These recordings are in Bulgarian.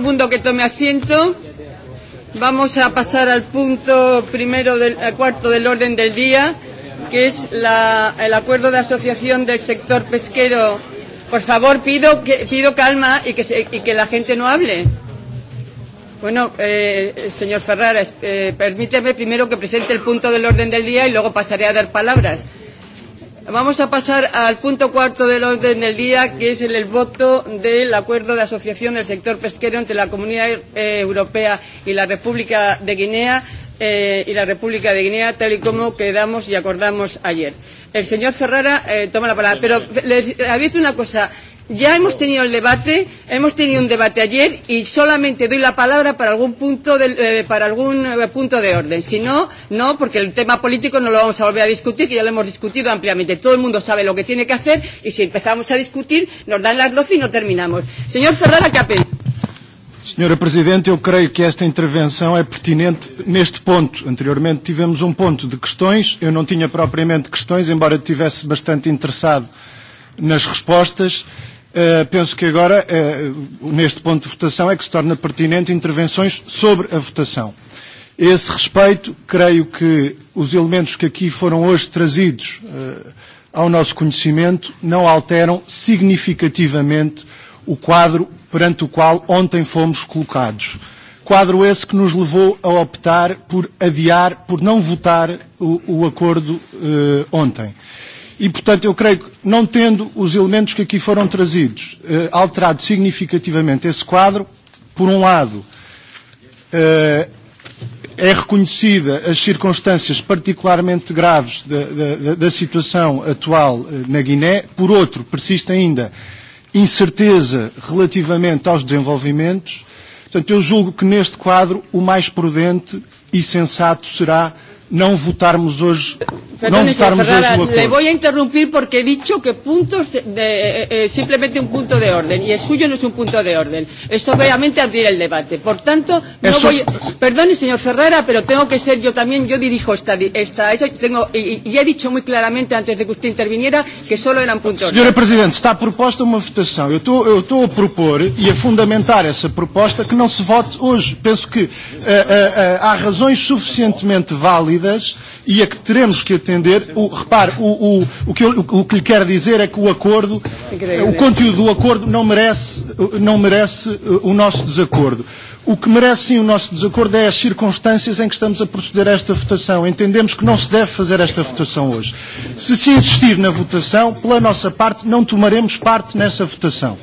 el mundo que tome asiento. Vamos a pasar al punto primero del al cuarto del orden del día, que es la, el acuerdo de asociación del sector pesquero. Por favor, pido, que, pido calma y que, y que la gente no hable. Bueno, eh, señor Ferrara, eh, permíteme primero que presente el punto del orden del día y luego pasaré a dar palabras. Vamos a pasar al punto cuarto del orden del día, que es el, el voto del acuerdo de asociación del sector pesquero entre la Comunidad eh, Europea y la República de Guinea eh, y la República de Guinea, tal y como quedamos y acordamos ayer. El señor Ferrara eh, toma la palabra, pero les aviso una cosa. Ya hemos tenido el debate, hemos tenido un debate ayer y solamente doy la palabra para algún punto de, eh, para algún eh, punto de orden. Si no, no, porque el tema político no lo vamos a volver a discutir, que ya lo hemos discutido ampliamente. Todo el mundo sabe lo que tiene que hacer y si empezamos a discutir nos dan las doce y no terminamos. Señor Ferrara Capel. Senhora Presidente, eu creio que esta intervenção é pertinente neste ponto. Anteriormente tivemos um ponto de questões, eu não tinha propriamente questões, embora estivesse bastante interessado nas respostas penso que agora, neste ponto de votação, é que se torna pertinente intervenções sobre a votação. A esse respeito, creio que os elementos que aqui foram hoje trazidos ao nosso conhecimento não alteram significativamente o quadro perante o qual ontem fomos colocados. Quadro esse que nos levou a optar por adiar, por não votar o, o acordo uh, ontem. E, portanto, eu creio que, não tendo os elementos que aqui foram trazidos eh, alterado significativamente esse quadro, por um lado, eh, é reconhecida as circunstâncias particularmente graves da, da, da situação atual na Guiné, por outro, persiste ainda incerteza relativamente aos desenvolvimentos. Portanto, eu julgo que neste quadro o mais prudente e sensato será não votarmos hoje. Perdone, não votarmos Ferrara, hoje o acordo. Le voy a interrumpir porque he dicho que puntos de, eh, eh, simplemente un punto de orden y el suyo no es un punto de orden. Esto obviamente abrir el debate. Por tanto, no Eso... voy. Perdone, señor Ferrara, pero tengo que ser yo también. Yo dirijo esta, esta, esta tengo y, y he dicho muy claramente antes de que usted interviniera que solo eran puntos. Senhora Presidente, está proposta uma votação. Eu estou, eu estou a propor e a fundamentar essa proposta que não se vote hoje. Penso que uh, uh, uh, há razões suficientemente válidas sólidas e a que teremos que atender. O, repare, o, o, o, que eu, o que lhe quero dizer é que o acordo, o conteúdo do acordo não merece, não merece o nosso desacordo. O que merece sim o nosso desacordo é as circunstâncias em que estamos a proceder a esta votação. Entendemos que não se deve fazer esta votação hoje. Se se insistir na votação, pela nossa parte, não tomaremos parte nessa votação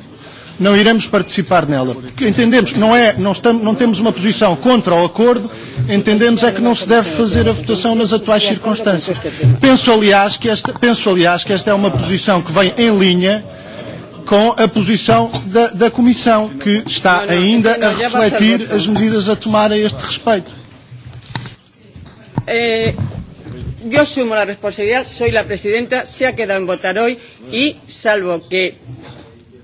não iremos participar nela. Porque entendemos, não, é, não, estamos, não temos uma posição contra o acordo, entendemos é que não se deve fazer a votação nas atuais circunstâncias. Penso, aliás, que esta, penso, aliás, que esta é uma posição que vem em linha com a posição da, da Comissão, que está ainda a refletir as medidas a tomar a este respeito. É... yo asumo la responsabilidad, soy la presidenta, se ha quedado en votar hoy y, salvo que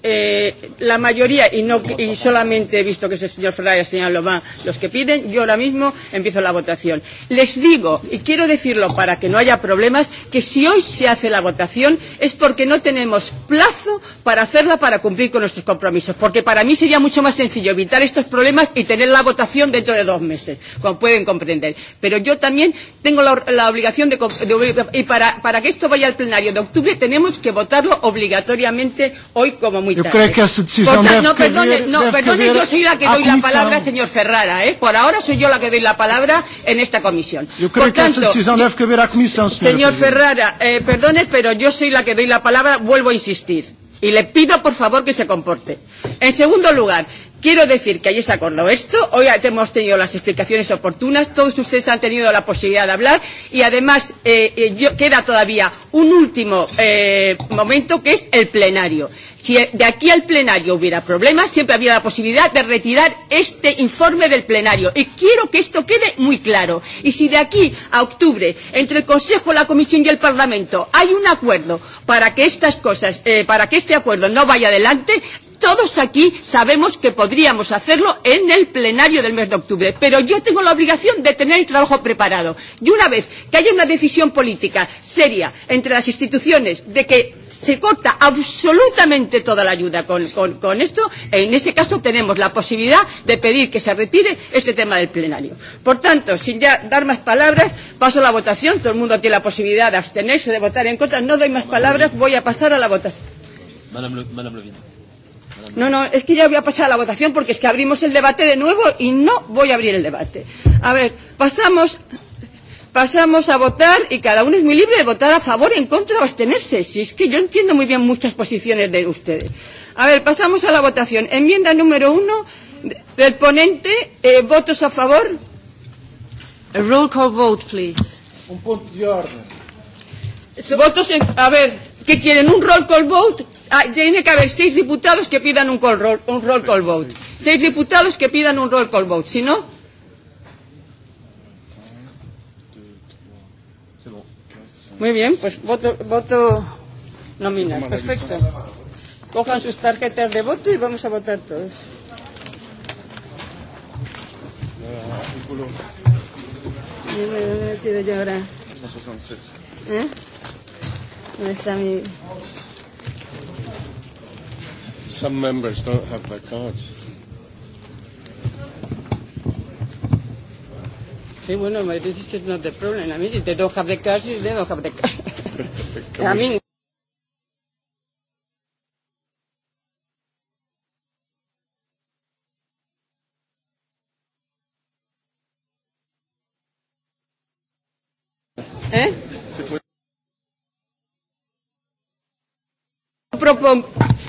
eh, la mayoría, y, no, y solamente he visto que es el señor Ferrari y el señor Lomán los que piden, yo ahora mismo empiezo la votación. Les digo, y quiero decirlo para que no haya problemas, que si hoy se hace la votación es porque no tenemos plazo para hacerla para cumplir con nuestros compromisos, porque para mí sería mucho más sencillo evitar estos problemas y tener la votación dentro de dos meses, como pueden comprender. Pero yo también tengo la, la obligación de, de y para, para que esto vaya al plenario de octubre tenemos que votarlo obligatoriamente hoy como muy Yo creo que esa decisión pues, no, perdone, no, perdone, yo soy la que doy la palabra, señor Ferrara, ¿eh? Por ahora soy yo la que doy la palabra en esta comisión. Yo creo Por que tanto, esa decisión debe caber a comisión, señor. Señor Ferrara, eh, perdone, pero yo soy la que doy la palabra, vuelvo a insistir. Y le pido, por favor, que se comporte. En segundo lugar, Quiero decir que ayer se acordó esto, hoy hemos tenido las explicaciones oportunas, todos ustedes han tenido la posibilidad de hablar y además eh, yo, queda todavía un último eh, momento que es el plenario. Si de aquí al plenario hubiera problemas, siempre había la posibilidad de retirar este informe del plenario. Y quiero que esto quede muy claro. Y si de aquí a octubre, entre el Consejo, la Comisión y el Parlamento, hay un acuerdo para que estas cosas, eh, para que este acuerdo no vaya adelante, Todos aquí sabemos que podríamos hacerlo en el plenario del mes de octubre, pero yo tengo la obligación de tener el trabajo preparado. Y una vez que haya una decisión política seria entre las instituciones de que se corta absolutamente toda la ayuda con, con, con esto, en este caso tenemos la posibilidad de pedir que se retire este tema del plenario. Por tanto, sin ya dar más palabras, paso a la votación. Todo el mundo tiene la posibilidad de abstenerse, de votar en contra. No doy más palabras, voy a pasar a la votación. Madame Le, Madame Le No, no, es que ya voy a pasar a la votación porque es que abrimos el debate de nuevo y no voy a abrir el debate. A ver, pasamos, pasamos a votar y cada uno es muy libre de votar a favor, en contra o abstenerse. Si es que yo entiendo muy bien muchas posiciones de ustedes. A ver, pasamos a la votación. Enmienda número uno del ponente, eh, votos a favor. A roll call vote, please. Un punto de orden. Votos en, a ver, ¿qué quieren? ¿Un roll call vote? Ah, tiene que haber seis diputados que pidan un, call, roll un roll call vote. Seis diputados que pidan un roll call vote. Si no, Muy bien, pues voto, voto nominal. Perfecto. Cojan sus tarjetas de voto y vamos a votar todos. ¿Dónde yo ahora? ¿Eh? ¿Dónde está mi.? Some members don't have their cards. Sí, bueno, this is not the problem. I mean, if they don't have the cards, they don't have the cards. I mean,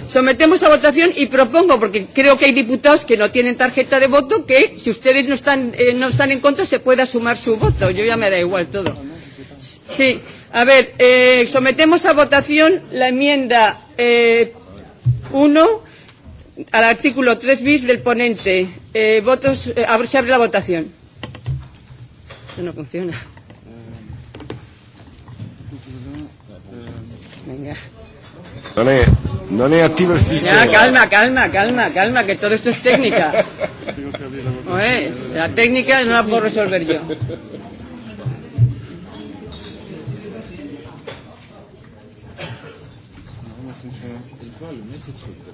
sometemos a votación y propongo, porque creo que hay diputados que no tienen tarjeta de voto, que si ustedes no están, eh, no están en contra se pueda sumar su voto. Yo ya me da igual todo. Sí, a ver, eh, sometemos a votación la enmienda 1 eh, al artículo 3 bis del ponente. Eh, votos, eh, se abre la votación. Esto no funciona. No le, no le attivo el sistema. Ya, calma, calma, calma, calma, que todo esto es técnica. Oye, la técnica no la puedo resolver yo. Il faut le mettre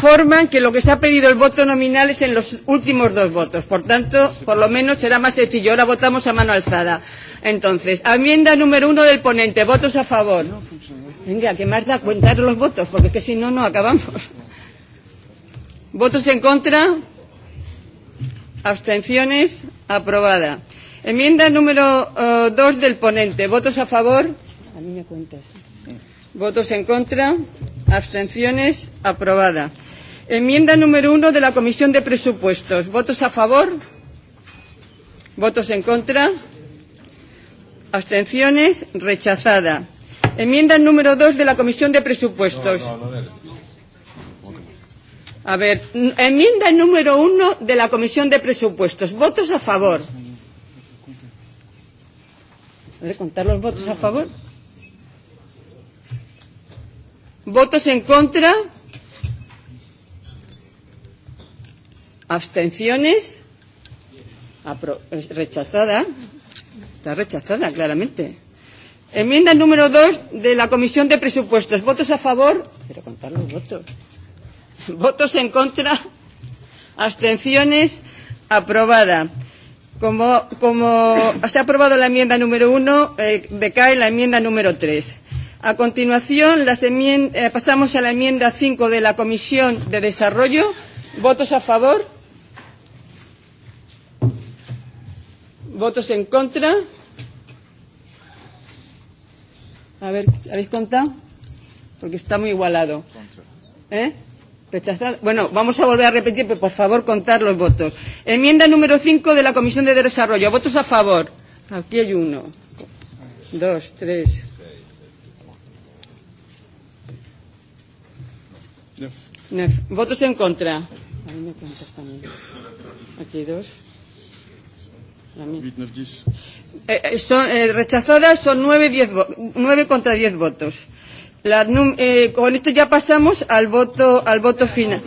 forman que lo que se ha pedido el voto nominal es en los últimos dos votos. Por tanto, por lo menos será más sencillo. Ahora votamos a mano alzada. Entonces, enmienda número uno del ponente. Votos a favor. Venga, que más da contar los votos, porque es que si no, no acabamos. ¿Votos en contra? ¿Abstenciones? Aprobada. Enmienda número uh, dos del ponente. ¿Votos a favor? A mí me cuentas. ¿Votos en contra? ¿Abstenciones? Aprobada. Enmienda número uno de la Comisión de Presupuestos. ¿Votos a favor? ¿Votos en contra? ¿Abstenciones? Rechazada. Enmienda número dos de la Comisión de Presupuestos. A ver, enmienda número uno de la Comisión de Presupuestos. ¿Votos a favor? A ver, contar los votos a favor. ¿Votos en contra? ¿Votos en contra? ¿Abstenciones? Apro rechazada. Está rechazada, claramente. Enmienda número 2 de la Comisión de Presupuestos. ¿Votos a favor? Pero contar los votos. ¿Votos en contra? ¿Abstenciones? Aprobada. Como, como se ha aprobado la enmienda número 1, eh, decae la enmienda número 3. A continuación, las enmiendas eh, pasamos a la enmienda 5 de la Comisión de Desarrollo. ¿Votos a favor? ¿Votos en contra? A ver, ¿habéis contado? Porque está muy igualado. ¿Eh? Rechazado. Bueno, vamos a volver a repetir, pero por favor contar los votos. Enmienda número 5 de la Comisión de Desarrollo. ¿Votos a favor? Aquí hay uno. Dos, tres. Nef. ¿Votos en contra? A hay me Aquí dos. Eh, son, eh, rechazadas son 9, 10 9 contra 10 votos. La, eh, con esto ya pasamos al voto, al voto final.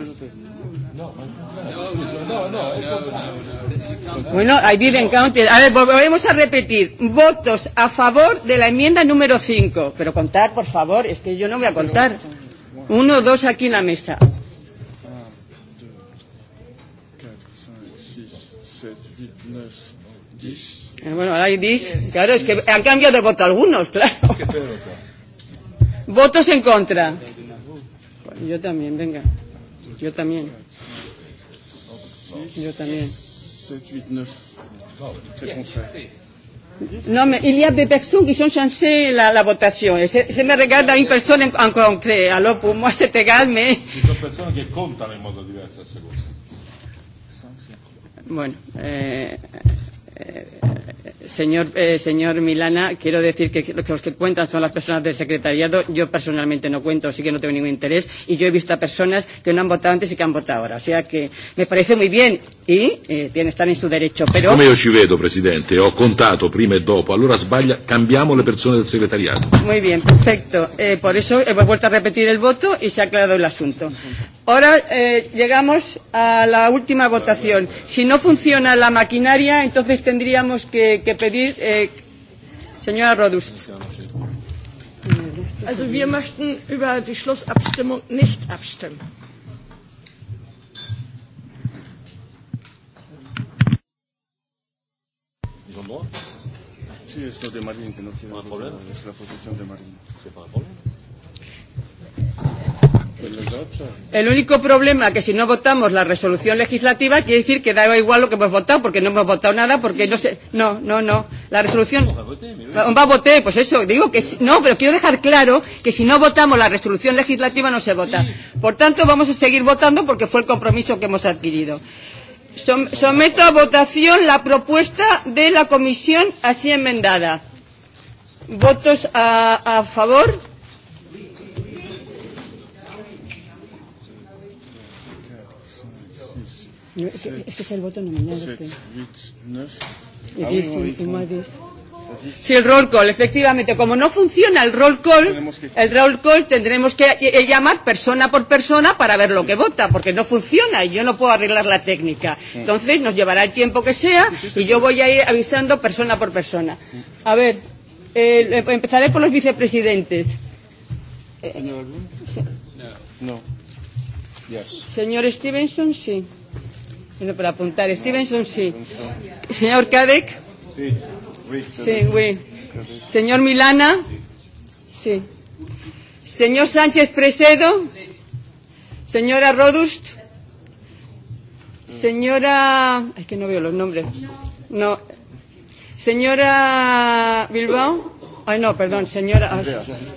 Bueno, I viven count A ver, volvemos a repetir. Votos a favor de la enmienda número 5. Pero contar, por favor, es que yo no voy a contar. Uno, dos aquí en la mesa. 9, Eh, Bueno, hay la Yes. claro, es que han cambiado de voto algunos, claro. ¿Votos en contra? Bueno, Yo también, venga. Yo también. Yo también. No, me, il y a des personnes qui ont changé la, la votation. Je, je me regarde à une personne en, en concret. Alors pour moi c'est égal, mais. Il y a Ci sono persone che contano in modo diverso a seconda. Bueno, Euh señor, eh, señor Milana, quiero decir que los que cuentan son las personas del secretariado. Yo personalmente no cuento, así que no tengo ningún interés. Y yo he visto a personas que no han votado antes y que han votado ahora. O sea que me parece muy bien y eh, están en su derecho. Pero... Como yo ci vedo, Presidente, ho contato prima y dopo, allora sbaglia, cambiamo le persone del secretariado. Muy bien, perfecto. Eh, por eso hemos vuelto a repetir el voto y se ha aclarado el asunto. Ahora eh, llegamos a la última votación. Si no funciona la maquinaria, entonces tendríamos que, que pedir. Eh, señora Rodust. Also wir möchten über die Schlussabstimmung nicht abstimmen. Sí, es lo de Marín, que no tiene problema. Es la posición de Marín. ¿Se para problema? El único problema es que si no votamos la resolución legislativa quiere decir que da igual lo que hemos votado porque no hemos votado nada porque no sé no no no la resolución va a votar pues eso digo que no pero quiero dejar claro que si no votamos la resolución legislativa no se vota por tanto vamos a seguir votando porque fue el compromiso que hemos adquirido someto a votación la propuesta de la comisión así enmendada votos a, a favor Este es el voto nominal. Sí, el roll call, efectivamente. Como no funciona el roll call, el roll call tendremos que llamar persona por persona para ver lo que vota, porque no funciona y yo no puedo arreglar la técnica. Entonces nos llevará el tiempo que sea y yo voy a ir avisando persona por persona. A ver, eh, empezaré por los vicepresidentes. ¿Señor No. Señor Stevenson, sí. Bueno, para apuntar. Stevenson, sí. Señor Kadek, Sí, oui. Señor Milana. Sí. Señor Sánchez Presedo. Señora Rodust. Señora. Es que no veo los nombres. No. Señora Bilbao. Ay, no, perdón, señora.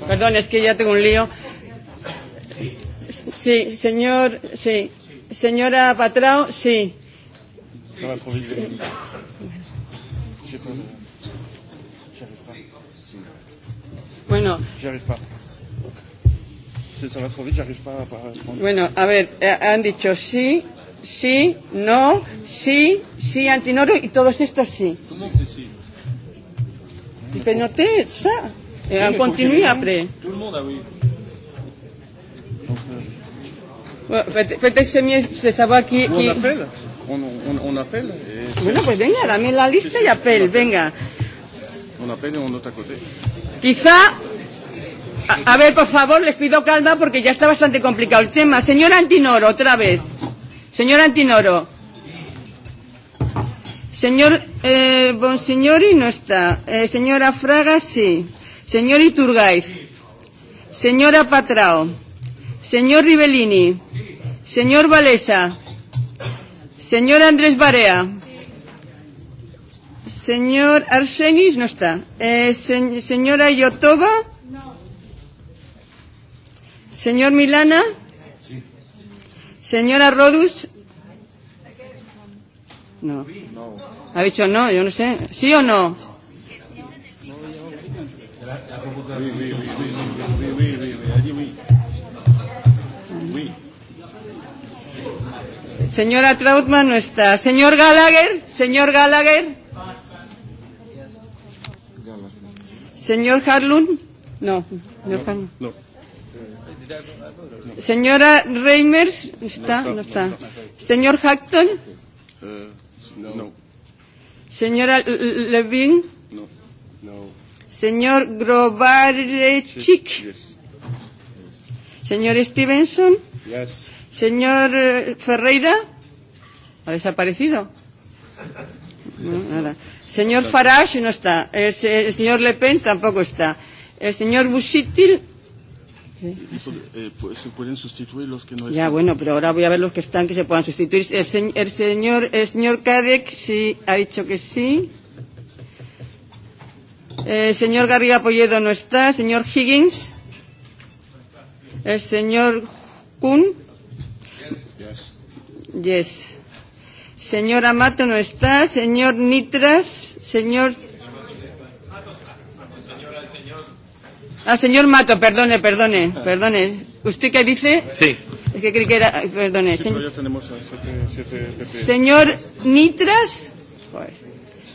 Perdón, es que ya tengo un lío. Sí, señor. Sí. Señora Patrao, sí. Bueno. Bueno, a ver, han dicho sí, sí, no, sí, sí, antinoro y todos estos sí. Pero no te, ça. Et on continue après. Tout le monde a oui. Peut-être mieux de savoir qui. On appelle. On, on, on appelle. Et bueno, pues venga, dame la lista y appelle, venga. On appelle et on note à côté. Quizá. A, a ver, por favor, les pido calma porque ya está bastante complicado el tema. Señor Antinoro, otra vez. Señor Antinoro. Señor eh, Bonsignori no está. Eh, señora Fraga, sí. Señor Iturgaiz. Señora Patrao. Señor Rivellini. Señor Valesa. Señor Andrés Barea. Señor Arsenis, no está. Eh, se, señora Yotova. Señor Milana. Señora Rodus. No. ¿Ha dicho no? Yo no sé. ¿Sí o no? Señora Trautmann no está. Señor Gallagher, señor Gallagher. Señor Harlun. No, no, no. no. Señora Reimers, está, no está. Señor Hackton. No. Señora Levin. No. no. Señor Grobarechik. Señor Stevenson. Yes. Señor Ferreira, ha desaparecido. No, nada. Señor Farage no está. El, el señor Le Pen tampoco está. El señor Busitil. Busittil. Se pueden sustituir los que no están. Ya, bueno, pero ahora voy a ver los que están que se puedan sustituir. El, se, el señor el señor Cadec sí ha dicho que sí. El señor Garriga Polledo no está. El señor Higgins. El señor Kuhn. Yes. Señor Amato no está. Señor Nitras. Señor. Ah, señor Mato, perdone, perdone, perdone. ¿Usted qué dice? Sí. Es que creí que era. Perdone. Sí, pero ya tenemos a siete, siete PP. Señor Nitras. Joder.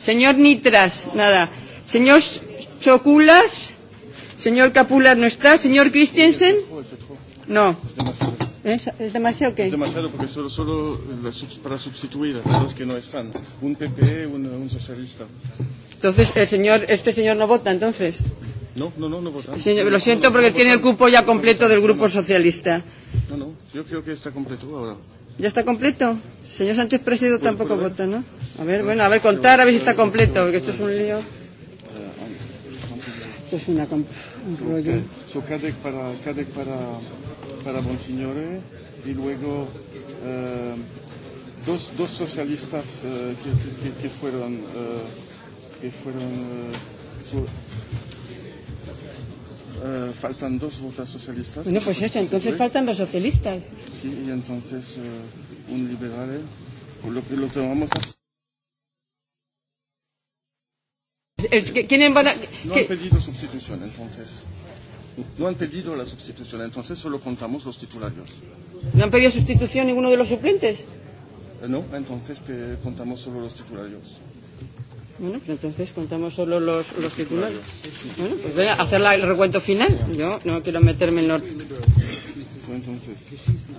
Señor Nitras, nada. Señor Choculas. Señor Capular no está. Señor Christensen. No. ¿Es, es demasiado qué? Es demasiado porque solo, solo la, para sustituir a los que no están. Un PP, un, un socialista. Entonces, el señor, este señor no vota, entonces. No, no, no, no vota. Señor, lo siento porque no, no, no, tiene el cupo ya completo del Grupo Socialista. No, no, yo creo que está completo ahora. ¿Ya está completo? Señor Sánchez Presidio tampoco vota, ¿no? A ver, bueno, a ver, contar a ver si está completo, porque esto es un lío. Esto es una, un rollo. Su CADEC para, CADEC para para Monsignore y luego eh, dos, dos socialistas eh, que, que, que fueron, eh, que fueron eh, su, Uh, faltan dos votas socialistas. No, pues eso, entonces faltan dos socialistas. Sí, y entonces uh, un liberal, lo que lo tomamos así. ¿Quiénes van a...? No han pedido sustitución, entonces. No han pedido la sustitución, entonces solo contamos los titulares. ¿No han pedido sustitución ninguno de los suplentes? No, entonces contamos solo los titulares. Bueno, pero entonces contamos solo los, los titulares. Bueno, pues voy a hacer la, el recuento final. Yo no quiero meterme en los... Entonces, 5, 6, 7,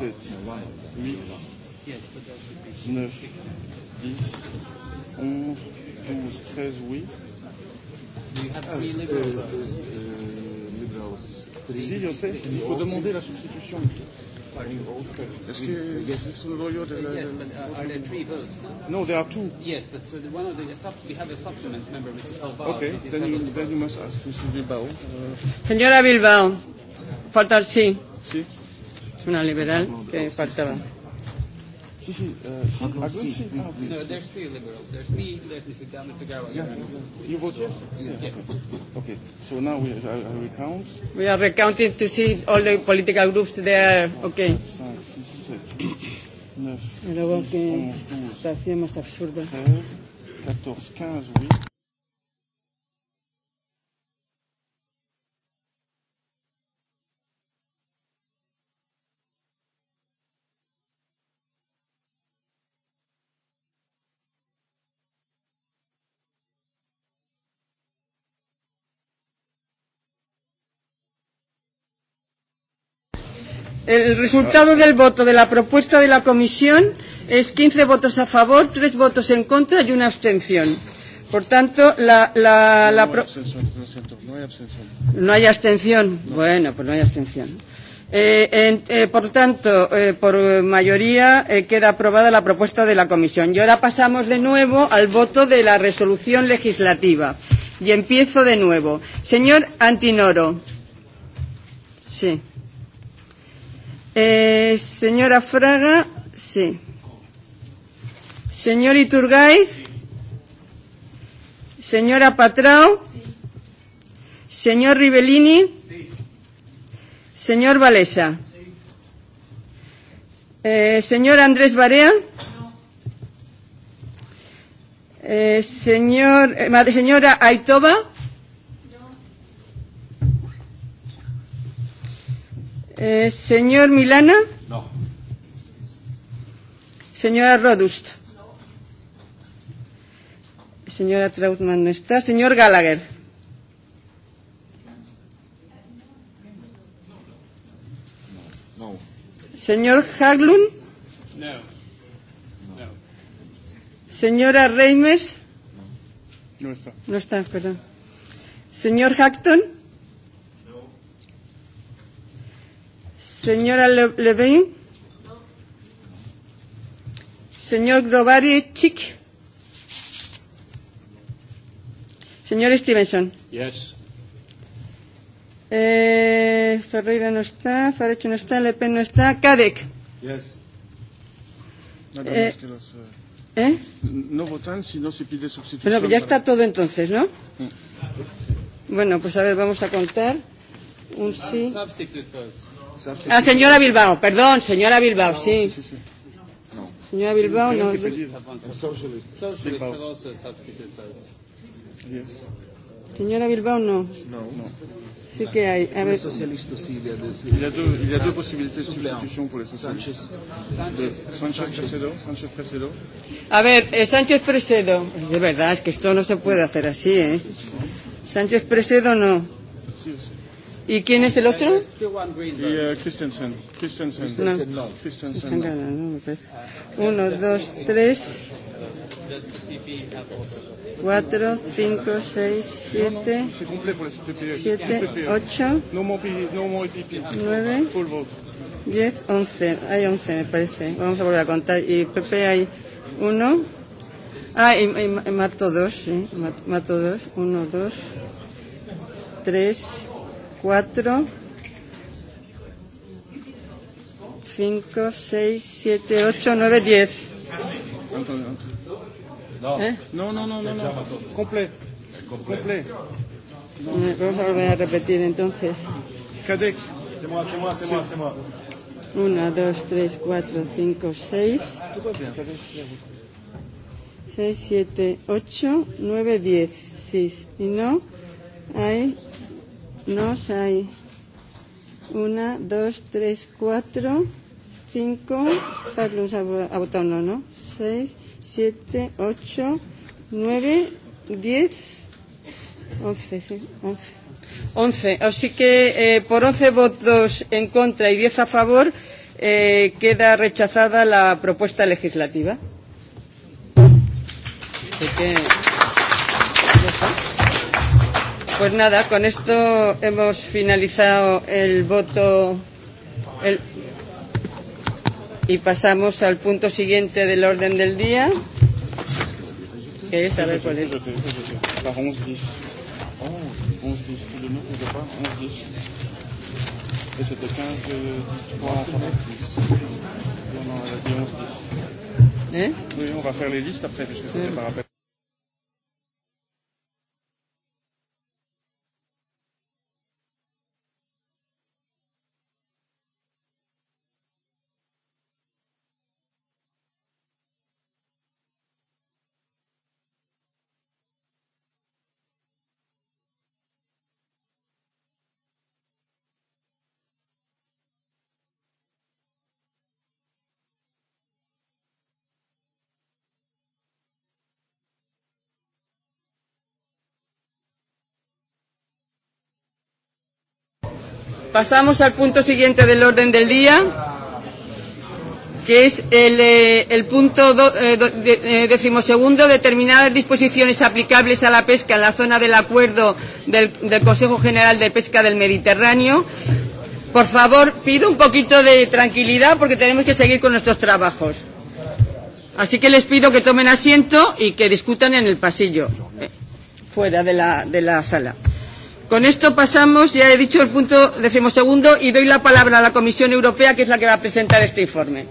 8, 9, 10, 11, 12, 13, oui. Do you have three liberals? liberals. Si, je sais. Il faut demander la substitution. Est-ce que yes. Yes, but uh, are there three votes? No, there are two. Yes, but so the one of the we have a supplement member, Mrs. Bilbao. Okay, then you, then you must ask Mrs. Bilbao. Uh, Señora Bilbao, falta sí. Sí. una liberal que faltaba. Sí. She, she, uh, she agrees? She, we, we, no, there's three liberals. There's me, there's Mr. Ga- Mr. Garwin. Yeah. You vote yes? Yeah. yes. Okay. okay. So now we I, I recount. We are recounting to see all the political groups there. are okay. Mira vos qué situación más absurda. 14, 15, oui. El resultado del voto de la propuesta de la comisión es 15 votos a favor, 3 votos en contra y una abstención. Por tanto, la... la, la pro... No hay abstención. Bueno, pues no hay abstención. Eh, en, eh, por tanto, eh, por mayoría eh, queda aprobada la propuesta de la Comisión. Y ahora pasamos de nuevo al voto de la resolución legislativa. Y empiezo de nuevo. Señor Antinoro. Sí. Eh, señora Fraga, sí. Señor Iturgaiz. Señora Patrao. Señor Rivellini. Señor Valesa. Eh, señor Andrés Barea. Eh, señor, eh, señora Aitoba. Eh, señor Milana. No. Señora Rodust. No. Señora Trautmann no está. Señor Gallagher. No. Señor Haglund. No. no. Señora Reimers. No está. No está, perdón. Señor Hackton. Señora Levin. Señor Grobarczyk. Señor Stevenson. Yes. Eh, Ferreira no está, Farage no está, Le Pen no está, Cadec. Yes. No, eh, que los, ¿Eh? no votan si no se pide sustitución. Bueno, ya está todo entonces, ¿no? Bueno, pues a ver, vamos a contar. Un sí. Substitute votes. Ah, señora Bilbao, perdón, señora Bilbao, sí. Señora Bilbao, no. Señora Bilbao, no. Sí que hay. A ver. Hay dos posibilidades de sustitución por les Sánchez Presedo. Sánchez Presedo. A ver, Sánchez Presedo. De verdad, es que esto no se puede hacer así, ¿eh? Sánchez Presedo, no. Sí, sí. ¿Y quién es el otro? Christensen. Christensen. Christensen. No. Christensen. Uno, dos, tres. Cuatro, cinco, seis, siete. Siete, ocho. Nueve. Diez, once. Hay once, me parece. Vamos a volver a contar. Y Pepe hay uno. Ah, y, y, y mato dos, sí. Mato dos. Uno, dos. Tres. 4, 5, 6, 7, 8, 9, 10. No, no, no, no, no. Complet. Complet. Vamos a volver a repetir entonces. Cadec. C'est moi, c'est moi, c'est moi, c'est moi. 1, 2, 3, 4, 5, 6. 6, 7, 8, 9, 10. 6. Y no, hay nos hay una, dos, tres, cuatro, cinco Carlos autónomo, ¿no? Seis, siete, ocho, nueve, diez, once, sí, once. Once. Así que eh, por once votos en contra y diez a favor eh, queda rechazada la propuesta legislativa. Así que... Pues nada, con esto hemos finalizado el voto el, y pasamos al punto siguiente del orden del día. que es? a ver cuál es. ¿Eh? Oui, on va faire les listes après, parce puisque c'était par rappel. Pasamos al punto siguiente del orden del día, que es el, eh, el punto do, eh, do, de, eh, decimosegundo, determinadas disposiciones aplicables a la pesca en la zona del acuerdo del, del Consejo General de Pesca del Mediterráneo. Por favor, pido un poquito de tranquilidad porque tenemos que seguir con nuestros trabajos. Así que les pido que tomen asiento y que discutan en el pasillo, eh, fuera de la, de la sala. Con esto pasamos, ya he dicho el punto decimosegundo, y doy la palabra a la Comisión Europea, que es la que va a presentar este informe.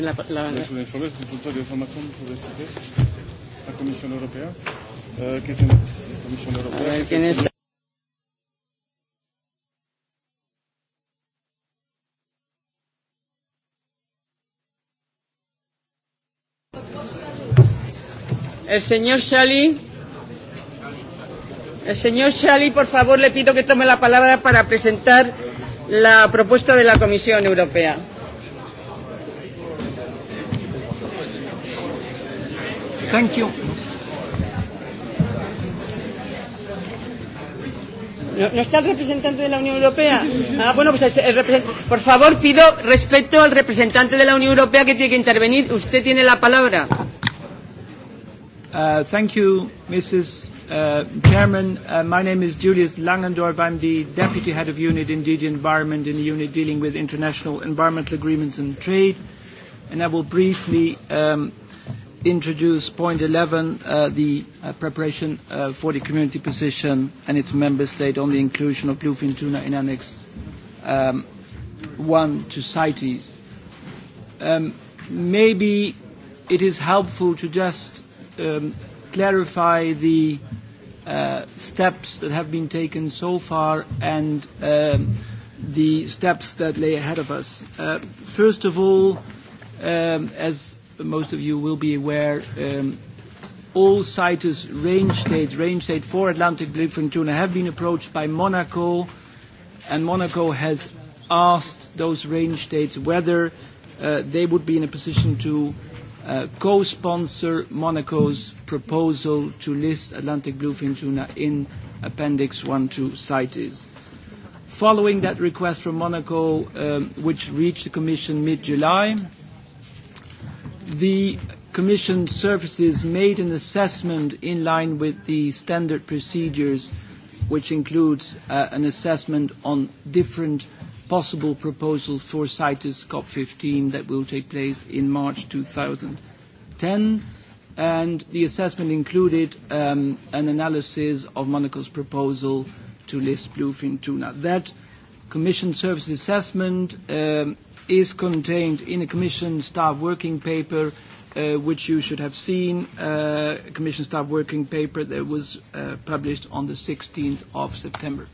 La, la, la... Es un informe, es un punto de información sobre la Comisión Europea, eh, Comisión Europea. El señor Shali. El señor Shali, por favor, le pido que tome la palabra para presentar la propuesta de la Comisión Europea. Thank you. ¿No, ¿No está el representante de la Unión Europea? Ah, bueno, pues el por favor pido respeto al representante de la Unión Europea que tiene que intervenir. Usted tiene la palabra thank you, Mrs. Uh, Chairman. Uh, my name is Julius Langendorf. I'm the Deputy Head of Unit in DG Environment in the unit dealing with international environmental agreements and trade. And I will briefly um, introduce point 11, uh, the uh, preparation uh, for the community position and its member state on the inclusion of bluefin tuna in Annex um, 1 to CITES. Um, maybe it is helpful to just clarify the steps that have been taken so far and the steps that lay ahead of us. First of all, as most of you will be aware, all CITES range states, range state for Atlantic Bluefin tuna, have been approached by Monaco, and Monaco has asked those range states whether they would be in a position to co-sponsor Monaco's proposal to list Atlantic bluefin tuna in Appendix 1 to CITES. Following that request from Monaco, which reached the Commission mid-July, the Commission services made an assessment in line with the standard procedures, which includes an assessment on different possible proposal for CITES COP15 that will take place in March 2010. And the assessment included um, an analysis of Monaco's proposal to list bluefin tuna. That Commission Service assessment um, is contained in a Commission staff working paper which you should have seen, a Commission staff working paper that was published on the 16th of September.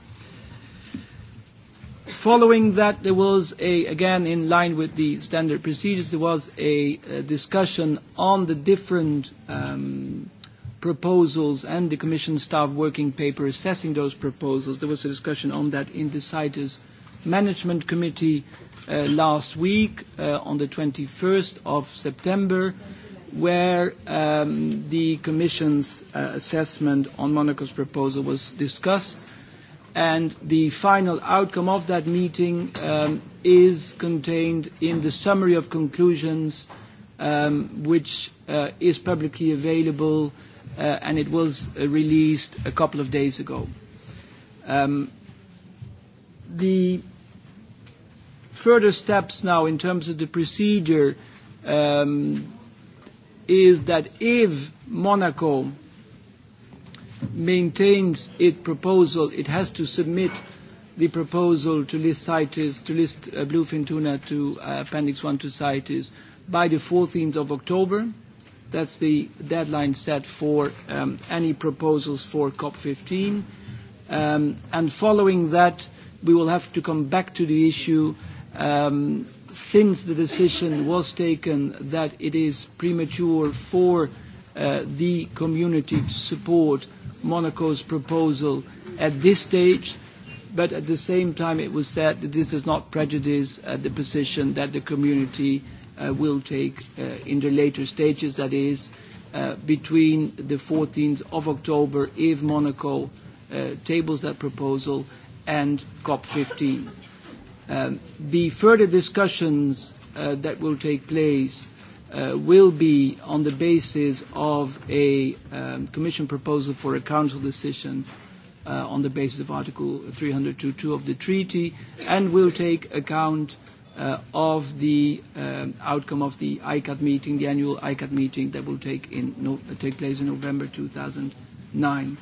Following that, there was a, again, in line with the standard procedures, there was a, a discussion on the different um, proposals and the Commission staff working paper assessing those proposals. There was a discussion on that in the CITES Management Committee uh, last week uh, on the 21st of September where um, the Commission's uh, assessment on Monaco's proposal was discussed and the final outcome of that meeting is contained in the summary of conclusions which is publicly available and it was released a couple of days ago. the further steps now in terms of the procedure is that if Monaco maintains its proposal, it has to submit the proposal to list CITES, to list uh, bluefin tuna to uh, Appendix 1 to CITES by the 14th of October. That's the deadline set for um, any proposals for COP15. Um, and following that, we will have to come back to the issue um, since the decision was taken that it is premature for uh, the community to support Monaco's proposal at this stage, but at the same time it was said that this does not prejudice the position that the community will take in the later stages, that is, between the 14th of October, if Monaco tables that proposal, and COP15. The further discussions that will take place will be on the basis of a Commission proposal for a Council decision on the basis of Article 302 of the treaty and will take account of the outcome of the ICAT meeting, the annual ICAT meeting that will take place in November 2009.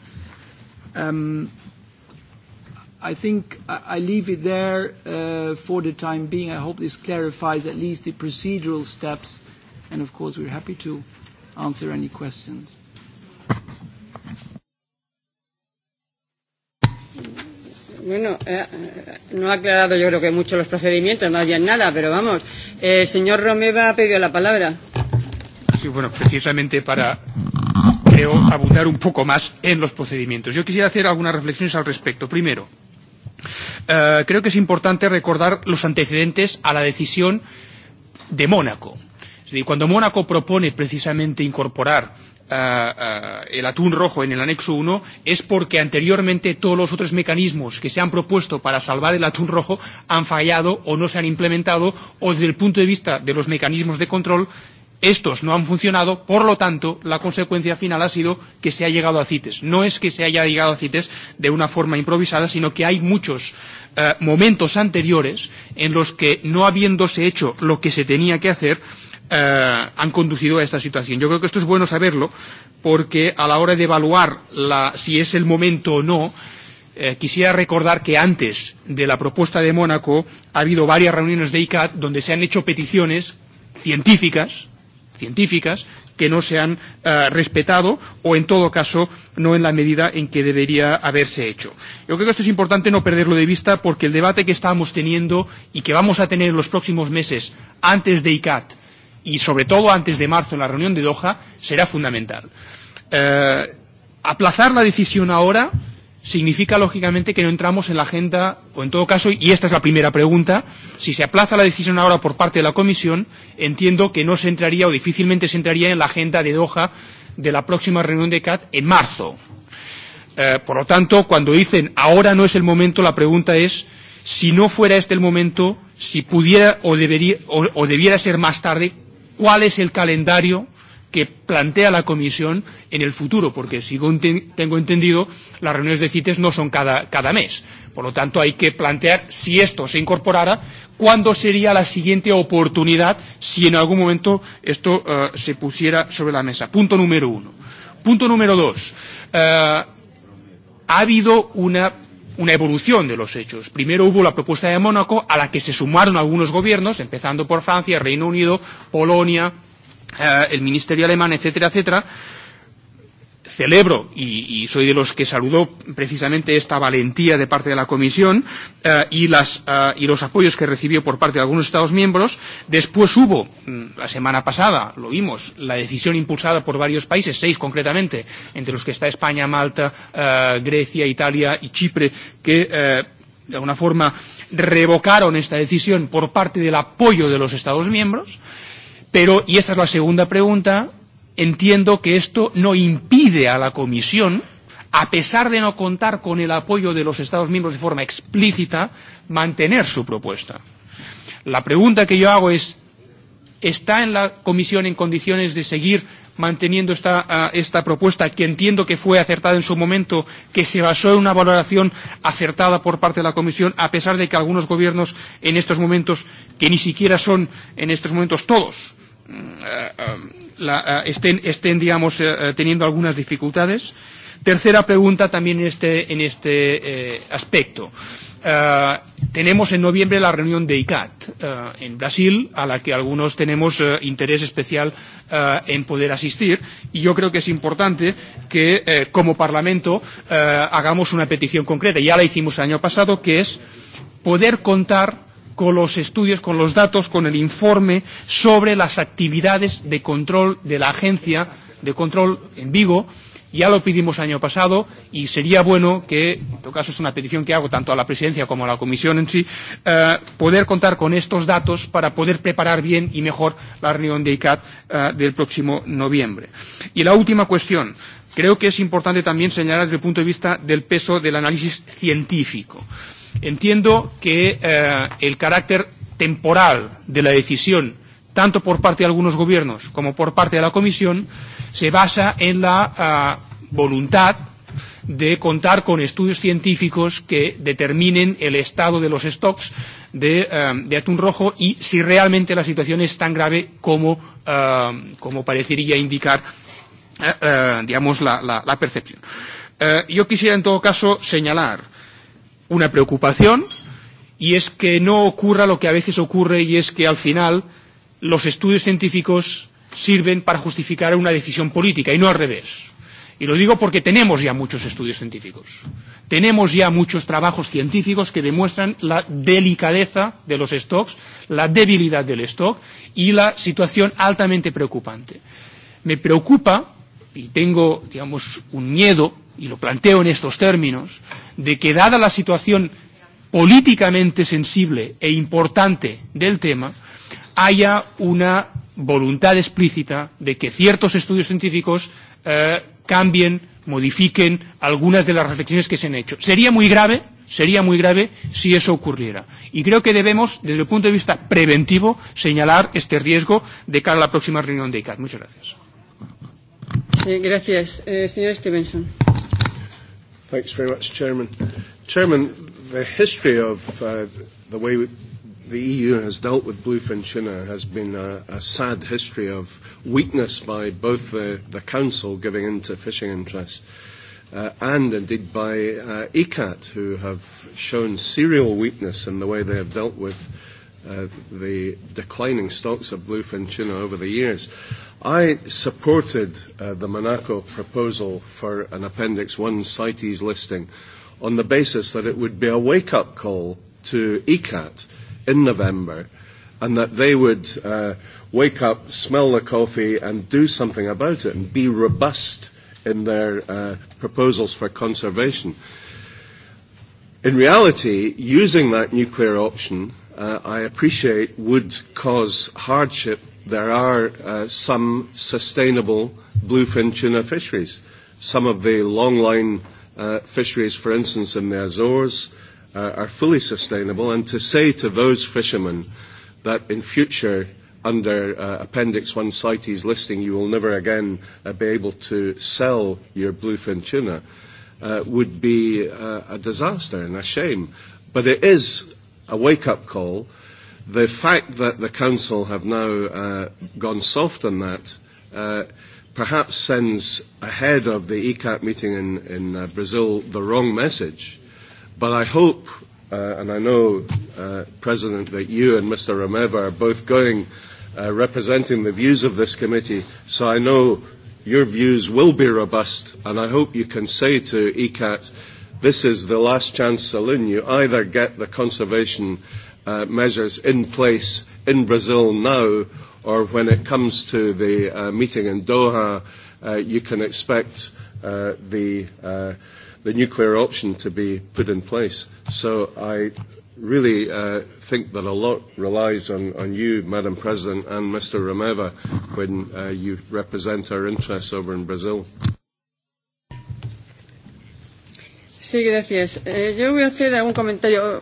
I think I leave it there for the time being. I hope this clarifies at least the procedural steps and of course, we're happy to answer any questions. Bueno, eh, no ha aclarado yo creo que mucho los procedimientos, no había nada, pero vamos, el eh, señor Romeva ha pedido la palabra. Sí, bueno, precisamente para, creo, abundar un poco más en los procedimientos. Yo quisiera hacer algunas reflexiones al respecto. Primero, eh, creo que es importante recordar los antecedentes a la decisión de Mónaco Es decir, cuando Mónaco propone precisamente incorporar el atún rojo en el anexo 1 es porque anteriormente todos los otros mecanismos que se han propuesto para salvar el atún rojo han fallado o no se han implementado o desde el punto de vista de los mecanismos de control estos no han funcionado, por lo tanto, la consecuencia final ha sido que se ha llegado a CITES. No es que se haya llegado a CITES de una forma improvisada, sino que hay muchos eh, momentos anteriores en los que, no habiéndose hecho lo que se tenía que hacer, eh, han conducido a esta situación. Yo creo que esto es bueno saberlo porque a la hora de evaluar la, si es el momento o no, eh, quisiera recordar que antes de la propuesta de Mónaco ha habido varias reuniones de ICAT donde se han hecho peticiones científicas, científicas que no se han uh, respetado o, en todo caso, no en la medida en que debería haberse hecho. Yo creo que esto es importante no perderlo de vista porque el debate que estamos teniendo y que vamos a tener en los próximos meses antes de ICAT y sobre todo antes de marzo en la reunión de Doha será fundamental. Eh, aplazar la decisión ahora significa lógicamente que no entramos en la agenda, o en todo caso, y esta es la primera pregunta, si se aplaza la decisión ahora por parte de la Comisión, entiendo que no se entraría o difícilmente se entraría en la agenda de Doha de la próxima reunión de CAT en marzo. Eh, por lo tanto, cuando dicen ahora no es el momento, la pregunta es si no fuera este el momento, si pudiera o, debería, o, o debiera ser más tarde, cuál es el calendario que plantea la Comisión en el futuro, porque si tengo entendido, las reuniones de CITES no son cada, cada mes. Por lo tanto, hay que plantear, si esto se incorporara, cuándo sería la siguiente oportunidad si en algún momento esto uh, se pusiera sobre la mesa. Punto número uno. Punto número dos. Uh, ha habido una una evolución de los hechos. Primero hubo la propuesta de Mónaco, a la que se sumaron algunos gobiernos, empezando por Francia, Reino Unido, Polonia, eh, el Ministerio alemán, etcétera, etcétera, celebro y, y soy de los que saludó precisamente esta valentía de parte de la Comisión eh, y, las, eh, y los apoyos que recibió por parte de algunos Estados miembros. Después hubo, la semana pasada, lo vimos, la decisión impulsada por varios países, seis concretamente, entre los que está España, Malta, eh, Grecia, Italia y Chipre, que eh, de alguna forma revocaron esta decisión por parte del apoyo de los Estados miembros. Pero, y esta es la segunda pregunta, entiendo que esto no impide a la Comisión a pesar de no contar con el apoyo de los Estados miembros de forma explícita, mantener su propuesta. La pregunta que yo hago es, ¿está en la Comisión en condiciones de seguir manteniendo esta, esta propuesta, que entiendo que fue acertada en su momento, que se basó en una valoración acertada por parte de la Comisión, a pesar de que algunos gobiernos en estos momentos, que ni siquiera son en estos momentos todos, la, estén, estén digamos, eh, teniendo algunas dificultades. Tercera pregunta también en este, en este eh, aspecto. Uh, tenemos en noviembre la reunión de ICAT uh, en Brasil, a la que algunos tenemos uh, interés especial uh, en poder asistir, y yo creo que es importante que uh, como Parlamento uh, hagamos una petición concreta, ya la hicimos el año pasado, que es poder contar con los estudios, con los datos, con el informe sobre las actividades de control de la agencia de control en Vigo. Ya lo pedimos año pasado y sería bueno que, en todo caso es una petición que hago tanto a la presidencia como a la comisión en sí, eh, poder contar con estos datos para poder preparar bien y mejor la reunión de ICAT eh, del próximo noviembre. Y la última cuestión. Creo que es importante también señalar desde el punto de vista del peso del análisis científico. Eh, Entiendo que eh, el carácter temporal de la decisión, tanto por parte de algunos gobiernos como por parte de la Comisión, se basa en la eh, voluntad de contar con estudios científicos que determinen el estado de los stocks de, eh, de atún rojo y si realmente la situación es tan grave como, eh, como parecería indicar eh, eh, digamos, la, la, la percepción. Eh, yo quisiera, en todo caso, señalar una preocupación y es que no ocurra lo que a veces ocurre y es que al final los estudios científicos sirven para justificar una decisión política y no al revés. Y lo digo porque tenemos ya muchos estudios científicos. Tenemos ya muchos trabajos científicos que demuestran la delicadeza de los stocks, la debilidad del stock y la situación altamente preocupante. Me preocupa y tengo, digamos, un miedo y lo planteo en estos términos, de que dada la situación políticamente sensible e importante del tema, haya una voluntad explícita de que ciertos estudios científicos eh, cambien, modifiquen algunas de las reflexiones que se han hecho. Sería muy grave, sería muy grave si eso ocurriera. Y creo que debemos, desde el punto de vista preventivo, señalar este riesgo de cara a la próxima reunión de ICAT. Muchas gracias gracias. señor Stevenson. Thanks very much, Chairman. Chairman, the history of uh, the way we, the EU has dealt with bluefin tuna has been a, a sad history of weakness by both the, the Council giving in to fishing interests uh, and indeed by uh, ECAT, who have shown serial weakness in the way they have dealt with uh, the declining stocks of bluefin tuna over the years. I supported uh, the Monaco proposal for an Appendix 1 CITES listing on the basis that it would be a wake-up call to ECAT in November and that they would uh, wake up, smell the coffee and do something about it and be robust in their uh, proposals for conservation. In reality, using that nuclear option, uh, I appreciate, would cause hardship there are uh, some sustainable bluefin tuna fisheries. Some of the longline uh, fisheries, for instance, in the Azores, uh, are fully sustainable. And to say to those fishermen that in future, under uh, Appendix 1 CITES listing, you will never again uh, be able to sell your bluefin tuna, uh, would be uh, a disaster and a shame. But it is a wake-up call The fact that the Council have now uh, gone soft on that uh, perhaps sends ahead of the ECAP meeting in, in uh, Brazil the wrong message. But I hope, uh, and I know, uh, President, that you and Mr. Romeva are both going uh, representing the views of this committee, so I know your views will be robust, and I hope you can say to ECAT, this is the last chance saloon. You either get the conservation uh, measures in place in Brazil now, or when it comes to the uh, meeting in Doha, uh, you can expect uh, the, uh, the nuclear option to be put in place. So I really uh, think that a lot relies on, on you, Madam President, and Mr. Romeva when uh, you represent our interests over in Brazil. Sí, gracias. Eh, yo voy a hacer algún comentario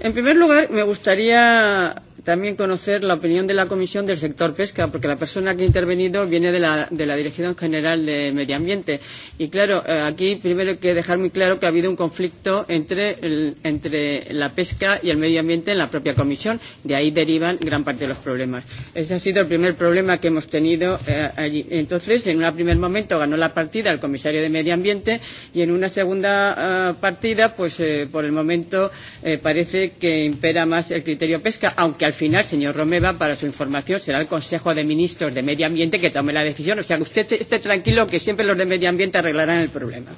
En primer lugar, me gustaría también conocer la opinión de la Comisión del sector pesca, porque la persona que ha intervenido viene de la, de la Dirección General de Medio Ambiente. Y claro, eh, aquí primero hay que dejar muy claro que ha habido un conflicto entre, el, entre la pesca y el medio ambiente en la propia Comisión. De ahí derivan gran parte de los problemas. Ese ha sido el primer problema que hemos tenido eh, allí. Entonces, en un primer momento ganó la partida el comisario de Medio Ambiente y en una segunda eh, partida, pues eh, por el momento eh, parece que impera más el criterio pesca, aunque al final, señor Romeva, para su información, será el Consejo de Ministros de Medio Ambiente que tome la decisión. O sea, que usted esté tranquilo que siempre los de Medio Ambiente arreglarán el problema.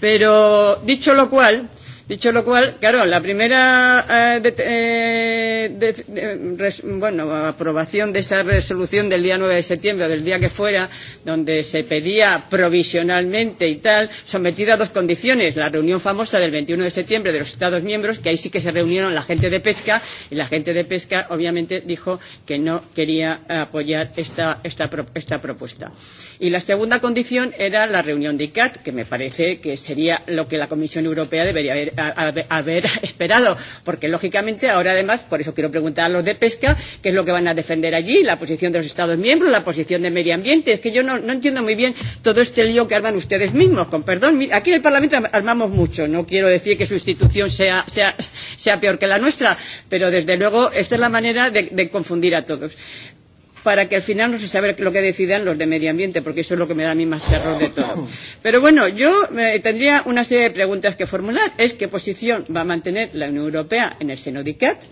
Pero, dicho lo cual, Dicho lo cual, claro, la primera eh, de, eh, de, de, res, bueno, aprobación de esa resolución del día 9 de septiembre, o del día que fuera, donde se pedía provisionalmente y tal, sometida a dos condiciones. La reunión famosa del 21 de septiembre de los Estados miembros, que ahí sí que se reunieron la gente de pesca, y la gente de pesca obviamente dijo que no quería apoyar esta, esta, esta propuesta. Y la segunda condición era la reunión de ICAT, que me parece que sería lo que la Comisión Europea debería haber haber esperado, porque lógicamente ahora además, por eso quiero preguntar a los de pesca, qué es lo que van a defender allí, la posición de los Estados miembros, la posición de medio ambiente. Es que yo no, no entiendo muy bien todo este lío que arman ustedes mismos, con perdón. Aquí en el Parlamento armamos mucho, no quiero decir que su institución sea, sea, sea peor que la nuestra, pero desde luego esta es la manera de, de confundir a todos para que al final no se sabe lo que decidan los de medio ambiente, porque eso es lo que me da a mí más terror de todo. Pero bueno, yo eh, tendría una serie de preguntas que formular. Es qué posición va a mantener la Unión Europea en el seno de ICAT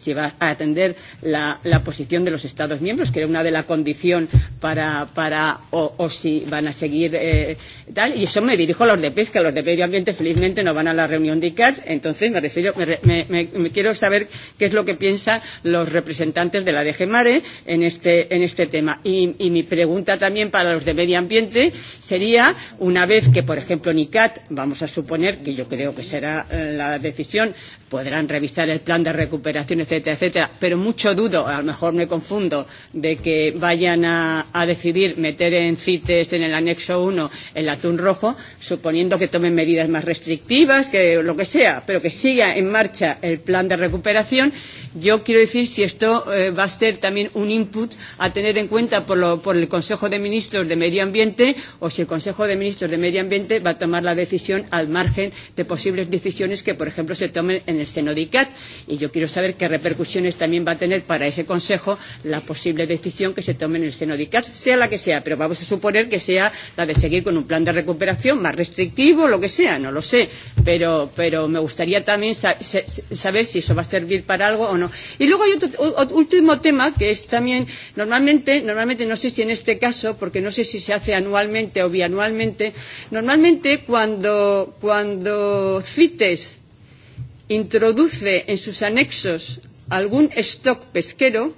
se va a atender la, la posición de los Estados miembros, que era una de las condiciones para, para o, o si van a seguir eh, tal. Y eso me dirijo a los de pesca. Los de medio ambiente, felizmente, no van a la reunión de ICAT. Entonces, me refiero, me, me, me, me quiero saber qué es lo que piensan los representantes de la DG Mare en este, en este tema. Y, y mi pregunta también para los de medio ambiente sería, una vez que, por ejemplo, en ICAT, vamos a suponer que yo creo que será la decisión, podrán revisar el plan de recuperación, etcétera, etcétera, pero mucho dudo, a lo mejor me confundo, de que vayan a, a decidir meter en CITES en el anexo 1 el atún rojo, suponiendo que tomen medidas más restrictivas, que lo que sea, pero que siga en marcha el plan de recuperación. Yo quiero decir si esto eh, va a ser también un input a tener en cuenta por, lo, por el Consejo de Ministros de Medio Ambiente o si el Consejo de Ministros de Medio Ambiente va a tomar la decisión al margen de posibles decisiones que, por ejemplo, se tomen en el seno de ICAT y yo quiero saber qué repercusiones también va a tener para ese Consejo la posible decisión que se tome en el seno de ICAT, sea la que sea, pero vamos a suponer que sea la de seguir con un plan de recuperación más restrictivo, lo que sea, no lo sé, pero, pero me gustaría también saber si eso va a servir para algo o no. Y luego hay otro último tema que es también, normalmente, normalmente no sé si en este caso, porque no sé si se hace anualmente o bianualmente, normalmente cuando, cuando CITES introduce en sus anexos algún stock pesquero,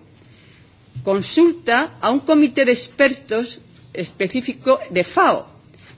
consulta a un comité de expertos específico de FAO,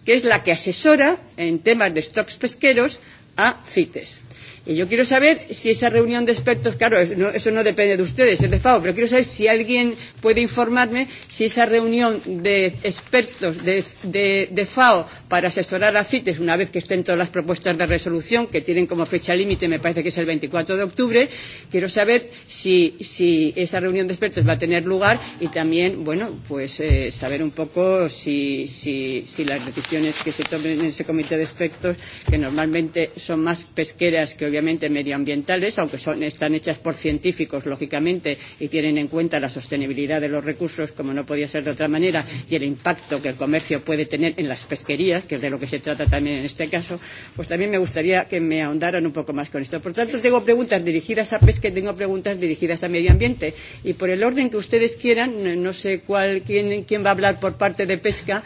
que es la que asesora en temas de stocks pesqueros a CITES. Y yo quiero saber si esa reunión de expertos, claro, eso no, depende de ustedes, es de FAO, pero quiero saber si alguien puede informarme si esa reunión de expertos de, de, de FAO para asesorar a CITES una vez que estén todas las propuestas de resolución que tienen como fecha límite, me parece que es el 24 de octubre. Quiero saber si, si esa reunión de expertos va a tener lugar y también, bueno, pues eh, saber un poco si, si, si las decisiones que se tomen en ese comité de expertos, que normalmente son más pesqueras que obviamente medioambientales, aunque son, están hechas por científicos, lógicamente, y tienen en cuenta la sostenibilidad de los recursos, como no podía ser de otra manera, y el impacto que el comercio puede tener en las pesquerías minorías, que es de lo que se trata también en este caso, pues también me gustaría que me ahondaran un poco más con esto. Por tanto, tengo preguntas dirigidas a pesca y tengo preguntas dirigidas a medio ambiente. Y por el orden que ustedes quieran, no sé cuál, quién, quién va a hablar por parte de pesca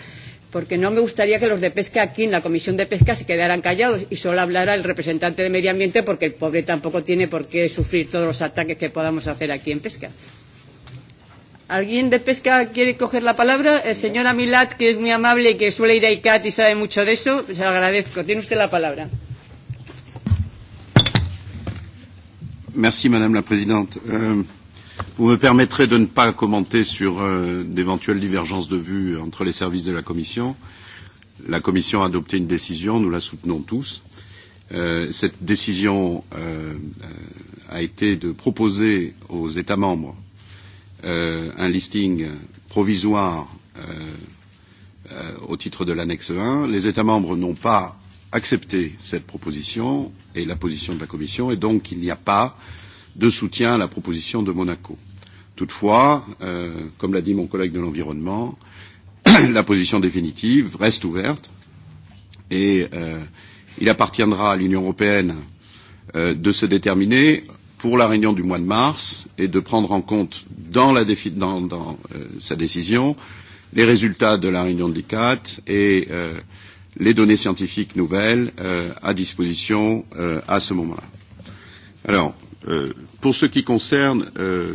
porque no me gustaría que los de pesca aquí en la comisión de pesca se quedaran callados y solo hablara el representante de medio ambiente porque el pobre tampoco tiene por qué sufrir todos los ataques que podamos hacer aquí en pesca. ¿Alguien de pesca quiere coger la palabra? El señor Amilat, que es muy amable y que suele ir a ICAT y sabe mucho de eso, se lo agradezco. Tiene usted la palabra. Merci, Madame la Présidente. Euh, vous me permettrez de ne pas commenter sur euh, d'éventuelles divergences de vues entre les services de la Commission. La Commission a adopté une décision, nous la soutenons tous. Euh, cette décision euh, a été de proposer aux États membres euh, un listing provisoire euh, euh, au titre de l'annexe 1. Les États membres n'ont pas accepté cette proposition et la position de la Commission, et donc il n'y a pas de soutien à la proposition de Monaco. Toutefois, euh, comme l'a dit mon collègue de l'environnement, la position définitive reste ouverte et euh, il appartiendra à l'Union européenne euh, de se déterminer pour la réunion du mois de mars et de prendre en compte dans, la défi, dans, dans euh, sa décision les résultats de la réunion de l'ICAT et euh, les données scientifiques nouvelles euh, à disposition euh, à ce moment-là. Alors, euh, pour ce qui concerne euh,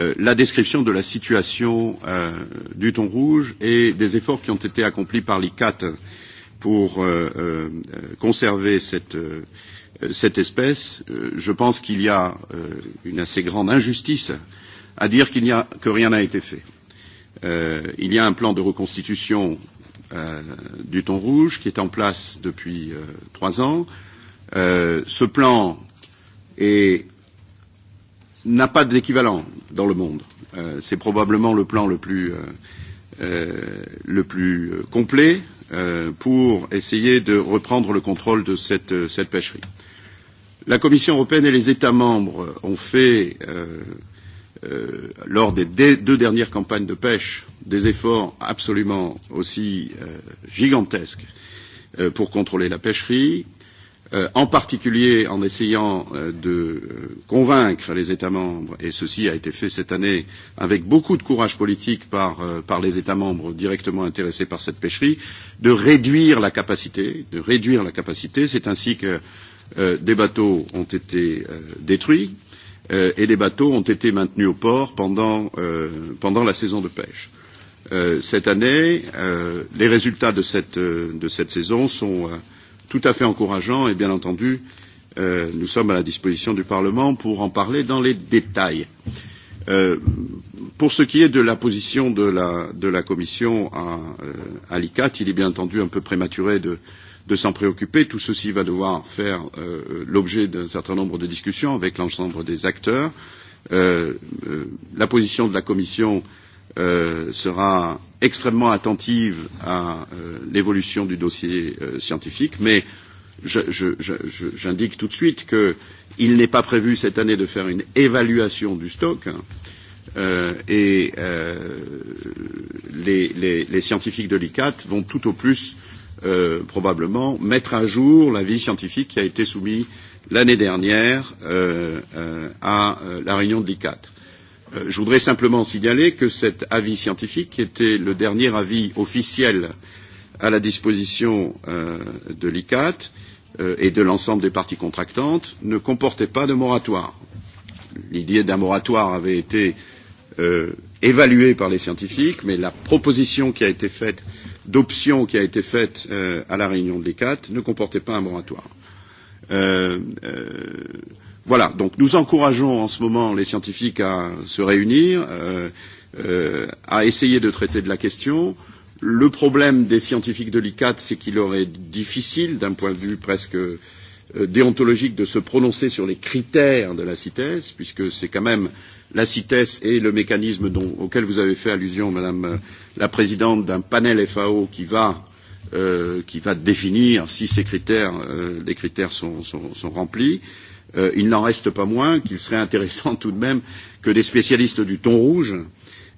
euh, la description de la situation euh, du thon rouge et des efforts qui ont été accomplis par l'ICAT pour euh, euh, conserver cette euh, cette espèce, je pense qu'il y a une assez grande injustice à dire qu'il a, que rien n'a été fait. Euh, il y a un plan de reconstitution euh, du thon rouge qui est en place depuis euh, trois ans. Euh, ce plan n'a pas d'équivalent dans le monde. Euh, C'est probablement le plan le plus, euh, euh, le plus complet euh, pour essayer de reprendre le contrôle de cette, cette pêcherie. Euh, La Commission européenne et les États membres ont fait, euh, euh, lors des deux dernières campagnes de pêche, des efforts absolument aussi euh, gigantesques euh, pour contrôler la pêcherie, euh, en particulier en essayant euh, de convaincre les États membres, et ceci a été fait cette année avec beaucoup de courage politique par, euh, par les États membres directement intéressés par cette pêcherie, de réduire la capacité, de réduire la capacité. C'est ainsi que euh, des bateaux ont été euh, détruits euh, et les bateaux ont été maintenus au port pendant, euh, pendant la saison de pêche. Euh, cette année, euh, les résultats de cette, de cette saison sont euh, tout à fait encourageants et bien entendu, euh, nous sommes à la disposition du Parlement pour en parler dans les détails. Euh, pour ce qui est de la position de la, de la Commission à, euh, à l'ICAT, il est bien entendu un peu prématuré de, euh, de s'en préoccuper. Tout ceci va devoir faire euh, l'objet d'un certain nombre de discussions avec l'ensemble des acteurs. Euh, euh, la position de la Commission euh, sera extrêmement attentive à euh, l'évolution du dossier euh, scientifique, mais j'indique tout de suite qu'il n'est pas prévu cette année de faire une évaluation du stock. Hein, euh, et euh, les, les, les scientifiques de l'ICAT vont tout au plus euh, probablement mettre à jour l'avis scientifique qui a été soumis l'année dernière euh, euh, à la réunion de l'ICAT. Euh, je voudrais simplement signaler que cet avis scientifique, qui était le dernier avis officiel à la disposition euh, de l'ICAT euh, et de l'ensemble des parties contractantes, ne comportait pas de moratoire. L'idée d'un moratoire avait été euh, évaluée par les scientifiques, mais la proposition qui a été faite euh, d'option qui a été faite euh, à la réunion de l'ECAT ne comportait pas un moratoire. Euh, euh, voilà, donc nous encourageons en ce moment les scientifiques à se réunir, euh, euh, à essayer de traiter de la question. Le problème des scientifiques de l'ICAT, c'est qu'il leur est difficile, d'un point de vue presque déontologique, de se prononcer sur les critères de la CITES, puisque c'est quand même la CITES et le mécanisme dont, auquel vous avez fait allusion, Madame la présidente d'un panel FAO qui va, euh, qui va définir si ces critères, euh, les critères sont, sont, sont remplis. Euh, il n'en reste pas moins qu'il serait intéressant tout de même que des spécialistes du thon rouge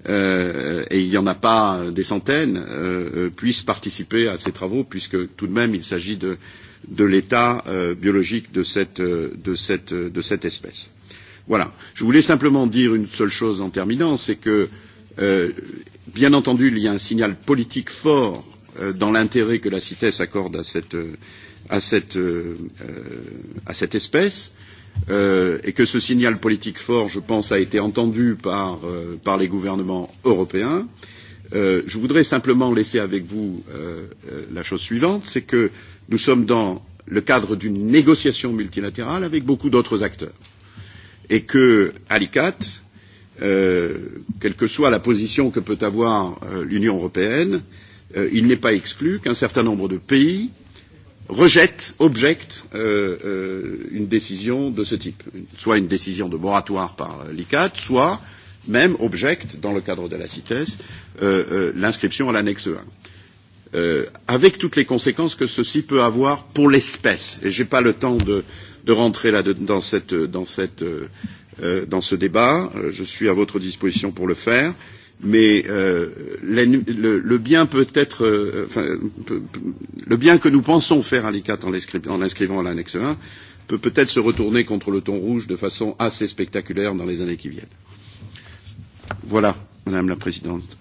euh, et il n'y en a pas des centaines, euh, puissent participer à ces travaux, puisque tout de même il s'agit de, de l'état euh, biologique de cette, de, cette, de cette espèce. Voilà. Je voulais simplement dire une seule chose en terminant, c'est que euh, Bien entendu, il y a un signal politique fort dans l'intérêt que la CITES accorde à cette, à cette, à cette espèce, et que ce signal politique fort, je pense, a été entendu par, par les gouvernements européens. je voudrais simplement laisser avec vous la chose suivante, c'est que nous sommes dans le cadre d'une négociation multilatérale avec beaucoup d'autres acteurs, et que Alicat quelle que soit la position que peut avoir l'Union européenne, il n'est pas exclu qu'un certain nombre de pays rejettent, objectent euh, euh, une décision de ce type, soit une décision de moratoire par l'ICAT, soit même objecte, dans le cadre de la CITES, euh, euh, l'inscription à l'annexe 1. Euh, avec toutes les conséquences que ceci peut avoir pour l'espèce. Et je n'ai pas le temps de, de rentrer là de, dans cette, dans cette euh, dans ce débat. Je suis à votre disposition pour le faire. Mais euh, le, le bien peut être, euh, enfin, peut, le bien que nous pensons faire à l'ICAT en l'inscrivant à l'annexe 1 peut peut-être se retourner contre le ton rouge de façon assez spectaculaire dans les années qui viennent. Voilà, Madame la Présidente.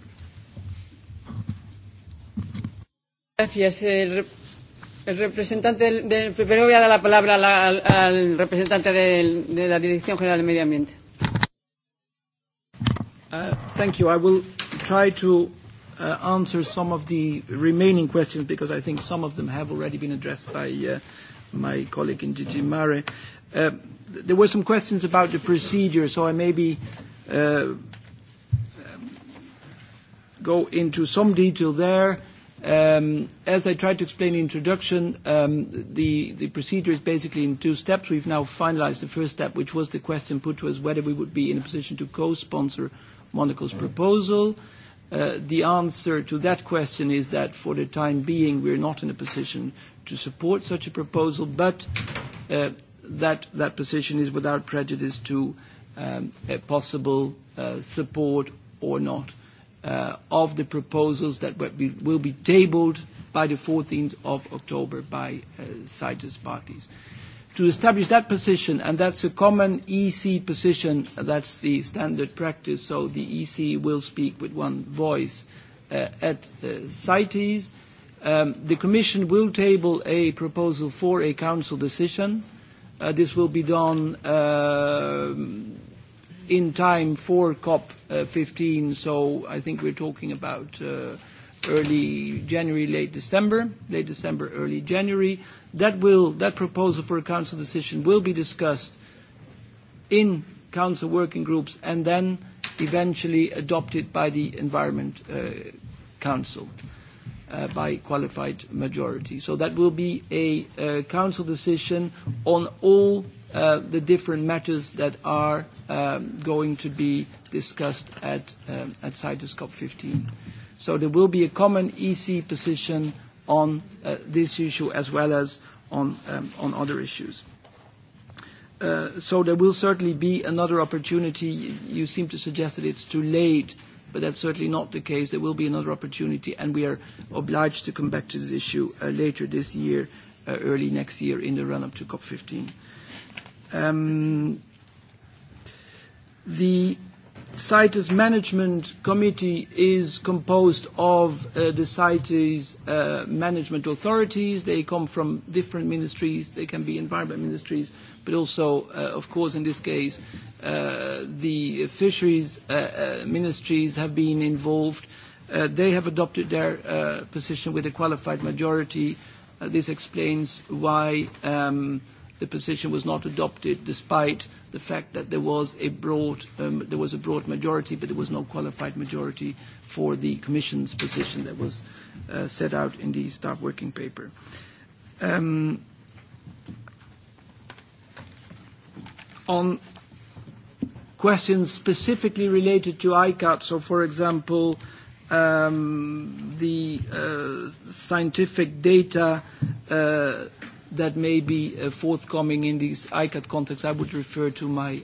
El representante del, del primero voy a dar la palabra al, al, al representante del, de la Dirección General de Medio Ambiente. Uh, thank you. I will try to uh, answer some of the remaining questions because I think some of them have already been addressed by uh, my colleague in DG Mare. Uh, there were some questions about the procedure, so I maybe uh, go into some detail there As I tried to explain in the introduction, the procedure is basically in two steps. We've now finalized the first step, which was the question put to us whether we would be in a position to co-sponsor Monaco's proposal. The answer to that question is that for the time being, we're not in a position to support such a proposal, but that position is without prejudice to possible support or not of the proposals that will be tabled by the 14th of October by CITES parties. To establish that position, and that's a common EC position, that's the standard practice, so the EC will speak with one voice at CITES. The Commission will table a proposal for a Council decision. This will be done in time for COP15, so I think we're talking about early January, late December, late December, early January. That will that proposal for a council decision will be discussed in council working groups and then eventually adopted by the Environment Council by qualified majority. So that will be a council decision on all the different matters that are going to be discussed at CITES COP15. So there will be a common EC position on this issue as well as on other issues. So there will certainly be another opportunity. You seem to suggest that it's too late, but that's certainly not the case. There will be another opportunity, and we are obliged to come back to this issue later this year, early next year in the run-up to COP15. The CITES Management Committee is composed of the CITES management authorities. They come from different ministries. They can be environment ministries, but also, of course, in this case, the fisheries ministries have been involved. They have adopted their position with a qualified majority. This explains why the position was not adopted despite the fact that there was a broad there was a broad majority, but there was no qualified majority for the Commission's position that was set out in the staff working paper. on questions specifically related to ICAT, so for example, the scientific data that may be forthcoming in these ICAT contexts. I would refer to my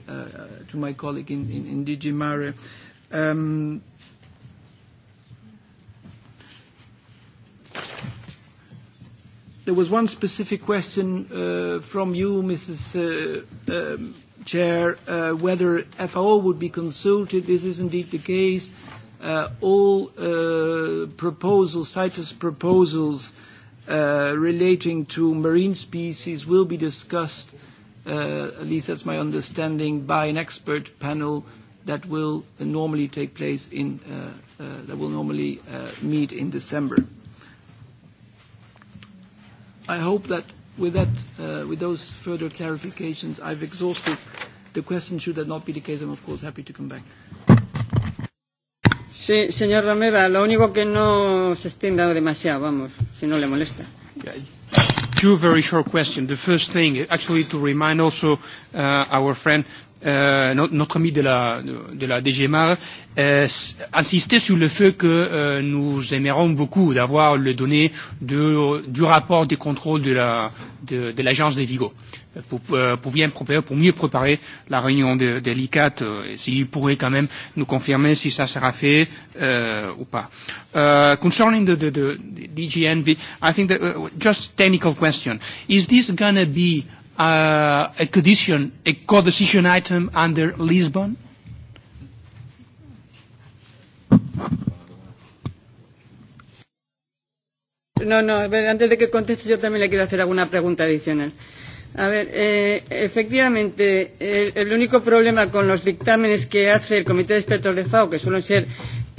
to my colleague in in in DG Mare. There was one specific question from you, Mrs. Chair, whether FAO would be consulted. This is indeed the case. All proposals, CITES proposals, relating to marine species will be discussed, at least that's my understanding, by an expert panel that will normally take place in, that will normally meet in December. I hope that with that, with those further clarifications, I've exhausted the question. Should that not be the case, I'm of course happy to come back. Sí, señor Romeva, lo único que no se extienda demasiado, vamos, si no le molesta. Okay. Two very short questions. The first thing, actually to remind also uh, our friend euh, notre ami de la, de la DGMAR euh, insistait sur le fait que euh, nous aimerons beaucoup d'avoir les données de, du rapport des contrôles de l'agence la, de, de, des Vigo pour, pour, bien préparer, pour mieux préparer la réunion de, de l'ICAT, euh, s'il pourrait quand même nous confirmer si ça sera fait euh, ou pas. Uh, concerning the, the, the DGNV, I think that, uh, just technical question. Is this going to be a condition, a co-decision item under Lisbon? No, no, antes de que conteste yo también le quiero hacer alguna pregunta adicional. A ver, eh, efectivamente, el, el único problema con los dictámenes que hace el Comité de Expertos de FAO, que suelen ser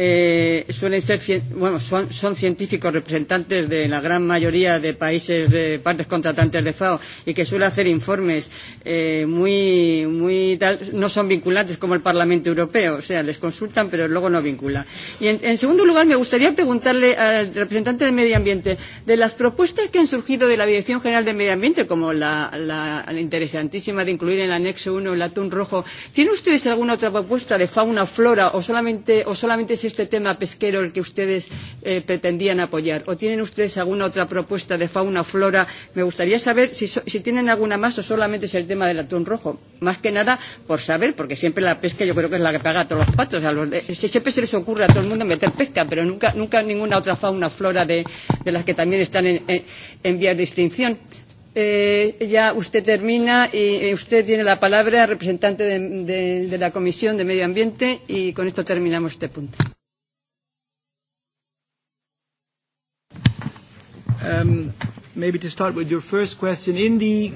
eh, suelen ser, bueno, son, son científicos representantes de la gran mayoría de países, de partes contratantes de FAO, y que suele hacer informes eh, muy, muy tal, no son vinculantes como el Parlamento Europeo, o sea, les consultan, pero luego no vinculan. Y en, en segundo lugar, me gustaría preguntarle al representante de Medio Ambiente de las propuestas que han surgido de la Dirección General de Medio Ambiente, como la, la, la interesantísima de incluir en el anexo 1 el atún rojo, ¿tiene ustedes alguna otra propuesta de fauna, flora, o solamente, o solamente se este tema pesquero el que ustedes eh, pretendían apoyar? ¿O tienen ustedes alguna otra propuesta de fauna o flora? Me gustaría saber si, so, si tienen alguna más o solamente es el tema del atún rojo. Más que nada por saber, porque siempre la pesca yo creo que es la que paga a todos los patos. A los de, siempre se les ocurre a todo el mundo meter pesca, pero nunca, nunca ninguna otra fauna o flora de, de las que también están en, en, en vías de extinción. Eh, ya usted termina y usted tiene la palabra, representante de, de, de la Comisión de Medio Ambiente, y con esto terminamos este punto. Maybe to start with your first question. In the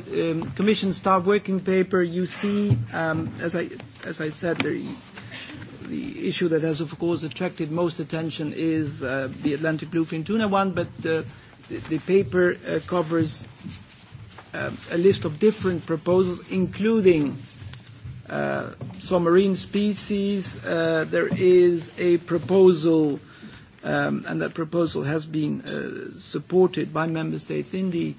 Commission staff working paper, you see, as I said, the issue that has, of course, attracted most attention is the Atlantic bluefin tuna one, but the paper covers a list of different proposals, including some marine species. There is a proposal and that proposal has been supported by member states in the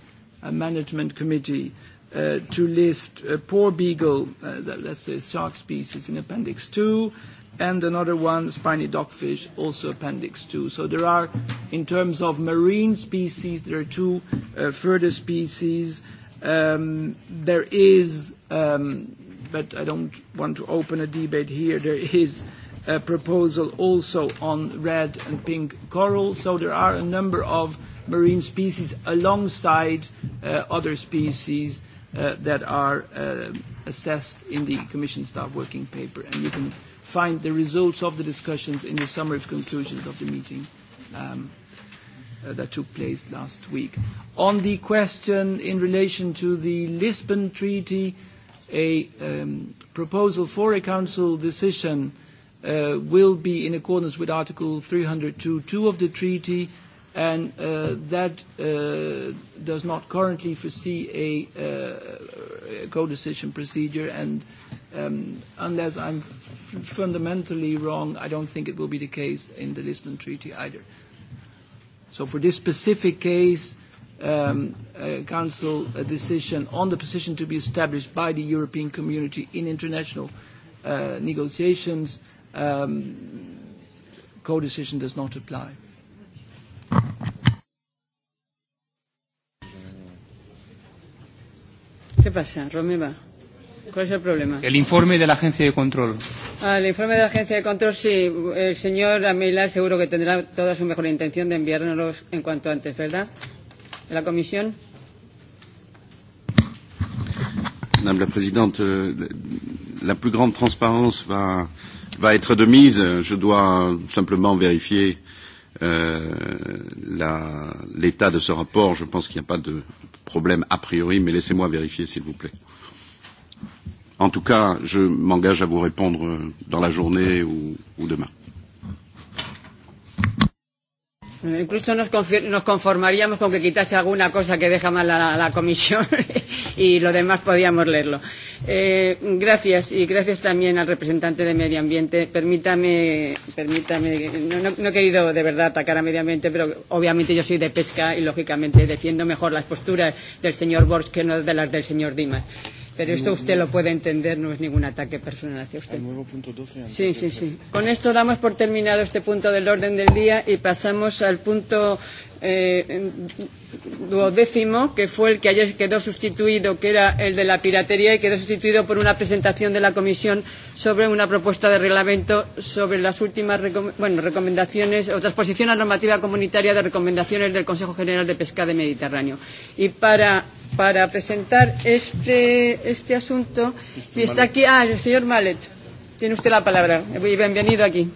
management committee to list poor beagle, let's say shark species in Appendix 2, and another one, spiny dogfish, also Appendix 2. So there are, in terms of marine species, there are two further species. There is, but I don't want to open a debate here, there is proposal also on red and pink coral. So there are a number of marine species alongside other species that are assessed in the Commission staff working paper. And you can find the results of the discussions in the summary of conclusions of the meeting that took place last week. On the question in relation to the Lisbon Treaty, a proposal for a Council decision uh, will be in accordance with Article 302.2 of the treaty, and uh, that uh, does not currently foresee a uh, co-decision procedure, and um, unless I'm f fundamentally wrong, I don't think it will be the case in the Lisbon Treaty either. So for this specific case, um, a council a decision on the position to be established by the European Community in international uh, negotiations – co-decision does not apply. ¿Qué pasa, Romeva? ¿Cuál es el problema? El informe de la agencia de control. Ah, el informe de la agencia de control, sí. El señor Amila seguro que tendrá toda su mejor intención de enviárnoslo en cuanto antes, ¿verdad? la comisión? Madame la Présidente, la plus grande transparence va va être de mise. Je dois simplement vérifier l'état de ce rapport. Je pense qu'il n'y a pas de problème a priori, mais laissez-moi vérifier, s'il vous plaît. En tout cas, je m'engage à vous répondre dans la journée ou, ou demain. Incluso nos, nos conformaríamos con que quitase alguna cosa que deja mal a la, la comisión y lo demás podíamos leerlo. Eh, gracias y gracias también al representante de Medio Ambiente. Permítame, permítame no, no, no he querido de verdad atacar a Medio Ambiente, pero obviamente yo soy de pesca y lógicamente defiendo mejor las posturas del señor Borges que no de las del señor Dimas. Pero esto usted lo puede entender, no es ningún ataque personal hacia usted. El nuevo punto 12. Antes Sí, sí, sí. Con esto damos por terminado este punto del orden del día y pasamos al punto eh, duodécimo, que fue el que ayer quedó sustituido, que era el de la piratería, y quedó sustituido por una presentación de la Comisión sobre una propuesta de reglamento sobre las últimas bueno, recomendaciones o transposición a normativa comunitaria de recomendaciones del Consejo General de Pesca del Mediterráneo. Y para, para presentar este, este asunto, y está aquí, ah, el señor Mallet, tiene usted la palabra. Bienvenido aquí.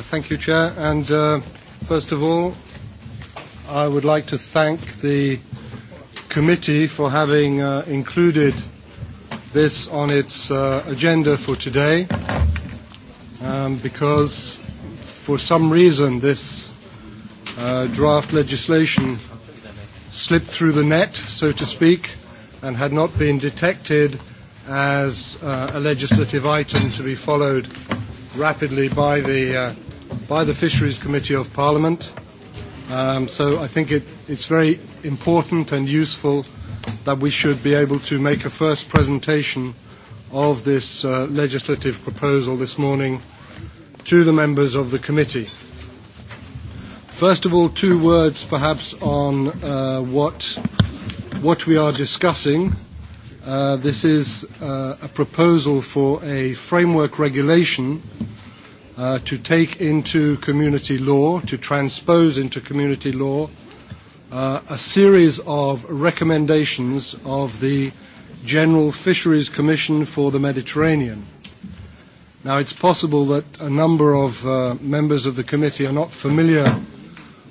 thank you, Chair. And first of all, I would like to thank the committee for having uh, included this on its uh, agenda for today, because for some reason this draft legislation slipped through the net, so to speak, and had not been detected as a legislative item to be followed rapidly by the, uh, by the Fisheries Committee of Parliament. Um, so I think it, it's very important and useful that we should be able to make a first presentation of this uh, legislative proposal this morning to the members of the committee. First of all, two words perhaps on uh, what, what we are discussing this is uh, a proposal for a framework regulation uh, to take into community law, to transpose into community law, uh, a series of recommendations of the General Fisheries Commission for the Mediterranean. Now, it's possible that a number of uh, members of the committee are not familiar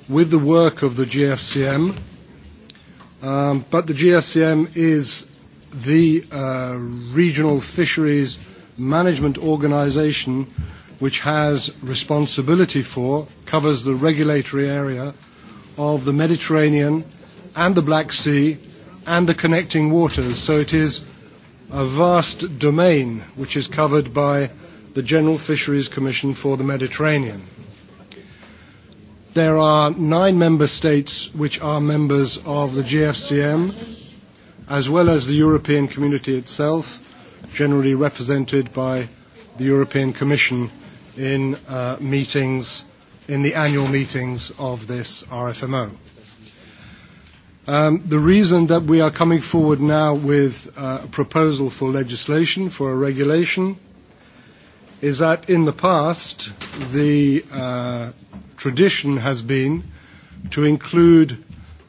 with the work of the GFCM, um, but the GFCM is the uh, regional fisheries management organisation which has responsibility for, covers the regulatory area of the Mediterranean and the Black Sea and the connecting waters. So it is a vast domain which is covered by the General Fisheries Commission for the Mediterranean. There are nine member states which are members of the GFCM as well as the European community itself, generally represented by the European Commission in meetings, in the annual meetings of this RFMO. the reason that we are coming forward now with a proposal for legislation, for a regulation, is that in the past, the tradition has been to include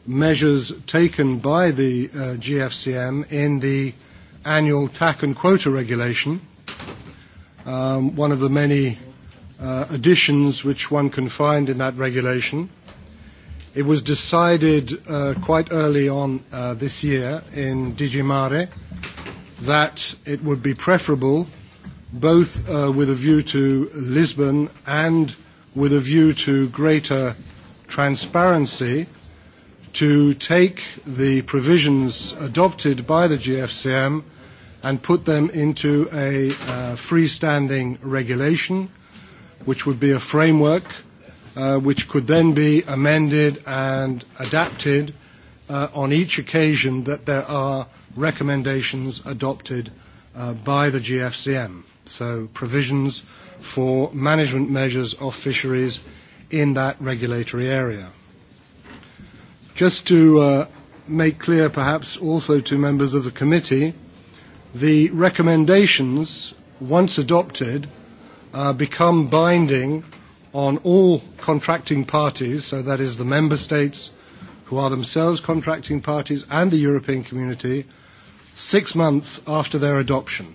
measures taken by the uh, GFCM in the annual TAC and quota regulation, um, one of the many uh, additions which one can find in that regulation. It was decided uh, quite early on uh, this year in Digimare that it would be preferable, both uh, with a view to Lisbon and with a view to greater transparency, to take the provisions adopted by the GFCM and put them into a uh, freestanding regulation, which would be a framework uh, which could then be amended and adapted uh, on each occasion that there are recommendations adopted uh, by the GFCM. So provisions for management measures of fisheries in that regulatory area. Just to uh, make clear, perhaps also to members of the committee, the recommendations, once adopted, uh, become binding on all contracting parties, so that is the member states who are themselves contracting parties and the European community, six months after their adoption.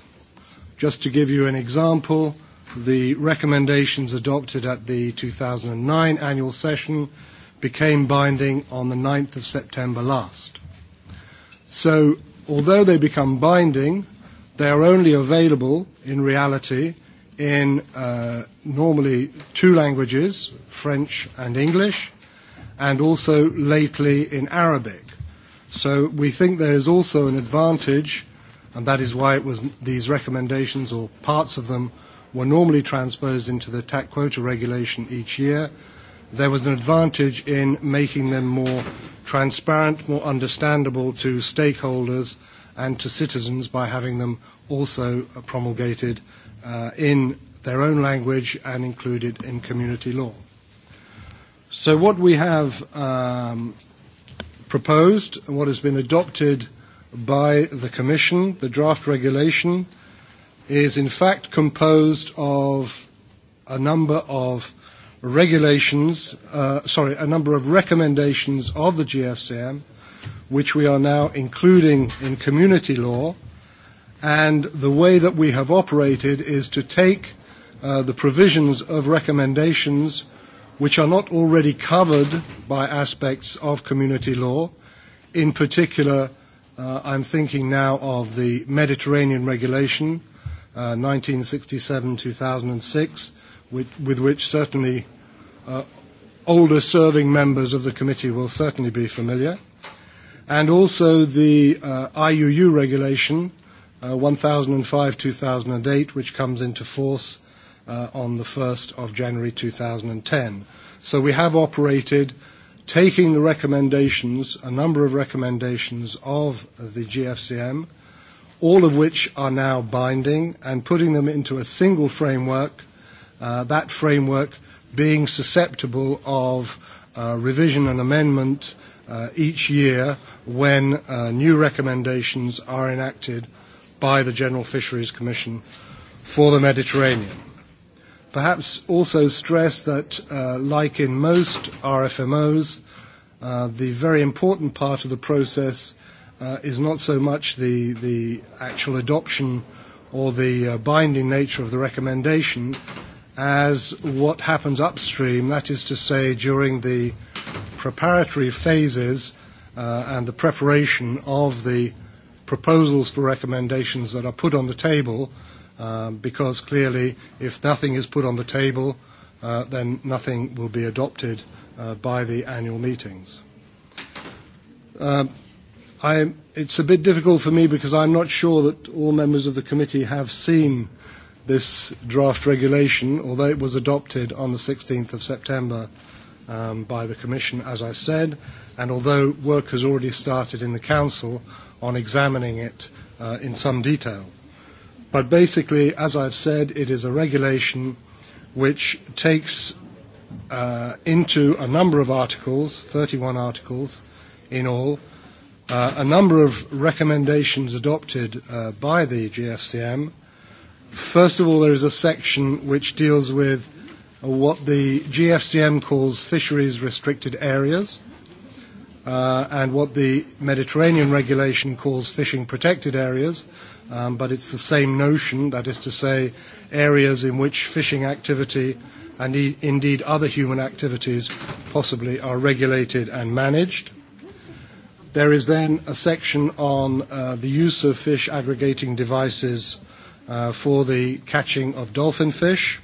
Just to give you an example, the recommendations adopted at the 2009 annual session became binding on the 9th of September last. So, although they become binding, they are only available in reality in uh, normally two languages, French and English, and also lately in Arabic. So we think there is also an advantage, and that is why it was these recommendations or parts of them were normally transposed into the TAC quota regulation each year there was an advantage in making them more transparent, more understandable to stakeholders and to citizens by having them also promulgated uh, in their own language and included in community law. So what we have um, proposed and what has been adopted by the Commission, the draft regulation, is in fact composed of a number of regulations, uh, sorry, a number of recommendations of the GFCM, which we are now including in community law. And the way that we have operated is to take uh, the provisions of recommendations which are not already covered by aspects of community law. In particular, uh, I'm thinking now of the Mediterranean Regulation, uh, 1967-2006, with, with which certainly uh, older serving members of the committee will certainly be familiar, and also the uh, IUU regulation uh, 1005-2008, which comes into force uh, on the 1st of January 2010. So we have operated taking the recommendations, a number of recommendations of the GFCM, all of which are now binding, and putting them into a single framework uh, that framework being susceptible of uh, revision and amendment uh, each year when uh, new recommendations are enacted by the General Fisheries Commission for the Mediterranean. Perhaps also stress that, uh, like in most RFMOs, uh, the very important part of the process uh, is not so much the, the actual adoption or the uh, binding nature of the recommendation, as what happens upstream, that is to say, during the preparatory phases uh, and the preparation of the proposals for recommendations that are put on the table, because clearly, if nothing is put on the table, uh, then nothing will be adopted uh, by the annual meetings. I, it's a bit difficult for me because I'm not sure that all members of the committee have seen this draft regulation, although it was adopted on the 16th of September um, by the Commission, as I said, and although work has already started in the Council on examining it uh, in some detail. But basically, as I've said, it is a regulation which takes uh, into a number of articles, 31 articles in all, uh, a number of recommendations adopted uh, by the GFCM, First of all, there is a section which deals with what the GFCM calls fisheries restricted areas uh, and what the Mediterranean regulation calls fishing protected areas, um, but it's the same notion, that is to say, areas in which fishing activity and e- indeed other human activities possibly are regulated and managed. There is then a section on uh, the use of fish aggregating devices uh, for the catching of dolphin fish.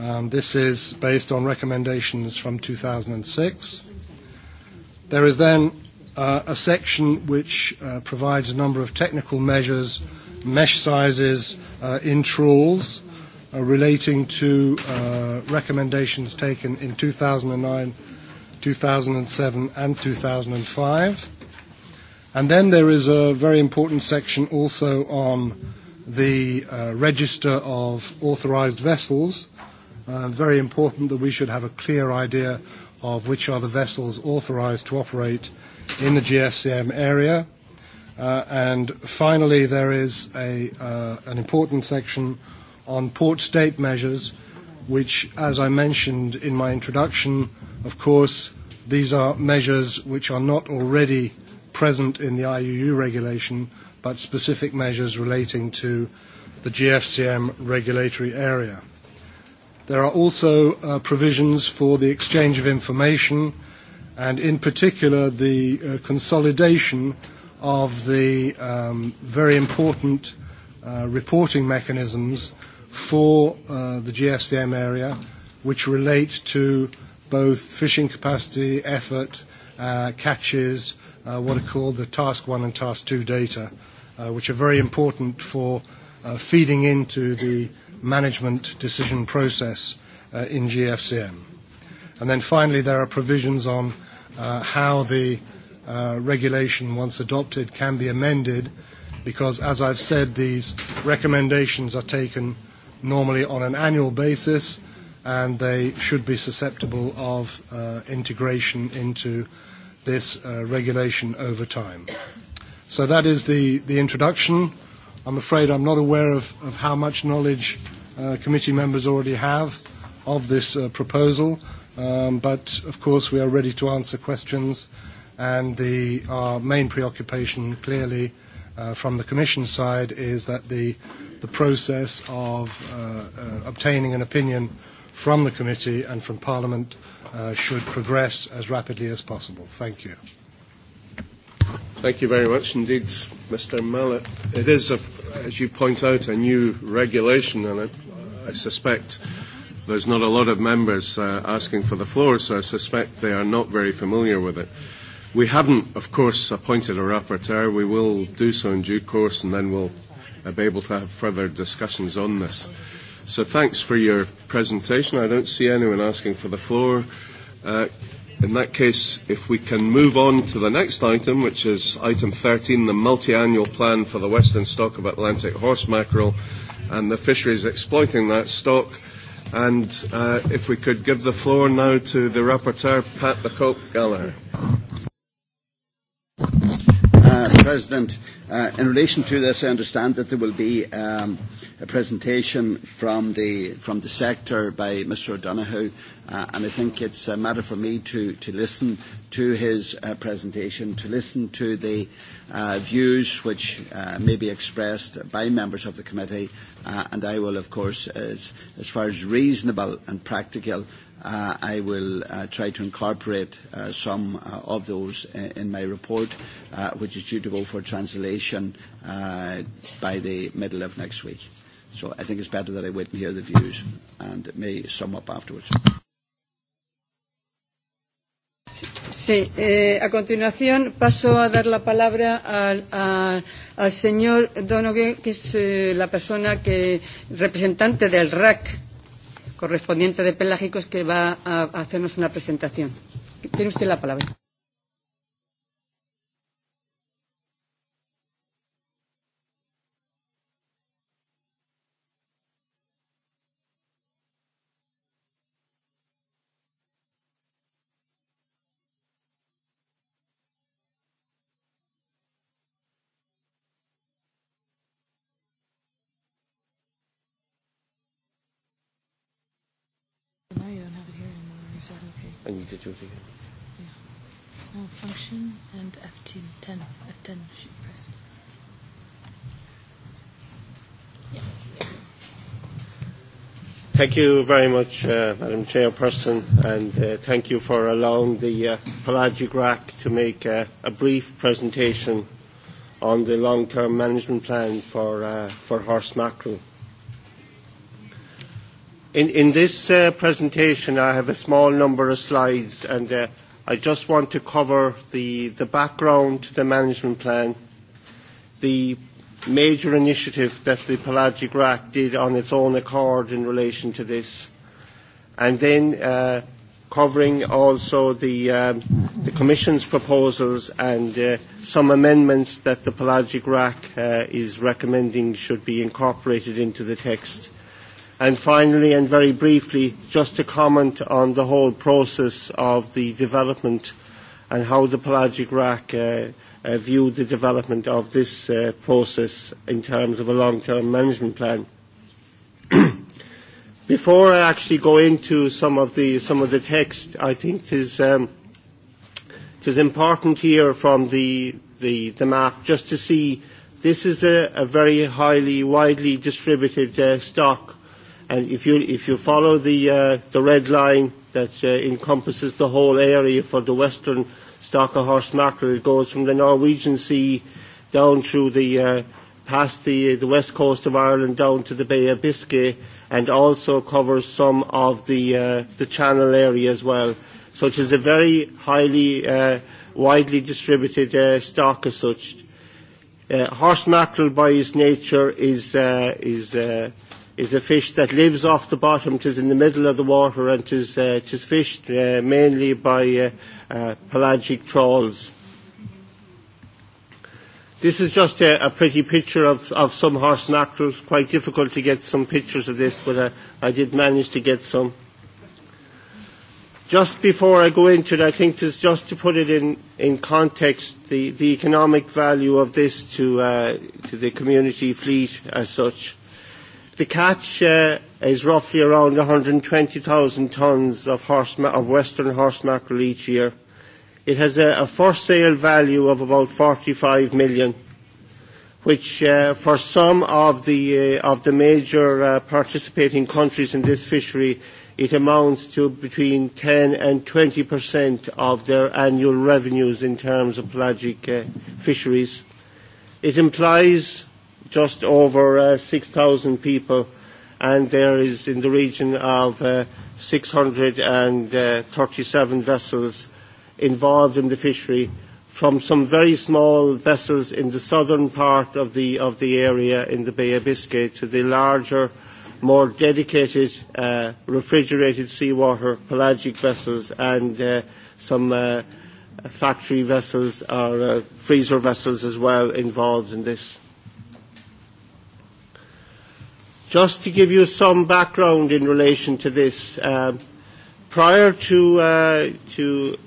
Um, this is based on recommendations from 2006. There is then uh, a section which uh, provides a number of technical measures, mesh sizes uh, in trawls uh, relating to uh, recommendations taken in 2009, 2007 and 2005. And then there is a very important section also on the uh, register of authorised vessels. Uh, very important that we should have a clear idea of which are the vessels authorised to operate in the GFCM area. Uh, and finally, there is a, uh, an important section on port state measures, which, as I mentioned in my introduction, of course, these are measures which are not already present in the IUU regulation, but specific measures relating to the GFCM regulatory area. There are also uh, provisions for the exchange of information and in particular the uh, consolidation of the um, very important uh, reporting mechanisms for uh, the GFCM area which relate to both fishing capacity, effort, uh, catches, uh, what are called the task one and task two data which are very important for feeding into the management decision process in GFCM. then finally, there are provisions on how the regulation, once adopted, can be amended because, as I've said, these recommendations are taken normally on an annual basis and they should be susceptible of integration into this regulation over time. So that is the, the introduction. I'm afraid I'm not aware of, of how much knowledge uh, committee members already have of this uh, proposal, um, but of course we are ready to answer questions and the, our main preoccupation clearly uh, from the Commission side is that the, the process of uh, uh, obtaining an opinion from the committee and from Parliament uh, should progress as rapidly as possible. Thank you. Thank you very much indeed, Mr. Mallet. It is, a, as you point out, a new regulation, and I, I suspect there's not a lot of members uh, asking for the floor, so I suspect they are not very familiar with it. We haven't, of course, appointed a rapporteur. We will do so in due course, and then we'll uh, be able to have further discussions on this. So thanks for your presentation. I don't see anyone asking for the floor. Uh, In that case, if we can move on to the next item, which is item 13, the multi-annual plan for the western stock of Atlantic horse mackerel and the fisheries exploiting that stock. And uh, if we could give the floor now to the rapporteur, Pat the Cope Gallagher. Uh, President, in relation to this, I understand that there will be um, a presentation from the, from the sector by Mr O'Donoghue, uh, and I think it's a matter for me to, to listen to his uh, presentation, to listen to the uh, views which uh, may be expressed by members of the committee, uh, and I will, of course, as, as far as reasonable and practical, I will try to incorporate some of those in my report, which is due to go for translation by the middle of next week. So I think it's better that I wait and hear the views, and it may sum up afterwards. Sí, a continuación paso a dar la palabra al, a, al señor Donoghue, que es la persona representante del RAC correspondiente de pelágicos que va a hacernos una presentación. Tiene usted la palabra. Yeah. function and F10, F10 Thank you very much, uh, Madam Chairperson, and uh, thank you for allowing the uh, pelagic rack to make uh, a brief presentation on the long-term management plan for, uh, for horse mackerel. In, this presentation, I have a small number of slides, and I just want to cover the, background to the management plan, the major initiative that the Pelagic RAC did on its own accord in relation to this, and then covering also the, Commission's proposals and some amendments that the Pelagic RAC is recommending should be incorporated into the text. And finally, and very briefly, just to comment on the whole process of the development and how the pelagic rack uh, uh, viewed the development of this uh, process in terms of a long-term management plan. Before I actually go into some of the, some of the text, I think it is, um, it is important here from the, the, the map just to see this is a, a very highly, widely distributed uh, stock And if you, if you follow the, uh, the red line that uh, encompasses the whole area for the western stock of horse mackerel, it goes from the Norwegian Sea down through the, uh, past the, the west coast of Ireland down to the Bay of Biscay and also covers some of the, uh, the channel area as well. So it is a very highly, uh, widely distributed uh, stock as such. Uh, horse mackerel by its nature is, uh, is uh, is a fish that lives off the bottom, tis in the middle of the water, and is uh, is fished uh, mainly by uh, uh, pelagic trawls. This is just a, a pretty picture of, of some horse mackerel. Quite difficult to get some pictures of this, but uh, I did manage to get some. Just before I go into it, I think this, just to put it in, in context, the, the economic value of this to, uh, to the community fleet as such. The catch uh, is roughly around 120,000 tonnes of, horse of western horse mackerel each year. It has a, a for sale value of about 45 million, which uh, for some of the, uh, of the major uh, participating countries in this fishery, it amounts to between 10 and 20% of their annual revenues in terms of pelagic uh, fisheries. It implies just over uh, 6,000 people, and there is in the region of uh, 637 vessels involved in the fishery, from some very small vessels in the southern part of the, of the area in the Bay of Biscay to the larger, more dedicated uh, refrigerated seawater pelagic vessels and uh, some uh, factory vessels or uh, freezer vessels as well involved in this. Just to give you some background in relation to this, um, prior to, uh, to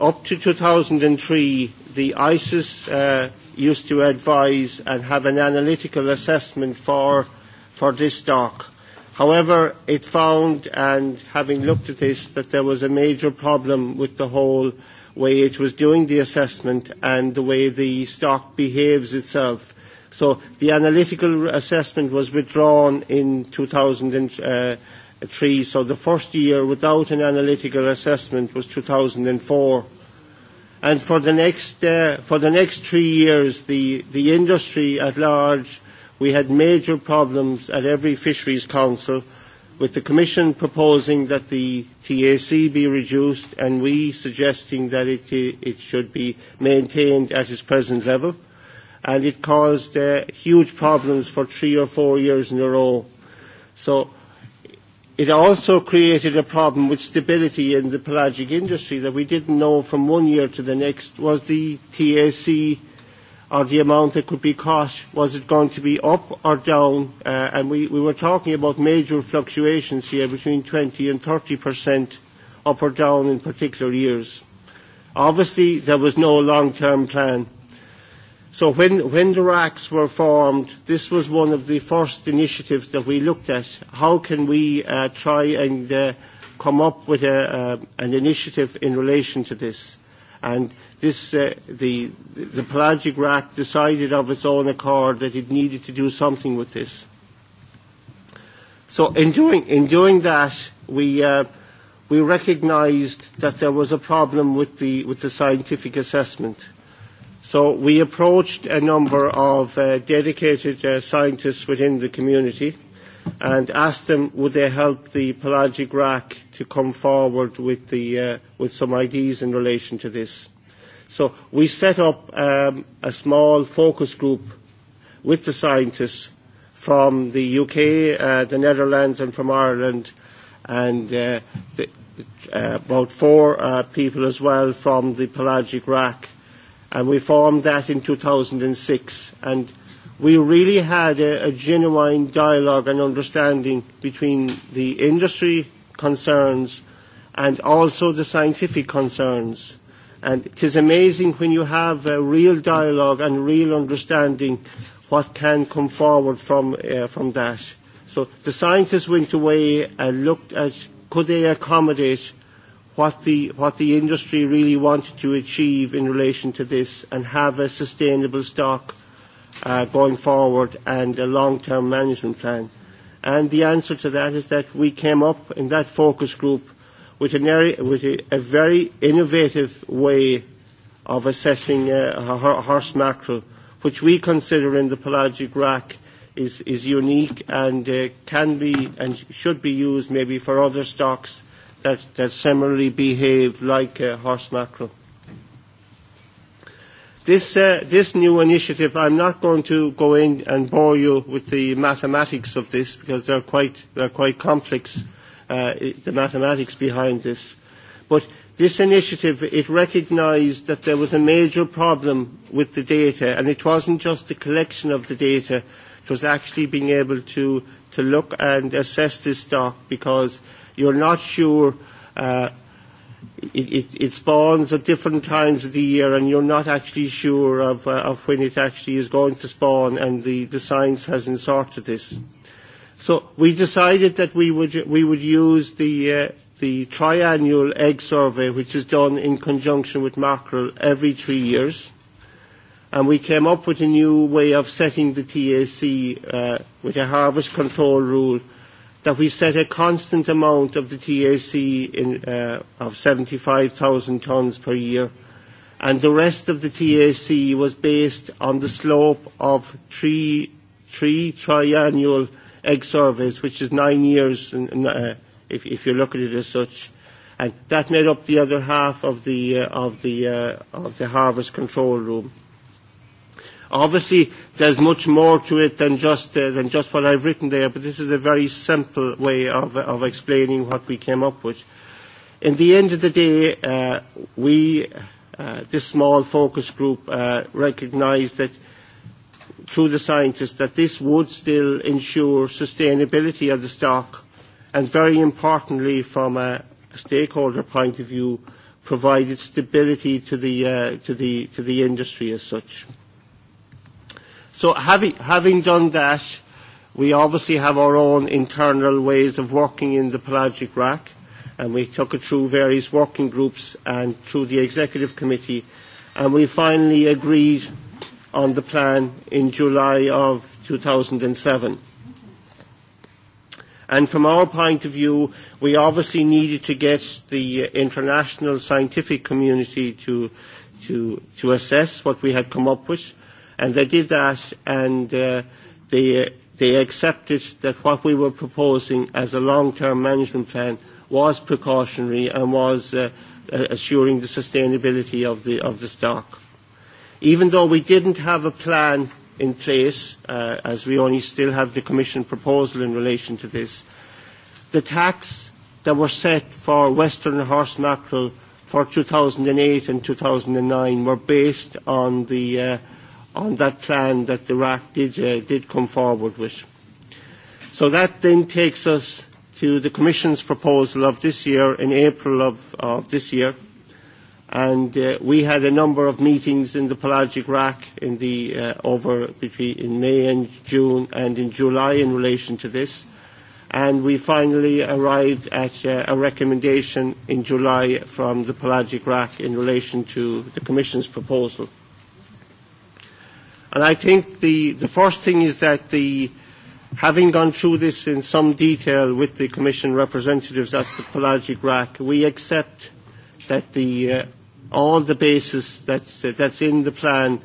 up to 2003, the ISIS uh, used to advise and have an analytical assessment for, for this stock. However, it found, and having looked at this, that there was a major problem with the whole way it was doing the assessment and the way the stock behaves itself. So the analytical assessment was withdrawn in 2003. So the first year without an analytical assessment was 2004. And for the next uh, for the next three years, the the industry at large, we had major problems at every fisheries council, with the Commission proposing that the TAC be reduced, and we suggesting that it it should be maintained at its present level and it caused uh, huge problems for three or four years in a row. So it also created a problem with stability in the pelagic industry that we didn't know from one year to the next was the TAC or the amount that could be caught, was it going to be up or down? Uh, and we, we were talking about major fluctuations here between 20 and 30 percent up or down in particular years. Obviously, there was no long-term plan. So when, when the RACs were formed, this was one of the first initiatives that we looked at. How can we uh, try and uh, come up with a, uh, an initiative in relation to this? And this, uh, the, the pelagic RAC decided of its own accord that it needed to do something with this. So in doing, in doing that, we, uh, we recognised that there was a problem with the, with the scientific assessment So we approached a number of uh, dedicated uh, scientists within the community and asked them would they help the pelagic rack to come forward with, the, uh, with some ideas in relation to this. So we set up um, a small focus group with the scientists from the UK, uh, the Netherlands and from Ireland and uh, the, uh, about four uh, people as well from the pelagic rack and we formed that in 2006. And we really had a, a genuine dialogue and understanding between the industry concerns and also the scientific concerns. And it is amazing when you have a real dialogue and real understanding what can come forward from, uh, from that. So the scientists went away and looked at could they accommodate what the, what the industry really wanted to achieve in relation to this and have a sustainable stock uh, going forward and a long-term management plan. And the answer to that is that we came up in that focus group with, an area, with a, a very innovative way of assessing uh, horse mackerel, which we consider in the pelagic rack is, is unique and uh, can be and should be used maybe for other stocks that, that similarly behave like uh, horse mackerel. This, uh, this new initiative, I'm not going to go in and bore you with the mathematics of this because they're quite, they're quite complex, uh, the mathematics behind this. But this initiative, it recognised that there was a major problem with the data and it wasn't just the collection of the data, it was actually being able to, to look and assess this stock because You're not sure. Uh, it, it, it spawns at different times of the year, and you're not actually sure of, uh, of when it actually is going to spawn, and the, the science hasn't sorted this. So we decided that we would, we would use the, uh, the triannual egg survey, which is done in conjunction with mackerel every three years. And we came up with a new way of setting the TAC uh, with a harvest control rule that we set a constant amount of the TAC in, uh, of 75,000 tonnes per year, and the rest of the TAC was based on the slope of three, three triannual egg surveys, which is nine years in, uh, if, if you look at it as such. And that made up the other half of the, uh, of the, uh, of the harvest control room. Obviously, there's much more to it than just, uh, than just what I've written there, but this is a very simple way of, of explaining what we came up with. In the end of the day, uh, we, uh, this small focus group, uh, recognised that through the scientists that this would still ensure sustainability of the stock and very importantly from a stakeholder point of view provided stability to the, uh, to the, to the industry as such. So having, having done that, we obviously have our own internal ways of working in the pelagic rack, and we took it through various working groups and through the executive committee, and we finally agreed on the plan in July of 2007. And from our point of view, we obviously needed to get the international scientific community to, to, to assess what we had come up with And they did that and uh, they, they accepted that what we were proposing as a long-term management plan was precautionary and was uh, assuring the sustainability of the, of the stock. Even though we didn't have a plan in place, uh, as we only still have the Commission proposal in relation to this, the tax that were set for Western horse mackerel for 2008 and 2009 were based on the uh, on that plan that the Iraq did, uh, did come forward with. So that then takes us to the Commission's proposal of this year, in April of, of this year. And uh, we had a number of meetings in the pelagic rack in the, uh, over between in May and June and in July in relation to this. And we finally arrived at uh, a recommendation in July from the pelagic rack in relation to the Commission's proposal. And I think the, the first thing is that the, having gone through this in some detail with the Commission representatives at the pelagic rack, we accept that the, uh, all the basis that's, uh, that's in the plan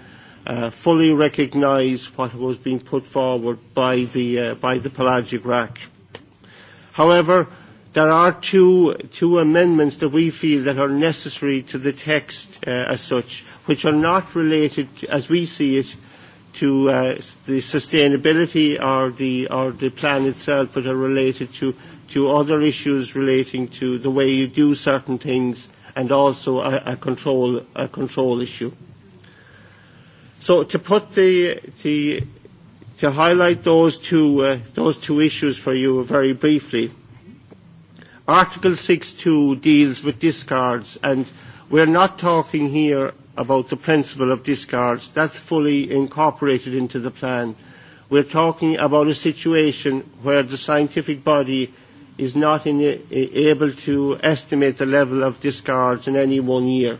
uh, fully recognise what was being put forward by the, uh, by the pelagic rack. However, there are two, two amendments that we feel that are necessary to the text uh, as such, which are not related, as we see it, to uh, the sustainability or the, or the plan itself, but are related to, to other issues relating to the way you do certain things and also a, a, control, a control issue. So to put the, the to highlight those two, uh, those two issues for you very briefly. Article 6.2 deals with discards, and we're not talking here about the principle of discards. That's fully incorporated into the plan. We're talking about a situation where the scientific body is not in a, able to estimate the level of discards in any one year.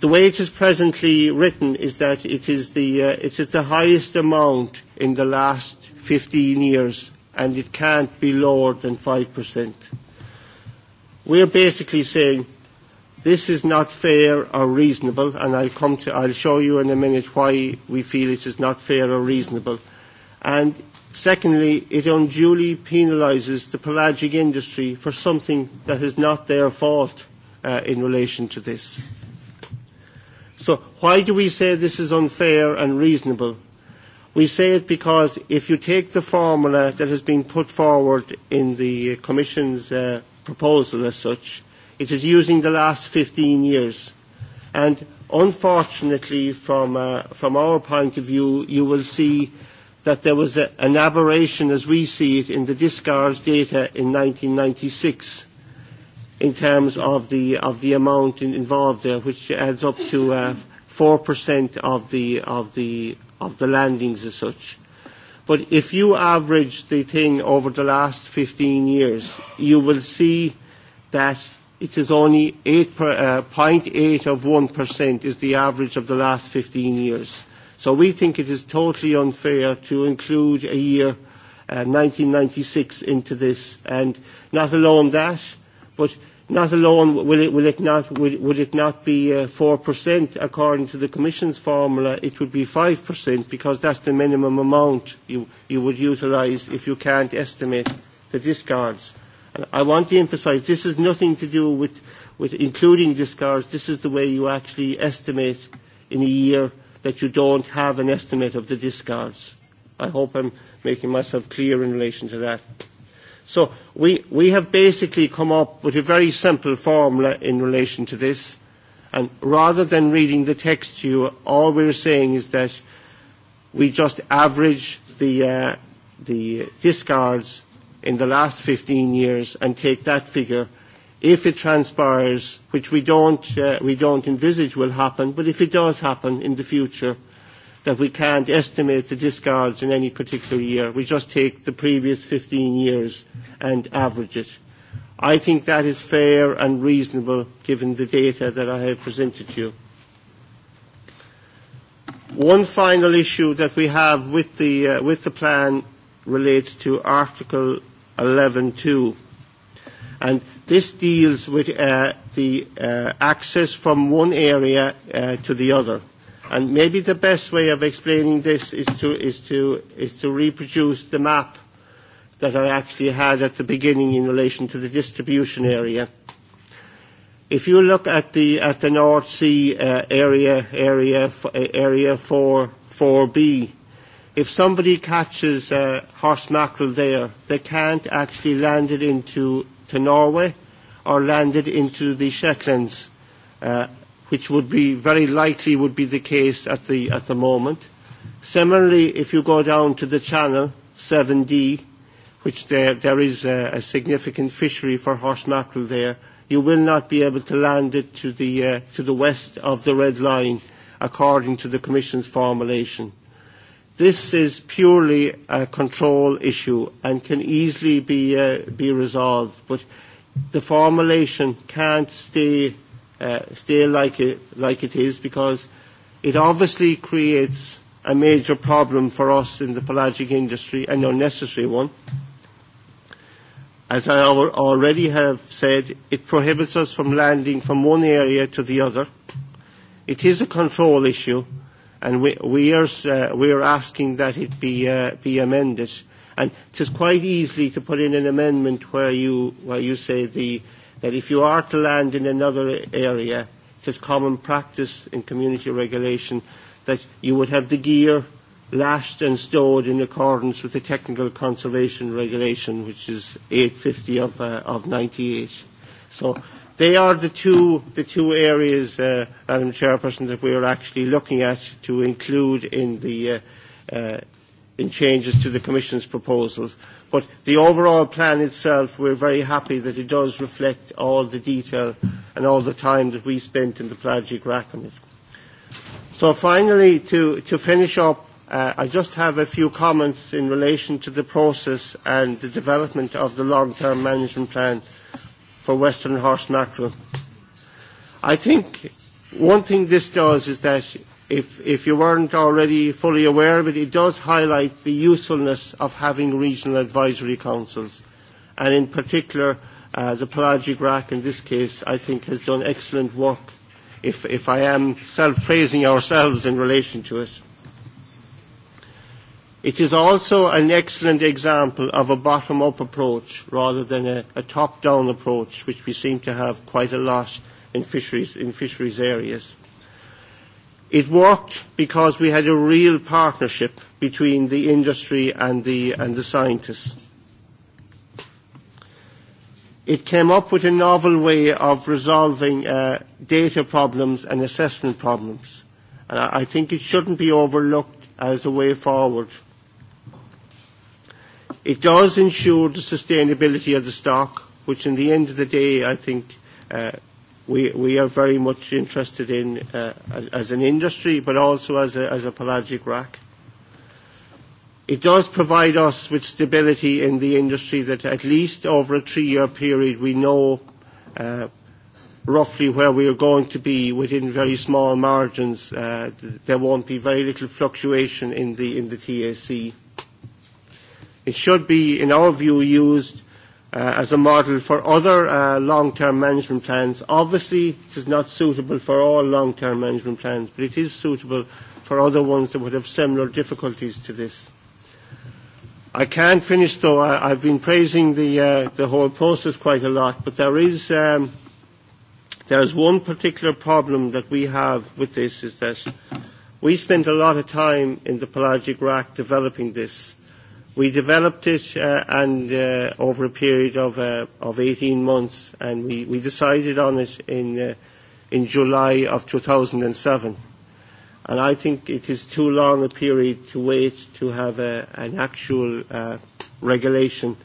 The way it is presently written is that it is the, uh, it is the highest amount in the last 15 years and it can't be lower than 5%. We're basically saying This is not fair or reasonable, and I'll, come to, I'll show you in a minute why we feel it is not fair or reasonable. And secondly, it unduly penalises the pelagic industry for something that is not their fault uh, in relation to this. So why do we say this is unfair and reasonable? We say it because if you take the formula that has been put forward in the Commission's uh, proposal as such, It is using the last 15 years. And unfortunately, from, uh, from our point of view, you will see that there was a, an aberration, as we see it, in the discards data in 1996 in terms of the, of the amount in, involved there, which adds up to uh, 4% of the, of, the, of the landings as such. But if you average the thing over the last 15 years, you will see that it is only 0.8 of 1% is the average of the last 15 years. So we think it is totally unfair to include a year 1996 into this. And not alone that, but not alone will it, will it not, will, would it not be uh, 4% according to the Commission's formula, it would be 5% because that's the minimum amount you, you would utilise if you can't estimate the discards. I want to emphasize this is nothing to do with, with including discards. This is the way you actually estimate in a year that you don't have an estimate of the discards. I hope I'm making myself clear in relation to that. So we, we have basically come up with a very simple formula in relation to this. And rather than reading the text to you, all we're saying is that we just average the, uh, the discards in the last 15 years and take that figure if it transpires, which we don't, uh, we don't envisage will happen, but if it does happen in the future, that we can't estimate the discards in any particular year. We just take the previous 15 years and average it. I think that is fair and reasonable given the data that I have presented to you. One final issue that we have with the, uh, with the plan relates to Article 11.2. And this deals with uh, the uh, access from one area uh, to the other. And maybe the best way of explaining this is to, is to, is to reproduce the map that I actually had at the beginning in relation to the distribution area. If you look at the, at the North Sea uh, area, area, area 4, 4B, if somebody catches uh, horse mackerel there, they can't actually land it into to Norway or land it into the Shetlands, uh, which would be very likely would be the case at the, at the moment. Similarly, if you go down to the channel, 7D, which there, there is a, a significant fishery for horse mackerel there, you will not be able to land it to the, uh, to the west of the red line, according to the Commission's formulation. This is purely a control issue and can easily be, uh, be resolved, but the formulation can't stay, uh, stay like, it, like it is because it obviously creates a major problem for us in the pelagic industry, an unnecessary one. As I already have said, it prohibits us from landing from one area to the other. It is a control issue, and we, we, are, uh, we are asking that it be, uh, be amended. And it is quite easy to put in an amendment where you, where you say the, that if you are to land in another area, it is common practice in community regulation that you would have the gear lashed and stowed in accordance with the technical conservation regulation, which is 850 of, uh, of 98. So They are the two, the two areas, uh, Madam Chairperson, that we are actually looking at to include in the uh, uh, in changes to the Commission's proposals. But the overall plan itself, we're very happy that it does reflect all the detail and all the time that we spent in the Pelagic Rack it. So finally, to, to finish up, uh, I just have a few comments in relation to the process and the development of the long-term management plan for western horse mackerel. I think one thing this does is that if, if you weren't already fully aware of it, it does highlight the usefulness of having regional advisory councils. And in particular, uh, the pelagic rack in this case, I think, has done excellent work, if, if I am self-praising ourselves in relation to it. It is also an excellent example of a bottom-up approach rather than a, a top-down approach, which we seem to have quite a lot in fisheries, in fisheries areas. It worked because we had a real partnership between the industry and the, and the scientists. It came up with a novel way of resolving uh, data problems and assessment problems. And I, I think it shouldn't be overlooked as a way forward It does ensure the sustainability of the stock, which in the end of the day, I think uh, we, we are very much interested in uh, as, as an industry, but also as a, as a pelagic rack. It does provide us with stability in the industry that at least over a three-year period we know uh, roughly where we are going to be within very small margins. Uh, there won't be very little fluctuation in the, in the TAC. It should be, in our view, used uh, as a model for other uh, long-term management plans. Obviously, it is not suitable for all long-term management plans, but it is suitable for other ones that would have similar difficulties to this. I can't finish though. I, I've been praising the uh, the whole process quite a lot, but there is um, there is one particular problem that we have with this is that we spent a lot of time in the pelagic rack developing this, We developed it uh, and uh, over a period of, uh, of 18 months, and we, we decided on it in, uh, in July of 2007. And I think it is too long a period to wait to have a, an actual uh, regulation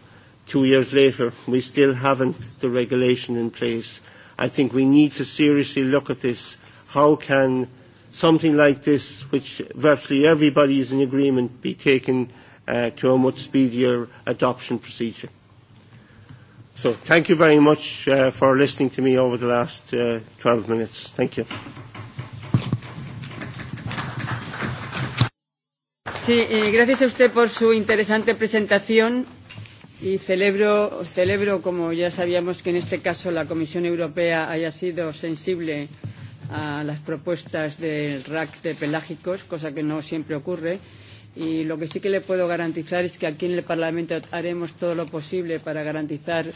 two years later. We still haven't the regulation in place. I think we need to seriously look at this. How can something like this, which virtually everybody is in agreement, be taken – uh, to a much speedier adoption procedure. So thank you very much uh, for listening to me over the last uh, 12 minutes. Thank you. Sí, eh, gracias a usted por su interesante presentación y celebro, celebro, como ya sabíamos, que en este caso la Comisión Europea haya sido sensible a las propuestas del RAC de pelágicos, cosa que no siempre ocurre. Y lo que sí que le puedo garantizar es que aquí en el Parlamento haremos todo lo posible para garantizar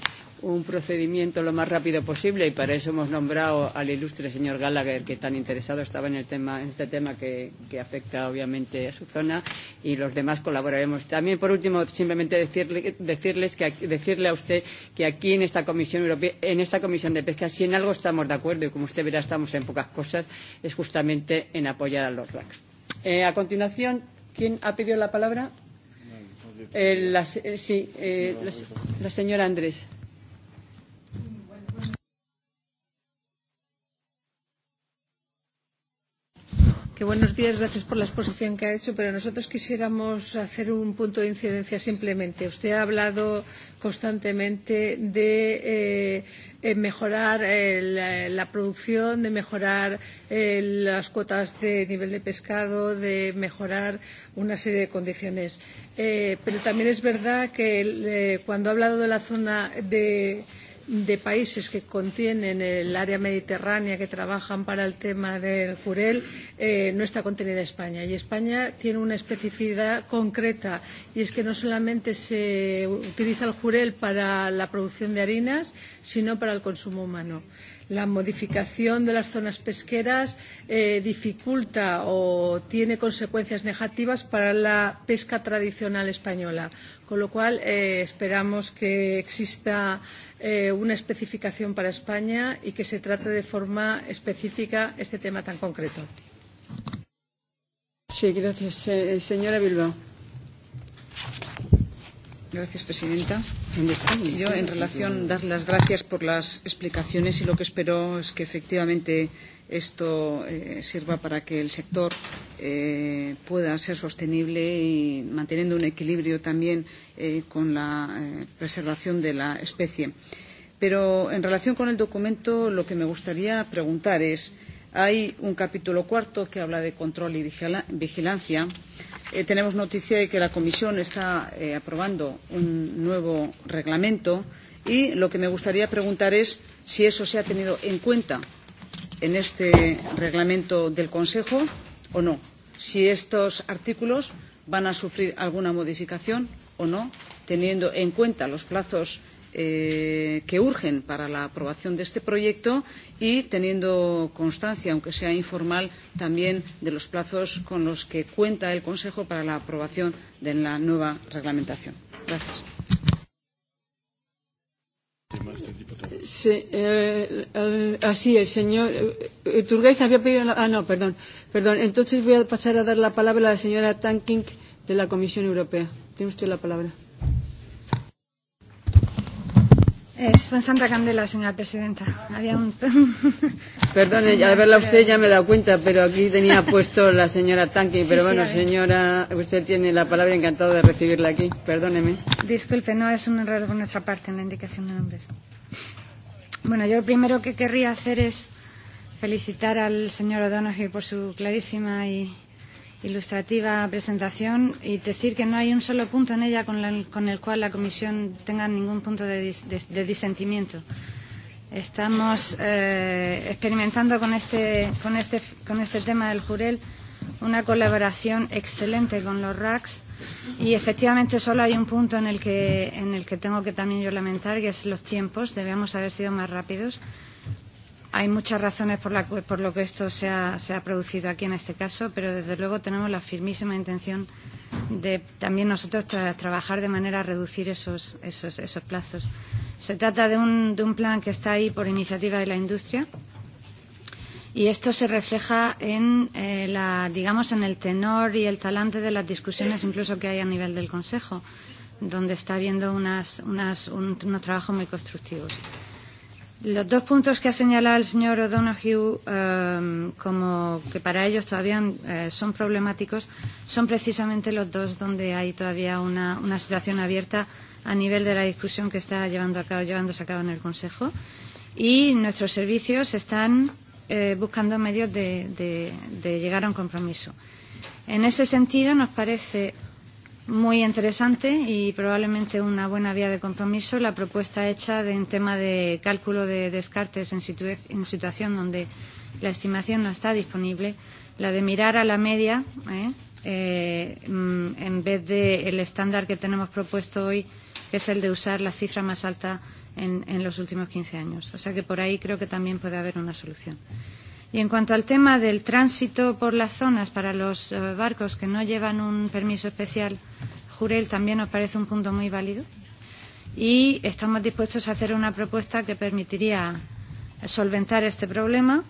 un procedimiento lo más rápido posible y para eso hemos nombrado al ilustre señor Gallagher, que tan interesado estaba en, el tema, en este tema que, que afecta obviamente a su zona y los demás colaboraremos. También, por último, simplemente decirle, decirles que, decirle a usted que aquí en esta Comisión Europea, en esta Comisión de Pesca, si en algo estamos de acuerdo y como usted verá estamos en pocas cosas, es justamente en apoyar a los RACs. Eh, a continuación, ¿Quién ha pedido la palabra? Eh, la, eh, sí, eh, la, la señora Andrés. Que buenos días, gracias por la exposición que ha hecho, pero nosotros quisiéramos hacer un punto de incidencia simplemente. Usted ha hablado constantemente de eh, mejorar eh, la, la producción, de mejorar eh, las cuotas de nivel de pescado, de mejorar una serie de condiciones. Eh, pero también es verdad que eh, cuando ha hablado de la zona de de países que contienen el área mediterránea que trabajan para el tema del jurel eh, no está contenida España. Y España tiene una especificidad concreta y es que no solamente se utiliza el jurel para la producción de harinas, sino para el consumo humano la modificación de las zonas pesqueras dificulta o tiene consecuencias negativas para la pesca tradicional española, con lo cual esperamos que exista una especificación para España y que se trate de forma específica este tema tan concreto. Sí, gracias. señora Bilbao. Gracias, presidenta. Yo, en relación, dar las gracias por las explicaciones y lo que espero es que efectivamente esto eh, sirva para que el sector eh, pueda ser sostenible y manteniendo un equilibrio también eh, con la eh, preservación de la especie. Pero en relación con el documento, lo que me gustaría preguntar es, hay un capítulo cuarto que habla de control y vigilancia. Eh, tenemos noticia de que la Comisión está eh, aprobando un nuevo reglamento y lo que me gustaría preguntar es si eso se ha tenido en cuenta en este reglamento del Consejo o no, si estos artículos van a sufrir alguna modificación o no, teniendo en cuenta los plazos que urgen para la aprobación de este proyecto y teniendo constancia, aunque sea informal, también de los plazos con los que cuenta el Consejo para la aprobación de la nueva reglamentación. Gracias tema este diputado. Sí, eh, eh, así es, señor. Eh, había pedido. La, ah, no, perdón. Perdón. Entonces voy a pasar a dar la palabra a la señora Tanking de la Comisión Europea. Tiene usted la palabra. Es fue en Santa Candela, señora presidenta. Había un... Perdone, al verla usted ya me he dado cuenta, pero aquí tenía puesto la señora Tanqui. Pero bueno, señora, usted tiene la palabra, encantado de recibirla aquí. Perdóneme. Disculpe, no es un error por nuestra parte en la indicación de nombres. Bueno, yo lo primero que querría hacer es felicitar al señor O'Donoghue por su clarísima y ilustrativa presentación y decir que no hay un solo punto en ella con, la, con el cual la Comisión tenga ningún punto de, dis, de, de disentimiento. Estamos eh, experimentando con este, con, este, con este tema del jurel una colaboración excelente con los RACs y efectivamente solo hay un punto en el que, en el que tengo que también yo lamentar, que es los tiempos. Debemos haber sido más rápidos hay muchas razones por, la, por lo que esto se ha, se ha producido aquí en este caso, pero desde luego tenemos la firmísima intención de también nosotros tra trabajar de manera a reducir esos, esos, esos plazos. Se trata de un, de un plan que está ahí por iniciativa de la industria y esto se refleja en, eh, la, digamos, en el tenor y el talante de las discusiones incluso que hay a nivel del Consejo, donde está habiendo unas, unas, un, unos trabajos muy constructivos. Los dos puntos que ha señalado el señor O'Donoghue eh, como que para ellos todavía eh, son problemáticos son precisamente los dos donde hay todavía una, una situación abierta a nivel de la discusión que está llevando a cabo, llevándose a cabo en el Consejo. Y nuestros servicios están eh, buscando medios de, de, de llegar a un compromiso. En ese sentido, nos parece muy interesante y probablemente una buena vía de compromiso la propuesta hecha de, en tema de cálculo de descartes en, situ en situación donde la estimación no está disponible, la de mirar a la media ¿eh? Eh, en vez del de estándar que tenemos propuesto hoy, que es el de usar la cifra más alta en, en los últimos 15 años. O sea que por ahí creo que también puede haber una solución. Y en cuanto al tema del tránsito por las zonas para los eh, barcos que no llevan un permiso especial, Jurel también nos parece un punto muy válido. Y estamos dispuestos a hacer una propuesta que permitiría solventar este problema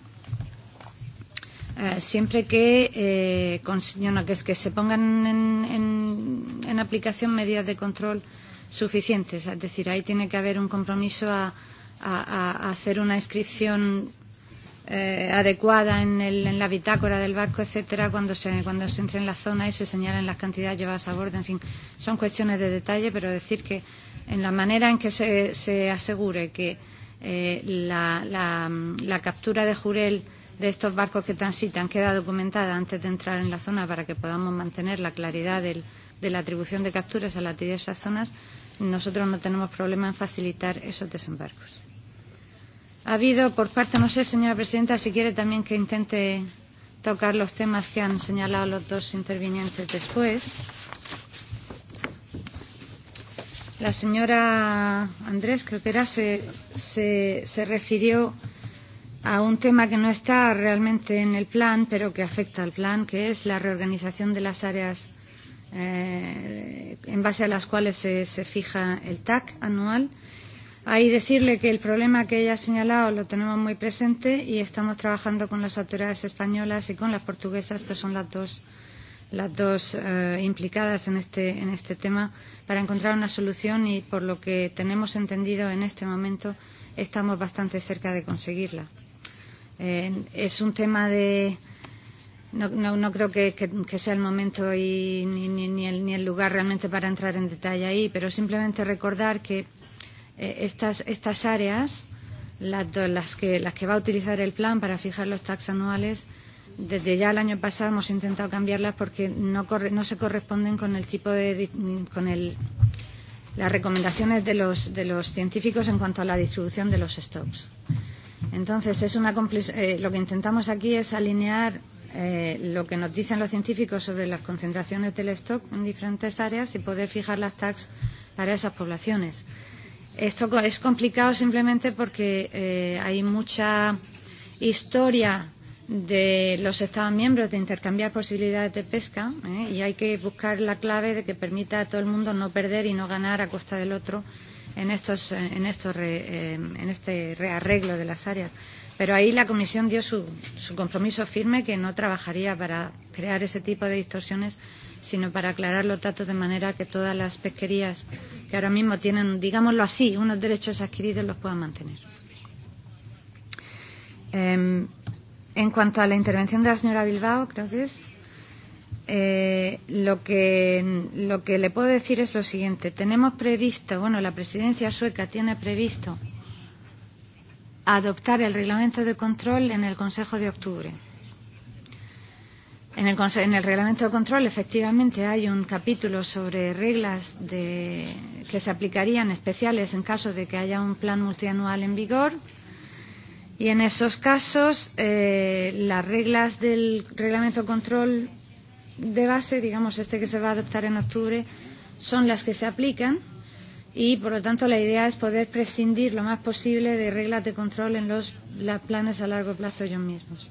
siempre que, eh, con, no, que, es que se pongan en, en, en aplicación medidas de control suficientes. Es decir, ahí tiene que haber un compromiso a, a, a hacer una inscripción eh, adecuada en, el, en la bitácora del barco, etcétera, cuando se, cuando se entre en la zona y se señalen las cantidades llevadas a bordo. En fin, son cuestiones de detalle, pero decir que en la manera en que se, se asegure que eh, la, la, la captura de jurel de estos barcos que transitan queda documentada antes de entrar en la zona para que podamos mantener la claridad del, de la atribución de capturas a las diversas zonas, nosotros no tenemos problema en facilitar esos desembarcos. Ha habido por parte, no sé, señora presidenta, si quiere también que intente tocar los temas que han señalado los dos intervinientes después. La señora Andrés, creo que era, se, se, se refirió a un tema que no está realmente en el plan, pero que afecta al plan, que es la reorganización de las áreas eh, en base a las cuales se, se fija el TAC anual. Ahí decirle que el problema que ella ha señalado lo tenemos muy presente y estamos trabajando con las autoridades españolas y con las portuguesas, que son las dos, las dos eh, implicadas en este, en este tema, para encontrar una solución y, por lo que tenemos entendido en este momento, estamos bastante cerca de conseguirla. Eh, es un tema de, No, no, no creo que, que, que sea el momento y ni, ni, ni, el, ni el lugar realmente para entrar en detalle ahí, pero simplemente recordar que eh, estas, estas áreas, las, las, que, las que va a utilizar el plan para fijar los tax anuales, desde ya el año pasado hemos intentado cambiarlas porque no, corre, no se corresponden con el tipo de con el, las recomendaciones de los, de los científicos en cuanto a la distribución de los stocks. Entonces, es una eh, lo que intentamos aquí es alinear eh, lo que nos dicen los científicos sobre las concentraciones del stock en diferentes áreas y poder fijar las tax para esas poblaciones. Esto es complicado simplemente porque eh, hay mucha historia de los Estados miembros de intercambiar posibilidades de pesca ¿eh? y hay que buscar la clave de que permita a todo el mundo no perder y no ganar a costa del otro en, estos, en, estos re, eh, en este rearreglo de las áreas. Pero ahí la Comisión dio su, su compromiso firme que no trabajaría para crear ese tipo de distorsiones sino para aclarar los datos de manera que todas las pesquerías que ahora mismo tienen, digámoslo así, unos derechos adquiridos los puedan mantener. Eh, en cuanto a la intervención de la señora Bilbao, creo que es, eh, lo, que, lo que le puedo decir es lo siguiente. Tenemos previsto, bueno, la presidencia sueca tiene previsto adoptar el reglamento de control en el Consejo de octubre. En el, en el reglamento de control, efectivamente, hay un capítulo sobre reglas de, que se aplicarían especiales en caso de que haya un plan multianual en vigor. Y en esos casos, eh, las reglas del reglamento de control de base, digamos, este que se va a adoptar en octubre, son las que se aplican y, por lo tanto, la idea es poder prescindir lo más posible de reglas de control en los, los planes a largo plazo ellos mismos.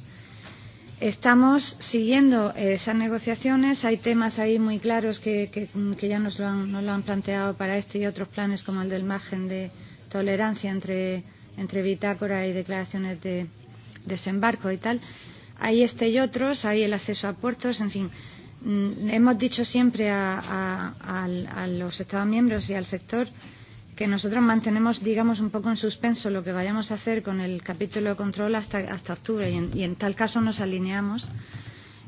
Estamos siguiendo esas negociaciones. Hay temas ahí muy claros que, que, que ya nos lo, han, nos lo han planteado para este y otros planes, como el del margen de tolerancia entre, entre bitácora y declaraciones de desembarco y tal. Hay este y otros, hay el acceso a puertos, en fin. Hemos dicho siempre a, a, a, a los Estados miembros y al sector que nosotros mantenemos, digamos, un poco en suspenso lo que vayamos a hacer con el capítulo de control hasta, hasta octubre y en, y en tal caso nos alineamos.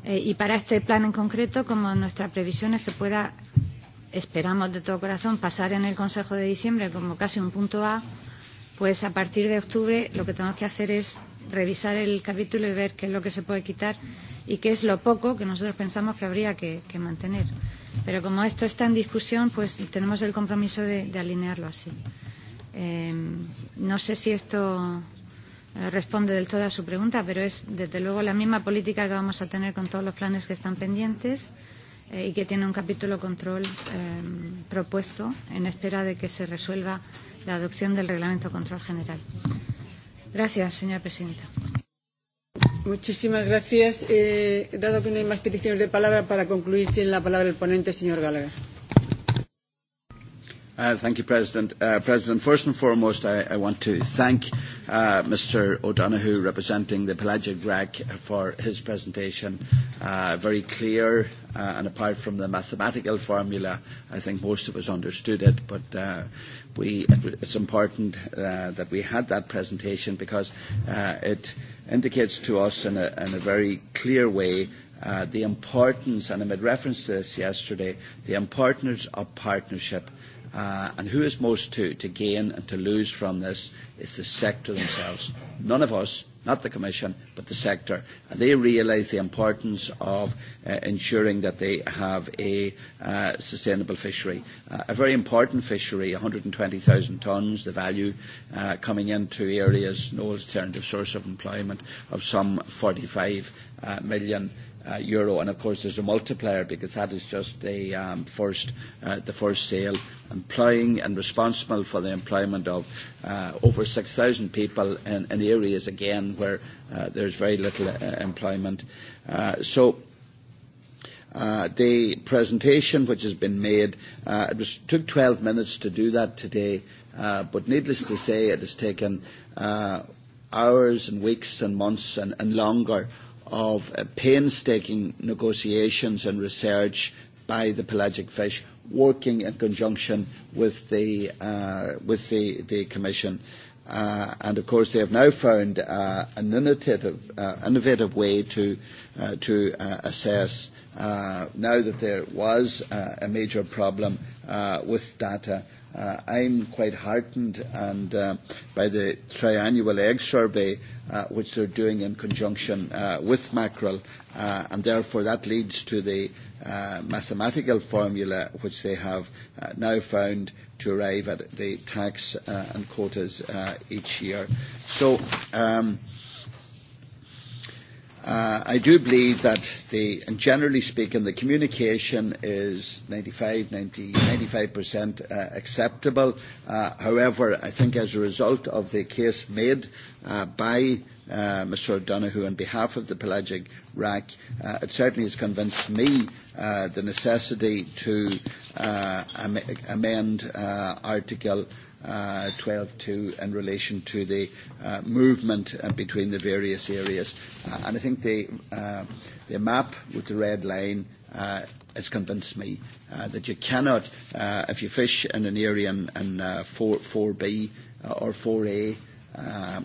Eh, y para este plan en concreto, como nuestra previsión es que pueda, esperamos de todo corazón, pasar en el Consejo de Diciembre como casi un punto A, pues a partir de octubre lo que tenemos que hacer es revisar el capítulo y ver qué es lo que se puede quitar y que es lo poco que nosotros pensamos que habría que, que mantener. Pero como esto está en discusión, pues tenemos el compromiso de, de alinearlo así. Eh, no sé si esto responde del todo a su pregunta, pero es desde luego la misma política que vamos a tener con todos los planes que están pendientes eh, y que tiene un capítulo control eh, propuesto en espera de que se resuelva la adopción del reglamento control general. Gracias, señora presidenta. Muchísimas gracias. Eh, dado que no hay más peticiones de palabra, para concluir tiene la palabra el ponente, señor Gallagher. Uh, thank you, President. Uh, President, first and foremost, I, I want to thank uh, Mr O'Donoghue, representing the Pelagic RAC, for his presentation. Uh, very clear, uh, and apart from the mathematical formula, I think most of us understood it, but uh, we, it's important uh, that we had that presentation because uh, it indicates to us in a, in a very clear way uh, the importance, and I made reference to this yesterday, the importance of partnership uh, and who is most to, to gain and to lose from this is the sector themselves. None of us, not the Commission, but the sector. And they realise the importance of uh, ensuring that they have a uh, sustainable fishery. Uh, a very important fishery, 120,000 tonnes, the value uh, coming into areas, no alternative source of employment, of some 45 uh, million euro. And of course, there's a multiplier because that is just the um, first uh, the first sale, employing and responsible for the employment of uh, over 6,000 people in, in areas again where uh, there's very little uh, employment. Uh, so. Uh, the presentation which has been made, uh, it was, took 12 minutes to do that today, uh, but needless to say, it has taken uh, hours and weeks and months and, and longer of painstaking negotiations and research by the pelagic fish, working in conjunction with the, uh, with the, the Commission. Uh, and of course, they have now found uh, an innovative, uh, innovative way to, uh, to uh, assess, uh, now that there was uh, a major problem uh, with data Uh, I'm quite heartened and uh, by the triannual egg survey uh, which they're doing in conjunction uh, with mackerel, uh, and therefore that leads to the uh, mathematical formula which they have uh, now found to arrive at the tax uh, and quotas uh, each year. So. Um, Uh, I do believe that the, and generally speaking, the communication is 95, 90, 95% uh, acceptable. Uh, however, I think as a result of the case made uh, by uh, Mr O'Donoghue on behalf of the pelagic RAC, uh, it certainly has convinced me uh, the necessity to uh, amend uh, Article uh, 12.2 in relation to the uh, movement uh, between the various areas. Uh, and I think the, uh, the map with the red line uh, has convinced me uh, that you cannot, uh, if you fish in an area in, in uh, 4, 4B or 4A, uh,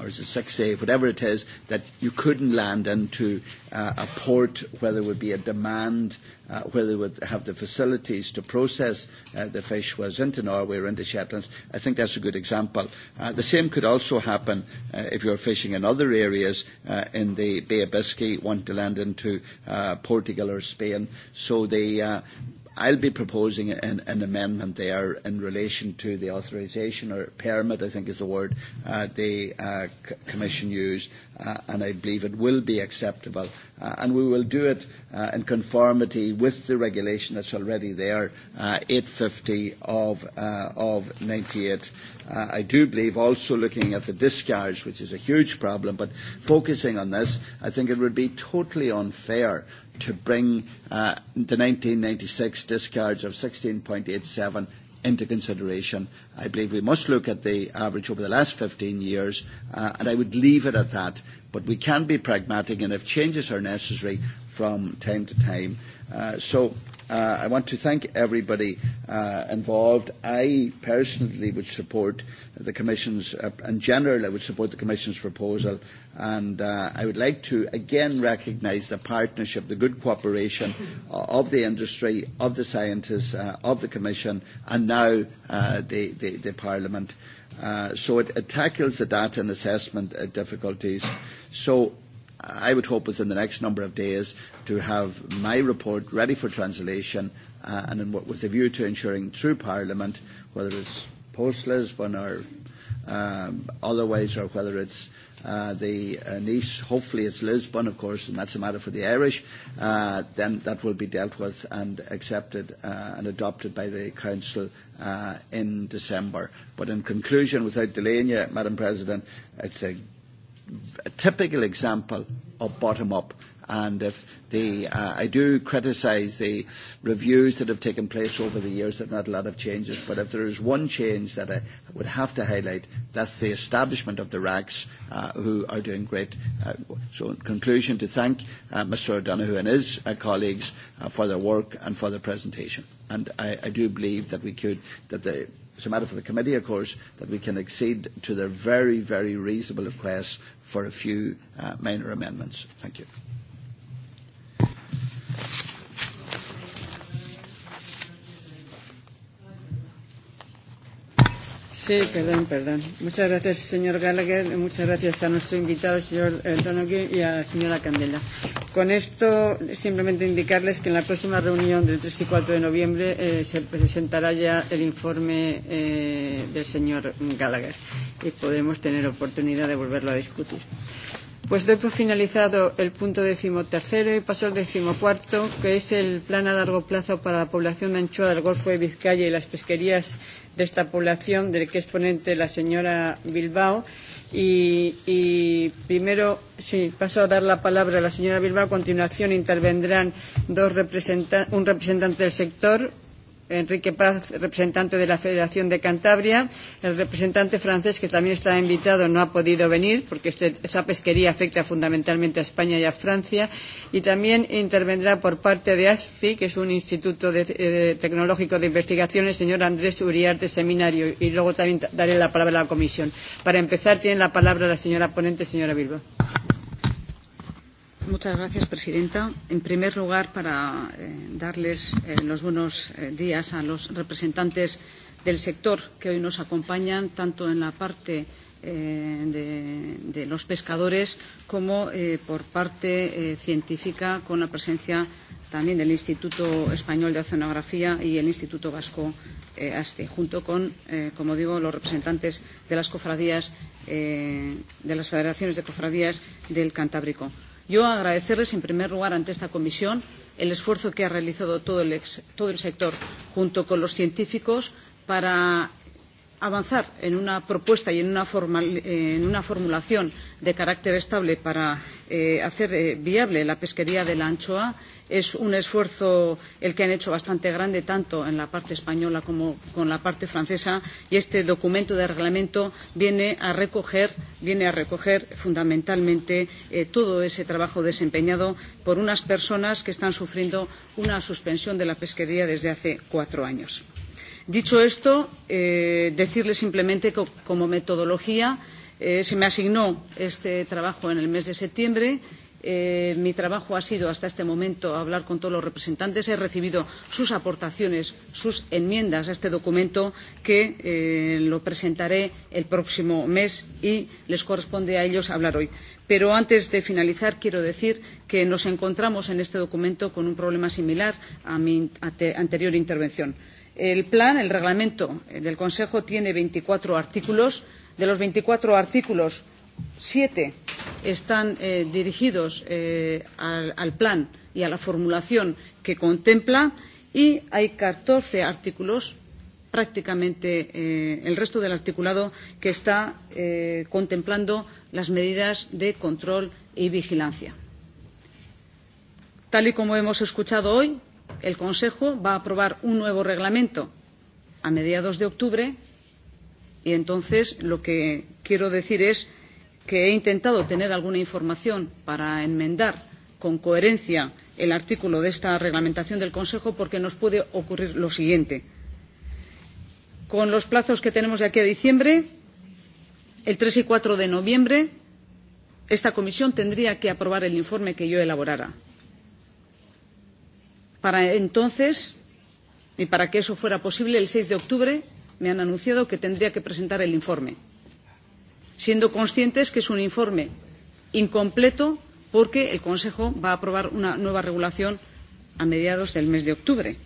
or is it six A, whatever it is, that you couldn't land into uh, a port where there would be a demand, uh, where they would have the facilities to process uh, the fish was into Norway or into Shetlands. I think that's a good example. Uh, the same could also happen uh, if you're fishing in other areas uh, in the Bay of Biscay, want to land into uh, Portugal or Spain. So the, uh, I'll be proposing an, an amendment there in relation to the authorisation or permit, I think is the word uh, the uh, c- Commission used, uh, and I believe it will be acceptable. Uh, and we will do it uh, in conformity with the regulation that's already there, uh, 850 of, uh, of 98. Uh, I do believe also looking at the discharge, which is a huge problem, but focusing on this, I think it would be totally unfair to bring uh, the 1996 discards of 16.87 into consideration. I believe we must look at the average over the last 15 years, uh, and I would leave it at that. But we can be pragmatic, and if changes are necessary from time to time. Uh, so Uh, I want to thank everybody uh, involved. I personally would support the Commission's, uh, in general, I would support the Commission's proposal. And uh, I would like to again recognise the partnership, the good cooperation of the industry, of the scientists, uh, of the Commission, and now uh, the, the, the Parliament. Uh, so it, it tackles the data and assessment uh, difficulties. So I would hope within the next number of days to have my report ready for translation uh, and in, with a view to ensuring through Parliament, whether it's post-Lisbon or um, otherwise, or whether it's uh, the uh, Nice, hopefully it's Lisbon, of course, and that's a matter for the Irish, uh, then that will be dealt with and accepted uh, and adopted by the Council uh, in December. But in conclusion, without delaying you, Madam President, it's a a typical example of bottom up. And if the, uh, I do criticise the reviews that have taken place over the years, there are not a lot of changes, but if there is one change that I would have to highlight, that's the establishment of the RACs uh, who are doing great. Uh, so, in conclusion, to thank uh, Mr O'Donoghue and his uh, colleagues uh, for their work and for their presentation. And I, I do believe that we could, that the is a matter for the committee, of course, that we can accede to their very, very reasonable request for a few uh, minor amendments. Thank you. Sí, perdón, perdón. Muchas gracias, señor Gallagher. Muchas gracias a nuestro invitado, señor Donoghue, y a la señora Candela. Con esto, simplemente indicarles que en la próxima reunión del 3 y 4 de noviembre eh, se presentará ya el informe eh, del señor Gallagher y podremos tener oportunidad de volverlo a discutir. Pues doy por finalizado el punto decimotercero y paso al decimocuarto, que es el plan a largo plazo para la población de anchoa del Golfo de Vizcaya y las pesquerías de esta población, del que es ponente la señora Bilbao. Y, y primero, sí, paso a dar la palabra a la señora Bilbao. A continuación intervendrán dos representan un representante del sector, Enrique Paz, representante de la Federación de Cantabria. El representante francés, que también está invitado, no ha podido venir porque este, esa pesquería afecta fundamentalmente a España y a Francia. Y también intervendrá por parte de ASFI, que es un instituto de, eh, tecnológico de investigación, el señor Andrés Uriarte Seminario. Y luego también daré la palabra a la comisión. Para empezar, tiene la palabra la señora ponente, señora Bilbao señora presidenta. En primer lugar, para darles los buenos días a los representantes del sector que hoy nos acompañan, tanto en la parte de, los pescadores como por parte científica, con la presencia también del Instituto Español de Oceanografía y el Instituto Vasco ASTE, junto con, como digo, los representantes de las cofradías, de las federaciones de cofradías del Cantábrico. Yo agradecerles, en primer lugar, ante esta comisión, el esfuerzo que ha realizado todo el, sector junto con los científicos para avanzar en una propuesta y en una, formulación de carácter estable para hacer viable la pesquería de la anchoa. Es un esfuerzo el que han hecho bastante grande tanto en la parte española como con la parte francesa y este documento de reglamento viene a recoger, viene a recoger fundamentalmente todo ese trabajo desempeñado por unas personas que están sufriendo una suspensión de la pesquería desde hace cuatro años Dicho esto, quiero decirle simplemente que como metodología se me asignó este trabajo en el mes de septiembre mi trabajo ha sido hasta este momento hablar con todos los representantes. He recibido sus aportaciones, sus enmiendas a este documento que lo presentaré el próximo mes y les corresponde a ellos hablar hoy. Pero antes de finalizar, quiero decir que nos encontramos en este documento con un problema similar a mi anterior intervención El plan, el reglamento del Consejo, tiene veinticuatro artículos. De los veinticuatro artículos, siete están dirigidos al, plan y a la formulación que contempla y hay catorce artículos prácticamente el resto del articulado que está contemplando las medidas de control y vigilancia. Tal y como hemos escuchado hoy, el Consejo va a aprobar un nuevo reglamento a mediados de octubre y entonces lo que quiero decir es que he intentado tener alguna información para enmendar con coherencia el artículo de esta reglamentación del Consejo porque nos puede ocurrir lo siguiente. Con los plazos que tenemos de aquí a diciembre, el tres y cuatro de noviembre, esta comisión tendría que aprobar el informe que yo elaborara Para entonces, y para que eso fuera posible, el seis de octubre me han anunciado que tendría que presentar el informe, siendo conscientes que es un informe incompleto porque el Consejo va a aprobar una nueva regulación a mediados del mes de octubre.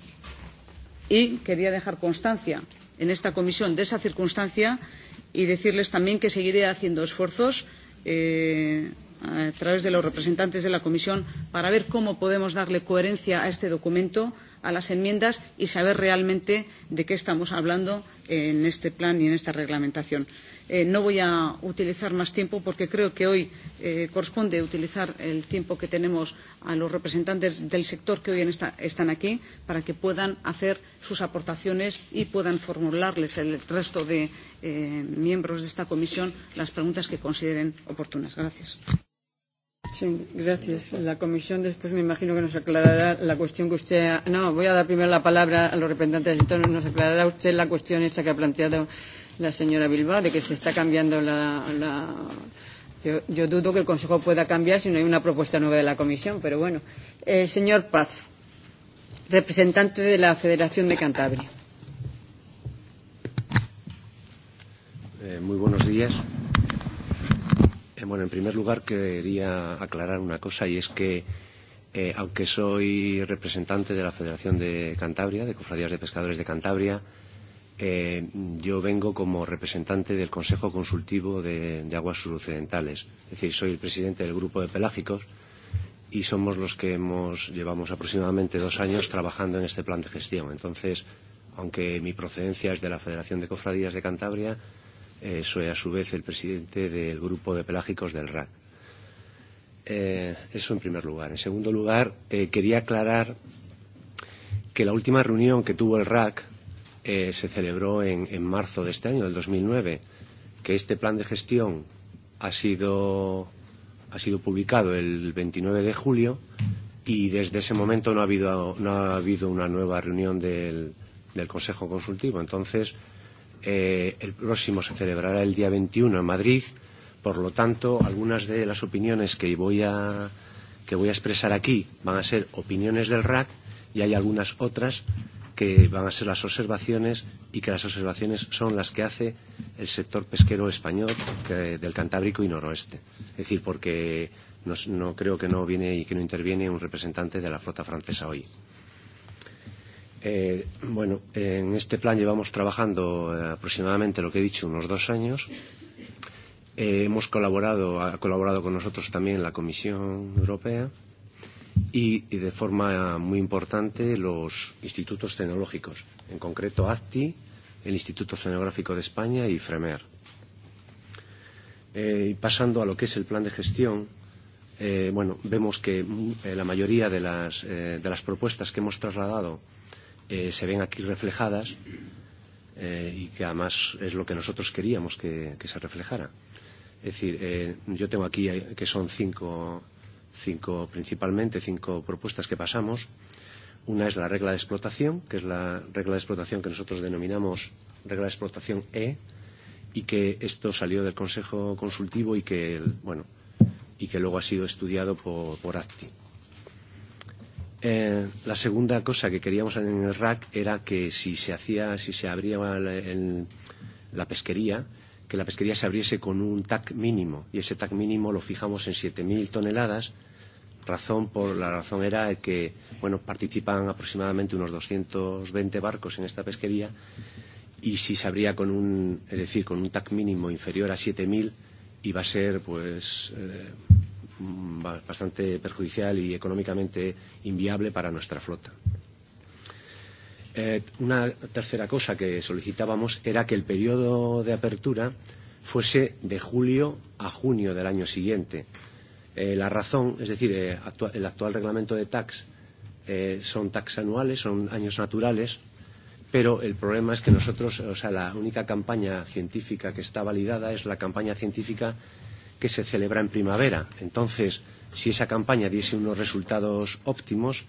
Y quería dejar constancia en esta comisión de esa circunstancia y decirles también que seguiré haciendo esfuerzos a través de los representantes de la Comisión para ver cómo podemos darle coherencia a este documento, a las enmiendas y saber realmente de qué estamos hablando en este plan y en esta reglamentación. no voy a utilizar más tiempo porque creo que hoy corresponde utilizar el tiempo que tenemos a los representantes del sector que hoy están aquí para que puedan hacer sus aportaciones y puedan formularles el resto de miembros de esta comisión las preguntas que consideren oportunas. Gracias. Sí, gracias. La comisión después me imagino que nos aclarará la cuestión que usted ha... No, voy a dar primero la palabra a los representantes del sector. Nos aclarará usted la cuestión esta que ha planteado la señora Bilbao, de que se está cambiando la... la... Yo, yo dudo que el Consejo pueda cambiar si no hay una propuesta nueva de la Comisión, pero bueno. Eh, señor Paz, representante de la Federación de Cantabria. Eh, muy buenos días bueno, en primer lugar quería aclarar una cosa y es que eh, aunque soy representante de la Federación de Cantabria, de Cofradías de Pescadores de Cantabria, eh, yo vengo como representante del Consejo Consultivo de, de Aguas Suroccidentales. Es decir, soy el presidente del grupo de pelágicos y somos los que hemos, llevamos aproximadamente dos años trabajando en este plan de gestión. Entonces, aunque mi procedencia es de la Federación de Cofradías de Cantabria, Eh, soy a su vez el presidente del grupo de pelágicos del RAC. Eh, eso en primer lugar. En segundo lugar, eh, quería aclarar que la última reunión que tuvo el RAC eh, se celebró en, en marzo de este año, del 2009, que este plan de gestión ha sido, ha sido publicado el 29 de julio y desde ese momento no ha habido, no ha habido una nueva reunión del, del Consejo Consultivo. Entonces, eh, Eh, el próximo se celebrará el día 21 en Madrid. Por lo tanto, algunas de las opiniones que voy a, que voy a expresar aquí van a ser opiniones del RAC y hay algunas otras que van a ser las observaciones y que las observaciones son las que hace el sector pesquero español que, del Cantábrico y Noroeste. Es decir, porque no, no creo que no viene y que no interviene un representante de la flota francesa hoy. Eh, bueno, en este plan llevamos trabajando aproximadamente lo que he dicho, unos dos años. Eh, hemos colaborado, ha colaborado con nosotros también la Comisión Europea y, y de forma muy importante los institutos tecnológicos, en concreto ACTI, el Instituto Oceanográfico de España y FREMER. Eh, y pasando a lo que es el plan de gestión, eh, bueno, vemos que eh, la mayoría de las, eh, de las propuestas que hemos trasladado eh, se ven aquí reflejadas eh, y que además es lo que nosotros queríamos que, que se reflejara. Es decir, eh, yo tengo aquí que son cinco, cinco principalmente, cinco propuestas que pasamos. Una es la regla de explotación, que es la regla de explotación que nosotros denominamos regla de explotación E, y que esto salió del Consejo Consultivo y que, bueno, y que luego ha sido estudiado por, por ACTI. Eh, la segunda cosa que queríamos en el RAC era que si se hacía, si se abría la, el, la pesquería, que la pesquería se abriese con un TAC mínimo y ese TAC mínimo lo fijamos en 7.000 toneladas. Razón por la razón era que bueno participan aproximadamente unos 220 barcos en esta pesquería y si se abría con un es decir con un TAC mínimo inferior a 7.000 iba a ser pues eh, bastante perjudicial y económicamente inviable para nuestra flota. Eh, una tercera cosa que solicitábamos era que el periodo de apertura fuese de julio a junio del año siguiente. Eh, la razón, es decir, eh, actual, el actual reglamento de tax eh, son tax anuales, son años naturales, pero el problema es que nosotros, o sea, la única campaña científica que está validada es la campaña científica que se celebra en primavera. Entonces, si esa campaña diese unos resultados óptimos,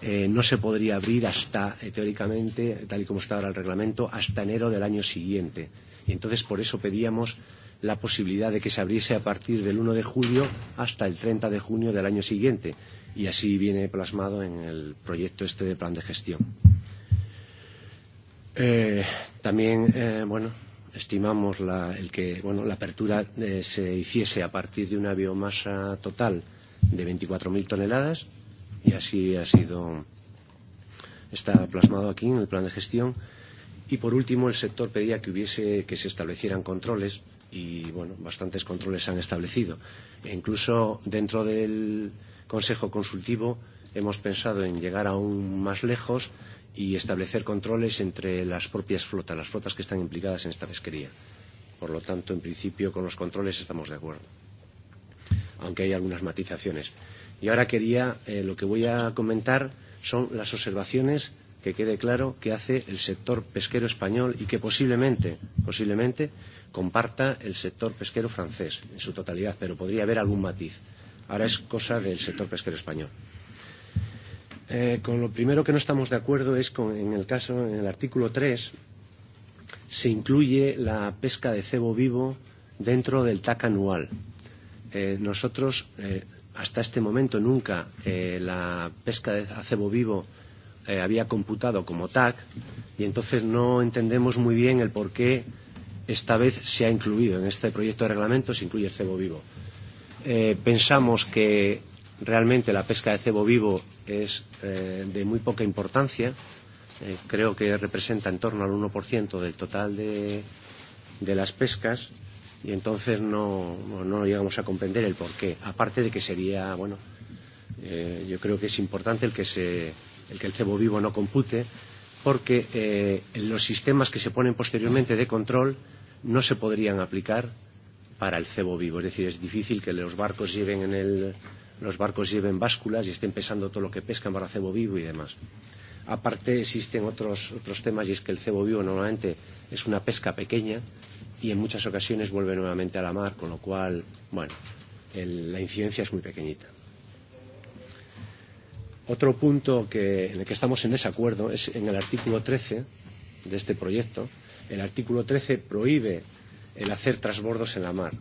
eh, no se podría abrir hasta, eh, teóricamente, tal y como está ahora el reglamento, hasta enero del año siguiente. Y entonces por eso pedíamos la posibilidad de que se abriese a partir del 1 de julio hasta el 30 de junio del año siguiente. Y así viene plasmado en el proyecto este de plan de gestión. Eh, también, eh, bueno, estimamos la, el que bueno, la apertura eh, se hiciese a partir de una biomasa total de 24.000 toneladas y así ha sido está plasmado aquí en el plan de gestión y por último el sector pedía que hubiese que se establecieran controles y bueno, bastantes controles se han establecido. E incluso dentro del Consejo Consultivo hemos pensado en llegar aún más lejos y establecer controles entre las propias flotas, las flotas que están implicadas en esta pesquería. Por lo tanto, en principio, con los controles estamos de acuerdo, aunque hay algunas matizaciones. Y ahora quería, eh, lo que voy a comentar son las observaciones que quede claro que hace el sector pesquero español y que posiblemente, posiblemente comparta el sector pesquero francés en su totalidad, pero podría haber algún matiz. Ahora es cosa del sector pesquero español. Eh, con lo primero que no estamos de acuerdo es con, en el caso, en el artículo 3, se incluye la pesca de cebo vivo dentro del TAC anual. Eh, nosotros, eh, hasta este momento, nunca eh, la pesca de cebo vivo eh, había computado como TAC y entonces no entendemos muy bien el por qué esta vez se ha incluido en este proyecto de reglamento, se incluye el cebo vivo. Eh, pensamos que realmente la pesca de cebo vivo es eh, de muy poca importancia. Eh, creo que representa en torno al 1% del total de, de las pescas y entonces no, no llegamos a comprender el porqué. Aparte de que sería, bueno, eh, yo creo que es importante el que, se, el que el cebo vivo no compute porque eh, los sistemas que se ponen posteriormente de control no se podrían aplicar para el cebo vivo. Es decir, es difícil que los barcos lleven en el, los barcos lleven básculas y estén pesando todo lo que pescan para cebo vivo y demás. Aparte existen otros, otros temas y es que el cebo vivo normalmente es una pesca pequeña y en muchas ocasiones vuelve nuevamente a la mar, con lo cual, bueno, el, la incidencia es muy pequeñita. Otro punto que, en el que estamos en desacuerdo es en el artículo 13 de este proyecto. El artículo 13 prohíbe el hacer trasbordos en la mar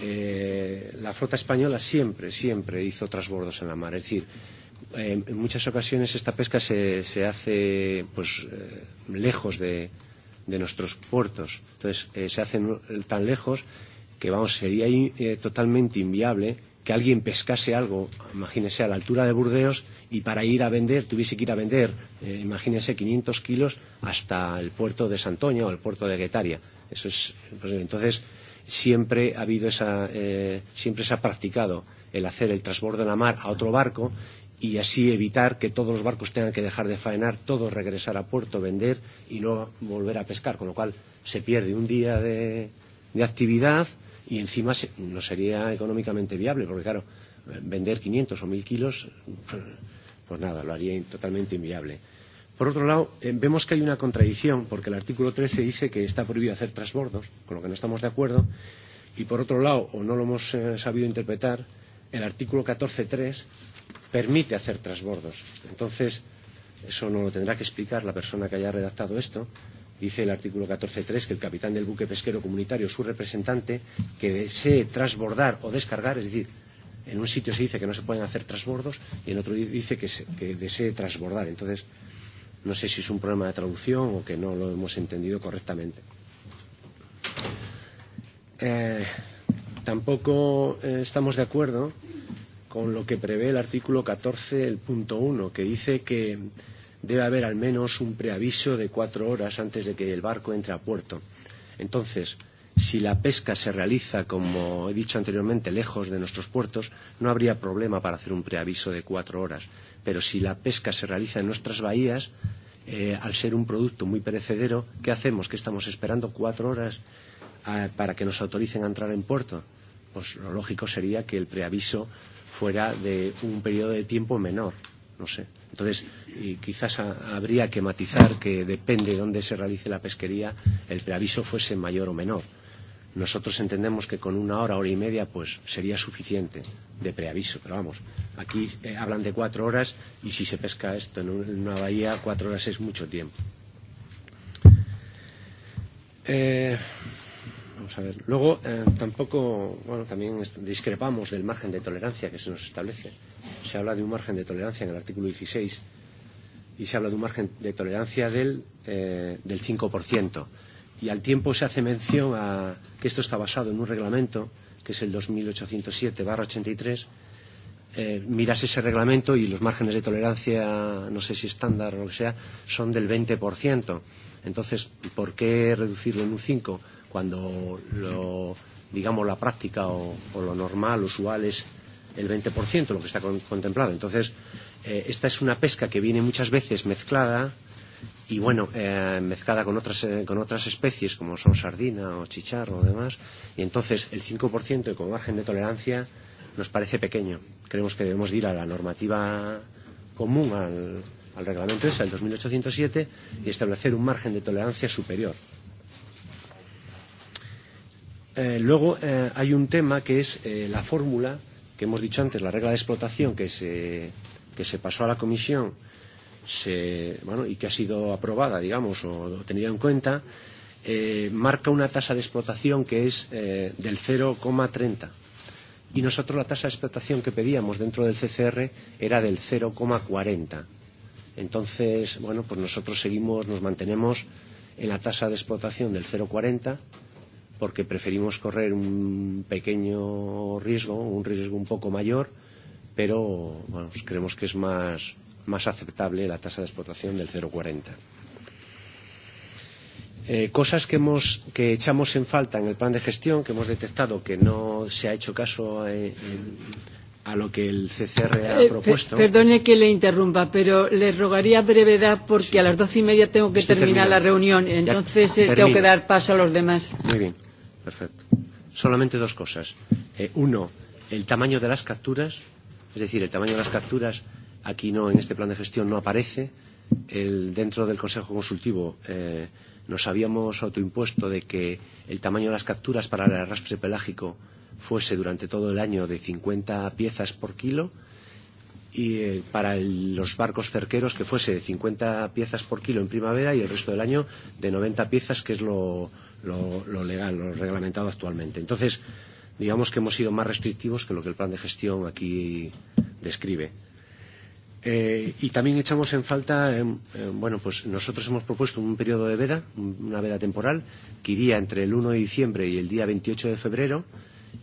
eh, la flota española siempre, siempre hizo trasbordos en la mar. Es decir, eh, en muchas ocasiones esta pesca se, se hace pues, eh, lejos de, de nuestros puertos. Entonces, eh, se hace tan lejos que, vamos, sería eh, totalmente inviable que alguien pescase algo, imagínese, a la altura de Burdeos y para ir a vender, tuviese que ir a vender, eh, imagínense, 500 kilos hasta el puerto de Santoña o el puerto de Guetaria. Eso es, pues, entonces, eh, siempre ha habido esa, eh, siempre se ha practicado el hacer el transbordo en la mar a otro barco y así evitar que todos los barcos tengan que dejar de faenar, todos regresar a puerto, vender y no volver a pescar, con lo cual se pierde un día de, de actividad y encima se, no sería económicamente viable, porque claro, vender 500 o 1000 kilos, pues nada, lo haría totalmente inviable. Por otro lado, eh, vemos que hay una contradicción, porque el artículo 13 dice que está prohibido hacer transbordos, con lo que no estamos de acuerdo, y por otro lado, o no lo hemos eh, sabido interpretar, el artículo 14.3 permite hacer transbordos. Entonces, eso no lo tendrá que explicar la persona que haya redactado esto. Dice el artículo 14.3 que el capitán del buque pesquero comunitario o su representante que desee transbordar o descargar, es decir, en un sitio se dice que no se pueden hacer transbordos y en otro dice que, se, que desee transbordar. Entonces, No sé si es un problema de traducción o que no lo hemos entendido correctamente. Eh, tampoco eh, estamos de acuerdo con lo que prevé el artículo 14, el punto 1, que dice que debe haber al menos un preaviso de cuatro horas antes de que el barco entre a puerto. Entonces, si la pesca se realiza, como he dicho anteriormente, lejos de nuestros puertos, no habría problema para hacer un preaviso de cuatro horas. Pero si la pesca se realiza en nuestras bahías, eh, al ser un producto muy perecedero, ¿qué hacemos? ¿Qué estamos esperando cuatro horas eh, para que nos autoricen a entrar en puerto? Pues lo lógico sería que el preaviso fuera de un periodo de tiempo menor. No sé. Entonces, y quizás a, habría que matizar que depende de dónde se realice la pesquería, el preaviso fuese mayor o menor. Nosotros entendemos que con una hora, hora y media, pues sería suficiente de preaviso. Pero vamos, aquí eh, hablan de cuatro horas y si se pesca esto en, una bahía, cuatro horas es mucho tiempo. Eh, vamos a ver. Luego, eh, tampoco, bueno, también discrepamos del margen de tolerancia que se nos establece. Se habla de un margen de tolerancia en el artículo 16 y se habla de un margen de tolerancia del, eh, del 5%. Y al tiempo se hace mención a que esto está basado en un reglamento que es el 2807-83, eh, miras ese reglamento y los márgenes de tolerancia, no sé si estándar o lo que sea, son del 20%. Entonces, ¿por qué reducirlo en un 5 cuando lo, digamos la práctica o, o lo normal, usual es el 20%, lo que está con, contemplado? Entonces, eh, esta es una pesca que viene muchas veces mezclada eh, y bueno, eh, mezclada con otras, eh, con otras especies como son sardina o chicharro o demás, y entonces el 5% como margen de tolerancia nos parece pequeño. Creemos que debemos ir a la normativa común, al, al reglamento ese, al 2807, y establecer un margen de tolerancia superior. Eh, luego eh, hay un tema que es eh, la fórmula que hemos dicho antes, la regla de explotación que se, que se pasó a la comisión se, bueno, y que ha sido aprobada, digamos, o tenida en cuenta, eh, marca una tasa de explotación que es eh, del 0,30. Y nosotros la tasa de explotación que pedíamos dentro del CCR era del 0,40. Entonces, bueno, pues nosotros seguimos, nos mantenemos en la tasa de explotación del 0,40 porque preferimos correr un pequeño riesgo, un riesgo un poco mayor, pero bueno, creemos que es más, más aceptable la tasa de explotación del 0,40. Eh, cosas que, hemos, que echamos en falta en el plan de gestión, que hemos detectado que no se ha hecho caso a, a lo que el CCR ha propuesto. perdone que le interrumpa, pero le rogaría brevedad porque a las doce y media tengo que terminar la reunión, entonces tengo que dar paso a los demás. Muy bien, perfecto. Solamente dos cosas. uno, el tamaño de las capturas, es decir, el tamaño de las capturas Aquí no, en este plan de gestión no aparece. El, dentro del Consejo Consultivo eh, nos habíamos autoimpuesto de que el tamaño de las capturas para el arrastre pelágico fuese durante todo el año de 50 piezas por kilo y eh, para el, los barcos cerqueros que fuese de 50 piezas por kilo en primavera y el resto del año de 90 piezas, que es lo, lo, lo legal, lo reglamentado actualmente. Entonces, digamos que hemos sido más restrictivos que lo que el plan de gestión aquí describe. Eh, y también echamos en falta, eh, bueno, pues nosotros hemos propuesto un periodo de veda, una veda temporal, que iría entre el 1 de diciembre y el día 28 de febrero,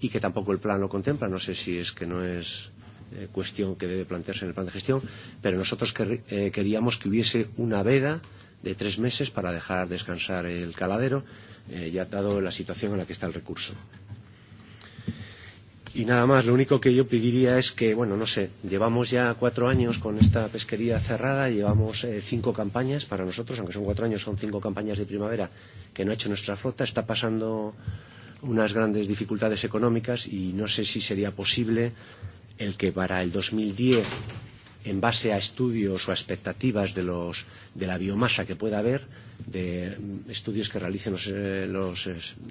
y que tampoco el plan lo contempla. No sé si es que no es eh, cuestión que debe plantearse en el plan de gestión, pero nosotros quer eh, queríamos que hubiese una veda de tres meses para dejar descansar el caladero, eh, ya dado la situación en la que está el recurso. Y nada más, lo único que yo pediría es que, bueno, no sé, llevamos ya cuatro años con esta pesquería cerrada, llevamos eh, cinco campañas para nosotros, aunque son cuatro años, son cinco campañas de primavera que no ha hecho nuestra flota, está pasando unas grandes dificultades económicas y no sé si sería posible el que para el 2010, en base a estudios o a expectativas de, los, de la biomasa que pueda haber, de estudios que realicen los, eh, los,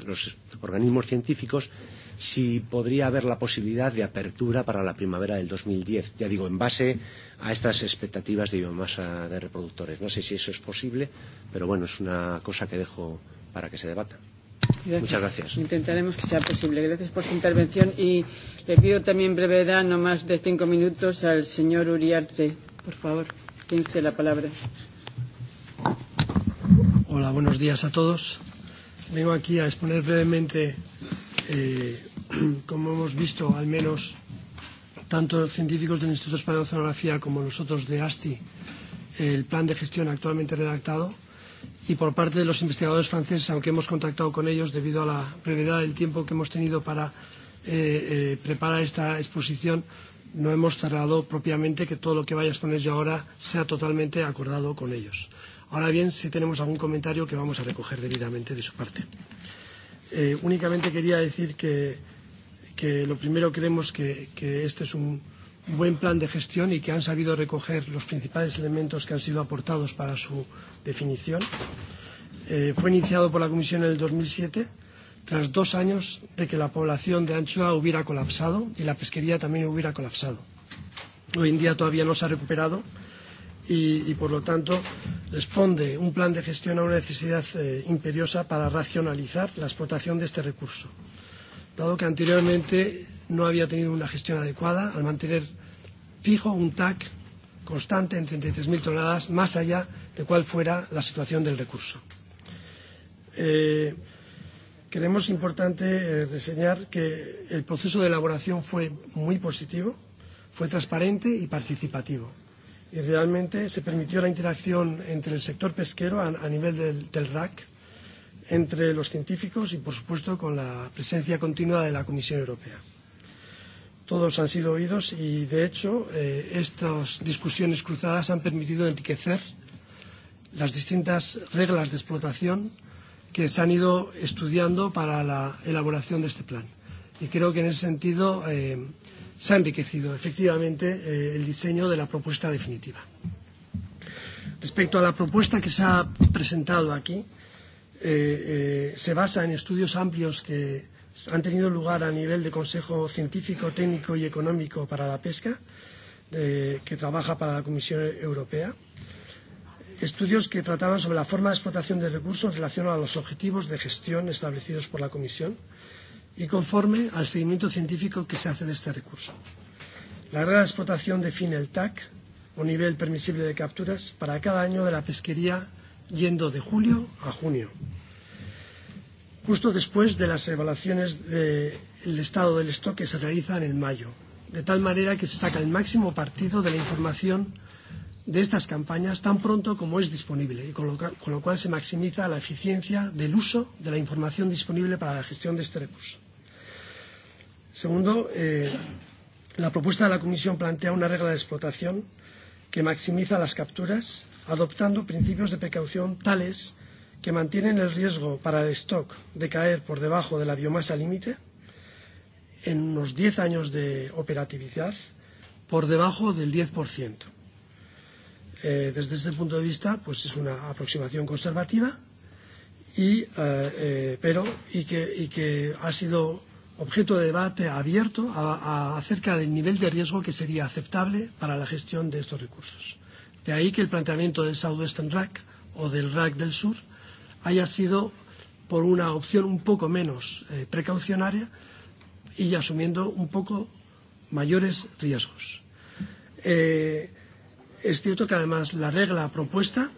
los organismos científicos, si podría haber la posibilidad de apertura para la primavera del 2010, ya digo, en base a estas expectativas de biomasa de reproductores. No sé si eso es posible, pero bueno, es una cosa que dejo para que se debata. Gracias. Muchas gracias. Intentaremos que sea posible. Gracias por su intervención y le pido también brevedad, no más de cinco minutos, al señor Uriarte. Por favor, tiene usted la palabra. Hola, buenos días a todos. Vengo aquí a exponer brevemente eh, como hemos visto, al menos tanto científicos del Instituto Español de Oceanografía como nosotros de ASTI, el plan de gestión actualmente redactado y por parte de los investigadores franceses, aunque hemos contactado con ellos debido a la brevedad del tiempo que hemos tenido para eh, eh, preparar esta exposición, no hemos tardado propiamente que todo lo que vaya a exponer yo ahora sea totalmente acordado con ellos. Ahora bien, si tenemos algún comentario que vamos a recoger debidamente de su parte. Eh, únicamente quería decir que que lo primero creemos que, que este es un buen plan de gestión y que han sabido recoger los principales elementos que han sido aportados para su definición. Eh, fue iniciado por la Comisión en el 2007 tras dos años de que la población de anchoa hubiera colapsado y la pesquería también hubiera colapsado. Hoy en día todavía no se ha recuperado y, y por lo tanto responde un plan de gestión a una necesidad eh, imperiosa para racionalizar la explotación de este recurso dado que anteriormente no había tenido una gestión adecuada al mantener fijo un TAC constante en 33.000 toneladas, más allá de cuál fuera la situación del recurso. Eh, creemos importante eh, reseñar que el proceso de elaboración fue muy positivo, fue transparente y participativo. Y realmente se permitió la interacción entre el sector pesquero a, a nivel del, del RAC, entre los científicos y, por supuesto, con la presencia continua de la Comisión Europea. Todos han sido oídos y, de hecho, eh, estas discusiones cruzadas han permitido enriquecer las distintas reglas de explotación que se han ido estudiando para la elaboración de este plan. Y creo que en ese sentido eh, se ha enriquecido efectivamente eh, el diseño de la propuesta definitiva. Respecto a la propuesta que se ha presentado aquí, eh, eh, se basa en estudios amplios que han tenido lugar a nivel de Consejo Científico, Técnico y Económico para la Pesca, eh, que trabaja para la Comisión Europea. Estudios que trataban sobre la forma de explotación de recursos en relación a los objetivos de gestión establecidos por la Comisión y conforme al seguimiento científico que se hace de este recurso. La regla de explotación define el TAC, o nivel permisible de capturas, para cada año de la pesquería yendo de julio a junio, justo después de las evaluaciones del estado del stock que se realizan en mayo, de tal manera que se saca el máximo partido de la información de estas campañas tan pronto como es disponible, y con lo, con lo cual se maximiza la eficiencia del uso de la información disponible para la gestión de este recurso. Segundo, eh, la propuesta de la Comisión plantea una regla de explotación que maximiza las capturas, adoptando principios de precaución tales que mantienen el riesgo para el stock de caer por debajo de la biomasa límite en unos 10 años de operatividad por debajo del 10%. Eh, desde este punto de vista, pues es una aproximación conservativa y, eh, eh, pero, y, que, y que ha sido objeto de debate abierto a, a, acerca del nivel de riesgo que sería aceptable para la gestión de estos recursos. De ahí que el planteamiento del Southwestern Rack o del Rack del Sur haya sido por una opción un poco menos eh, precaucionaria y asumiendo un poco mayores riesgos. Eh, es cierto que además la regla propuesta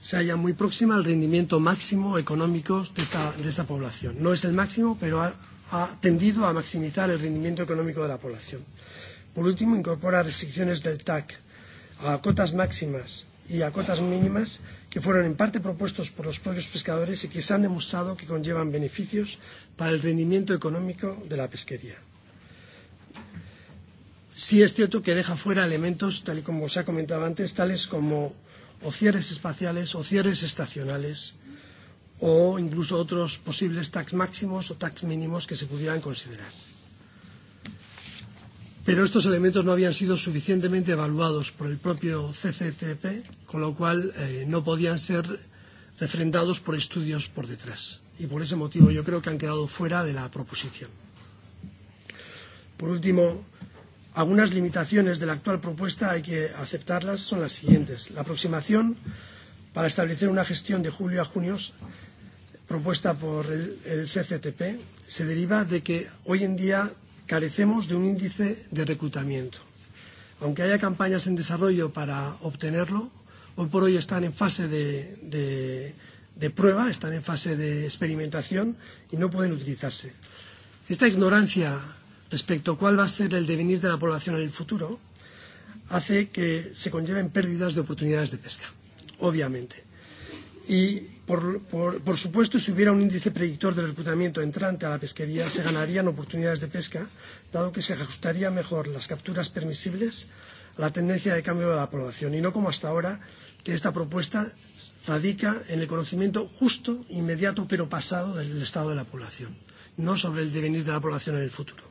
se halla muy próxima al rendimiento máximo económico de esta, de esta población. No es el máximo, pero ha, ha tendido a maximizar el rendimiento económico de la población. Por último, incorpora restricciones del TAC a cotas máximas y a cotas mínimas que fueron en parte propuestos por los propios pescadores y que se han demostrado que conllevan beneficios para el rendimiento económico de la pesquería. Sí es cierto que deja fuera elementos, tal y como se ha comentado antes, tales como o cierres espaciales o cierres estacionales o incluso otros posibles tax máximos o tax mínimos que se pudieran considerar. Pero estos elementos no habían sido suficientemente evaluados por el propio CCTP, con lo cual eh, no podían ser refrendados por estudios por detrás. Y por ese motivo yo creo que han quedado fuera de la proposición. Por último, Algunas limitaciones de la actual propuesta hay que aceptarlas son las siguientes. La aproximación para establecer una gestión de julio a junio propuesta por el, el CCTP se deriva de que hoy en día carecemos de un índice de reclutamiento. Aunque haya campañas en desarrollo para obtenerlo, hoy por hoy están en fase de, de, de prueba, están en fase de experimentación y no pueden utilizarse. Esta ignorancia respecto a cuál va a ser el devenir de la población en el futuro hace que se conlleven pérdidas de oportunidades de pesca, obviamente. Y, por, por, por supuesto, si hubiera un índice predictor del reclutamiento entrante a la pesquería, se ganarían oportunidades de pesca, dado que se ajustarían mejor las capturas permisibles a la tendencia de cambio de la población, y no como hasta ahora, que esta propuesta radica en el conocimiento justo, inmediato, pero pasado del estado de la población, no sobre el devenir de la población en el futuro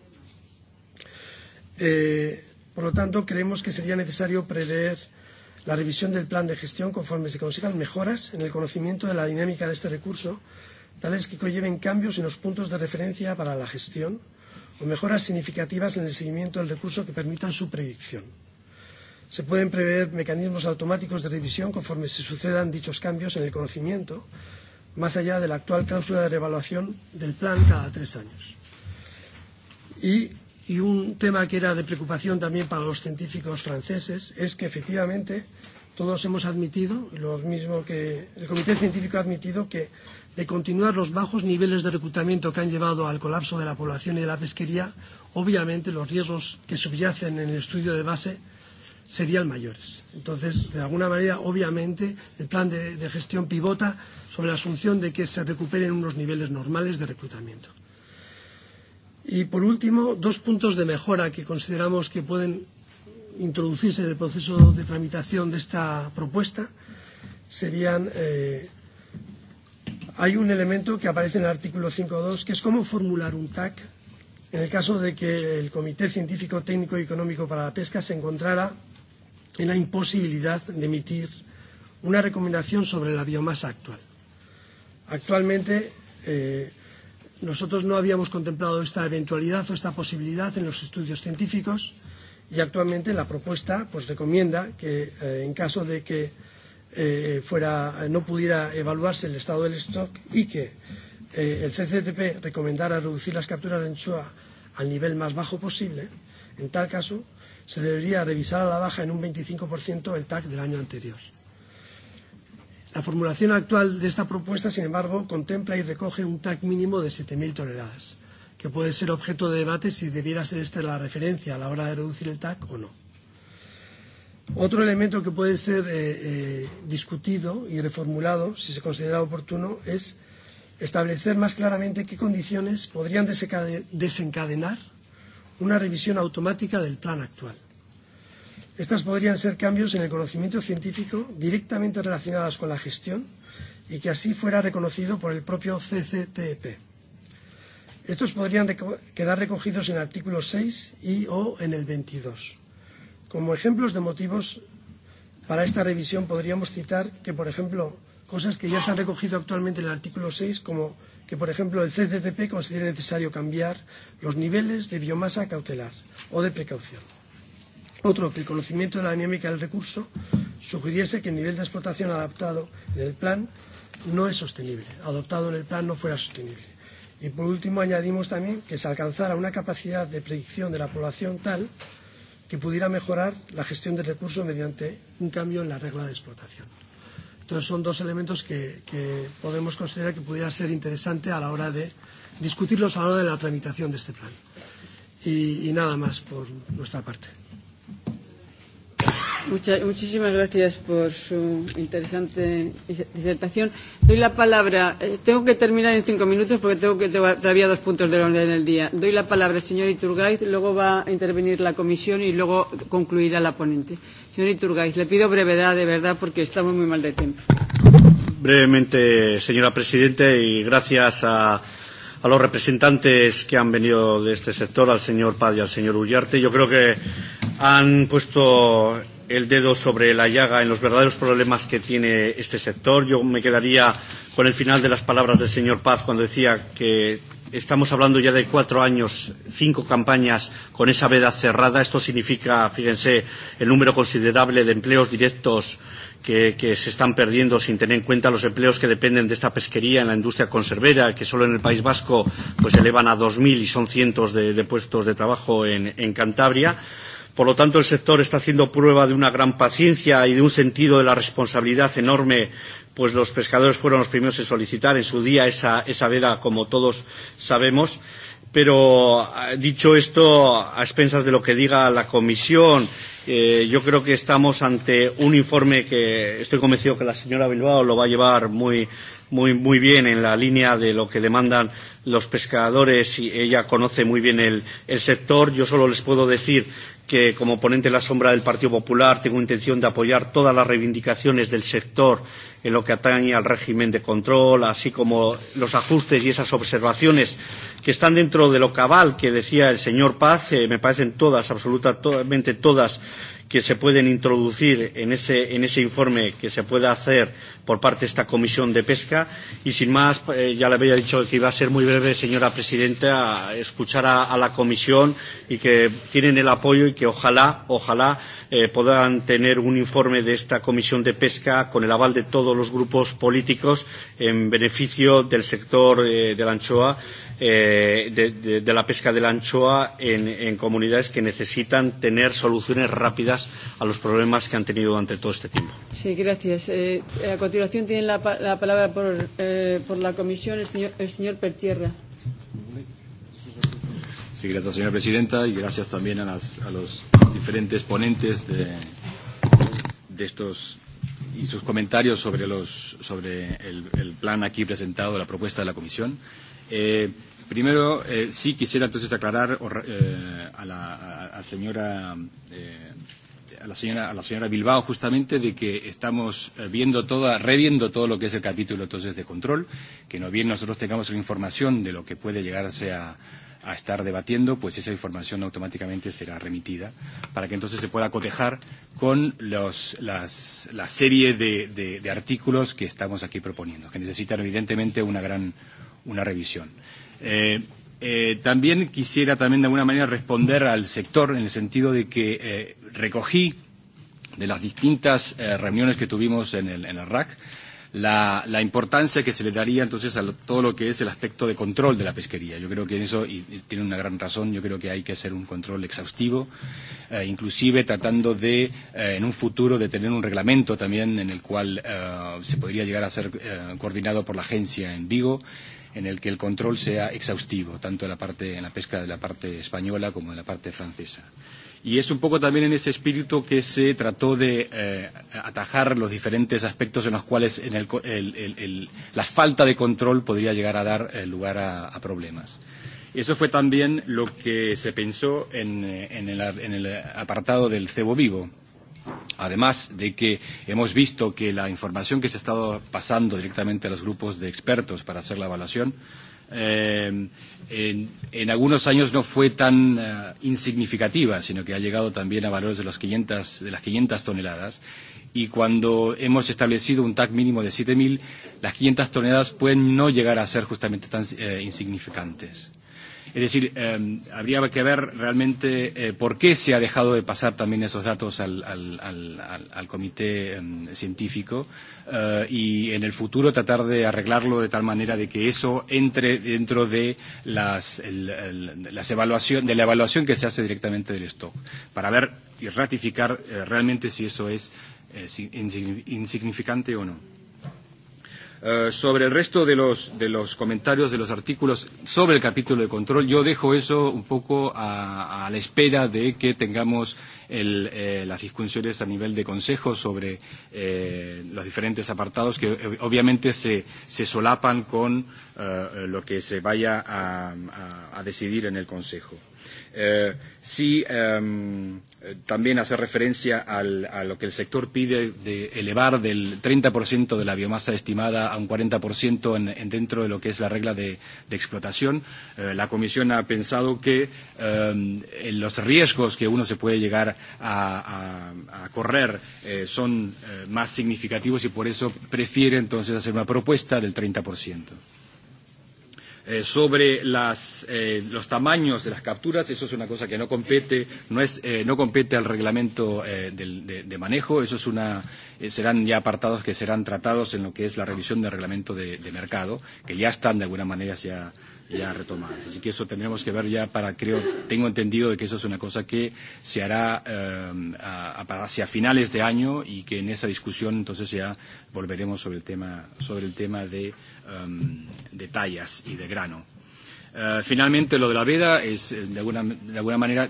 por lo tanto, creemos que sería necesario prever la revisión del plan de gestión conforme se consigan mejoras en el conocimiento de la dinámica de este recurso, tales que conlleven cambios en los puntos de referencia para la gestión o mejoras significativas en el seguimiento del recurso que permitan su predicción. Se pueden prever mecanismos automáticos de revisión conforme se sucedan dichos cambios en el conocimiento, más allá de la actual cláusula de revaluación del plan cada tres años. Y Y un tema que era de preocupación también para los científicos franceses es que efectivamente todos hemos admitido, lo mismo que el Comité Científico ha admitido, que de continuar los bajos niveles de reclutamiento que han llevado al colapso de la población y de la pesquería, obviamente los riesgos que subyacen en el estudio de base serían mayores. Entonces, de alguna manera, obviamente, el plan de, de gestión pivota sobre la asunción de que se recuperen unos niveles normales de reclutamiento. Y, por último, dos puntos de mejora que consideramos que pueden introducirse en el proceso de tramitación de esta propuesta serían. Eh, hay un elemento que aparece en el artículo 5.2, que es cómo formular un TAC en el caso de que el Comité Científico, Técnico y Económico para la Pesca se encontrara en la imposibilidad de emitir una recomendación sobre la biomasa actual. Actualmente, eh, Nosotros no habíamos contemplado esta eventualidad o esta posibilidad en los estudios científicos y actualmente la propuesta pues, recomienda que eh, en caso de que eh, fuera, no pudiera evaluarse el estado del stock y que eh, el CCTP recomendara reducir las capturas de anchoa al nivel más bajo posible, en tal caso se debería revisar a la baja en un 25% el TAC del año anterior. La formulación actual de esta propuesta, sin embargo, contempla y recoge un TAC mínimo de 7.000 toneladas, que puede ser objeto de debate si debiera ser esta la referencia a la hora de reducir el TAC o no. Otro elemento que puede ser eh, eh, discutido y reformulado, si se considera oportuno, es establecer más claramente qué condiciones podrían desencadenar una revisión automática del plan actual Estas podrían ser cambios en el conocimiento científico directamente relacionados con la gestión y que así fuera reconocido por el propio CCTP. Estos podrían quedar recogidos en el artículo 6 y o en el 22. Como ejemplos de motivos para esta revisión podríamos citar que, por ejemplo, cosas que ya se han recogido actualmente en el artículo 6, como que, por ejemplo, el CCTP considere necesario cambiar los niveles de biomasa cautelar o de precaución. Otro, que el conocimiento de la dinámica del recurso sugiriese que el nivel de explotación adaptado en el plan no es sostenible, adoptado en el plan no fuera sostenible. Y por último, añadimos también que se alcanzara una capacidad de predicción de la población tal que pudiera mejorar la gestión del recurso mediante un cambio en la regla de explotación. Entonces, son dos elementos que, que podemos considerar que pudiera ser interesante a la hora de discutirlos a la hora de la tramitación de este plan. Y, y nada más por nuestra parte. Mucha, muchísimas gracias por su interesante disertación. Doy la palabra. Eh, tengo que terminar en cinco minutos porque tengo que tengo todavía dos puntos del orden del día. Doy la palabra al señor Iturgaiz, luego va a intervenir la comisión y luego concluirá la ponente. Señor Iturgaiz, le pido brevedad, de verdad, porque estamos muy mal de tiempo. Brevemente, señora presidenta, y gracias a a los representantes que han venido de este sector, al señor Paz y al señor Ullarte. Yo creo que han puesto el dedo sobre la llaga en los verdaderos problemas que tiene este sector. Yo me quedaría con el final de las palabras del señor Paz cuando decía que estamos hablando ya de cuatro años, cinco campañas con esa veda cerrada. Esto significa, fíjense, el número considerable de empleos directos que, que se están perdiendo sin tener en cuenta los empleos que dependen de esta pesquería en la industria conservera, que solo en el País Vasco pues elevan a 2.000 y son cientos de, de puestos de trabajo en, en Cantabria. Por lo tanto, el sector está haciendo prueba de una gran paciencia y de un sentido de la responsabilidad enorme, pues los pescadores fueron los primeros en solicitar en su día esa, esa veda, como todos sabemos. Pero dicho esto, a expensas de lo que diga la Comisión, eh, yo creo que estamos ante un informe que estoy convencido que la señora Bilbao lo va a llevar muy, muy, muy bien en la línea de lo que demandan los pescadores y ella conoce muy bien el, el sector. Yo solo les puedo decir que como ponente de la sombra del Partido Popular tengo intención de apoyar todas las reivindicaciones del sector en lo que atañe al régimen de control, así como los ajustes y esas observaciones que están dentro de lo cabal que decía el señor Paz, eh, me parecen todas, absolutamente todas, que se pueden introducir en ese, en ese informe que se pueda hacer por parte de esta Comisión de Pesca. Y sin más, eh, ya le había dicho que iba a ser muy breve, señora presidenta, a escuchar a, a la Comisión y que tienen el apoyo y que ojalá, ojalá eh, puedan tener un informe de esta Comisión de Pesca con el aval de todos los grupos políticos en beneficio del sector eh, de la anchoa eh, de, de, de la pesca de la anchoa en, en comunidades que necesitan tener soluciones rápidas a los problemas que han tenido durante todo este tiempo. Sí, gracias. Eh, a continuación tiene la, la palabra por, eh, por la comisión el señor, el señor Pertierra. Sí, gracias, señora presidenta, y gracias también a, las, a los diferentes ponentes de, de estos y sus comentarios sobre, los, sobre el, el plan aquí presentado, la propuesta de la comisión. Eh, Primero, eh, sí quisiera entonces aclarar eh, a la a, a señora eh, a la señora, a la señora Bilbao justamente de que estamos viendo toda, reviendo todo lo que es el capítulo entonces de control, que no bien nosotros tengamos la información de lo que puede llegarse a, a estar debatiendo, pues esa información automáticamente será remitida para que entonces se pueda cotejar con los, las, la serie de, de, de artículos que estamos aquí proponiendo, que necesitan evidentemente una gran una revisión. Eh, eh, también quisiera también de alguna manera responder al sector en el sentido de que eh, recogí de las distintas eh, reuniones que tuvimos en el, en el RAC la, la importancia que se le daría entonces a lo, todo lo que es el aspecto de control de la pesquería. Yo creo que en eso, y, y tiene una gran razón, yo creo que hay que hacer un control exhaustivo, eh, inclusive tratando de, eh, en un futuro, de tener un reglamento también en el cual eh, se podría llegar a ser eh, coordinado por la agencia en Vigo en el que el control sea exhaustivo, tanto en la, parte, en la pesca de la parte española como de la parte francesa. Eh, Y es un poco también en ese espíritu que se trató de eh, atajar los diferentes aspectos en los cuales en el, el, el, el, la falta de control podría llegar a dar eh, lugar a, a problemas. Eso fue también lo que se pensó en, en, el, en el apartado del cebo vivo. Además de que hemos visto que la información que se ha estado pasando directamente a los grupos de expertos para hacer la evaluación eh, eh, en, en algunos años no fue tan uh, insignificativa, sino que ha llegado también a valores de, los 500, de las 500 toneladas. Y cuando hemos establecido un TAC mínimo de 7.000, las 500 toneladas pueden no llegar a ser justamente tan eh, insignificantes. Eh, Es decir, eh, habría que ver realmente eh, por qué se ha dejado de pasar también esos datos al, al, al, al, al comité eh, científico eh, y en el futuro tratar de arreglarlo de tal manera de que eso entre dentro de las, el, el, las evaluación, de la evaluación que se hace directamente del stock para ver y ratificar eh, realmente si eso es eh, insignificante o no sobre el resto de los, de los comentarios, de los artículos sobre el capítulo de control, yo dejo eso un poco a, a la espera de que tengamos el, eh, las discusiones a nivel de Consejo sobre eh, los diferentes apartados que obviamente se, se solapan con eh, lo que se vaya a, a, a decidir en el Consejo. Eh, si, eh, también hace referencia al, a lo que el sector pide de elevar del 30% de la biomasa estimada a un 40% en, en dentro de lo que es la regla de, de explotación. Eh, la Comisión ha pensado que eh, los riesgos que uno se puede llegar a, a, a correr eh, son eh, más significativos y por eso prefiere entonces hacer una propuesta del 30%. Eh, sobre las, eh, los tamaños de las capturas, eso es una cosa que no compete, no, es, eh, no compete al reglamento eh, de, de, de manejo, eso es una, eh, serán ya apartados que serán tratados en lo que es la revisión del reglamento de, de mercado, que ya están de alguna manera ya, ya retomadas. Así que eso tendremos que ver ya para, creo, tengo entendido de que eso es una cosa que se hará eh, a, hacia finales de año y que en esa discusión entonces ya volveremos sobre el tema, sobre el tema de, um, de tallas y de grano. Uh, finalmente, lo de la veda es, de alguna, de alguna manera,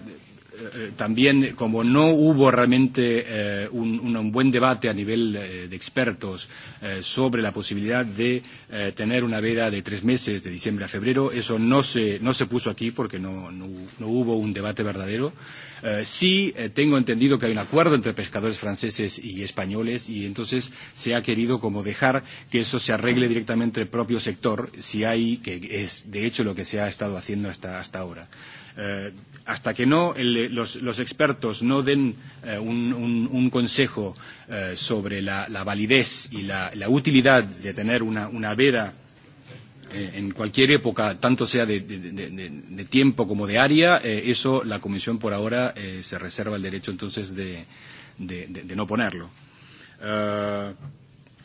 también, como no hubo realmente eh, un, un buen debate a nivel eh, de expertos eh, sobre la posibilidad de eh, tener una veda de tres meses, de diciembre a febrero, eso no se, no se puso aquí porque no, no, no hubo un debate verdadero. Eh, sí eh, tengo entendido que hay un acuerdo entre pescadores franceses y españoles y entonces se ha querido como dejar que eso se arregle directamente el propio sector, si hay, que es de hecho lo que se ha estado haciendo hasta, hasta ahora hasta que no los, expertos no den un, consejo sobre la, validez y la, utilidad de tener una, veda en cualquier época, tanto sea de, tiempo como de área, eso la Comisión por ahora se reserva el derecho entonces de, no ponerlo.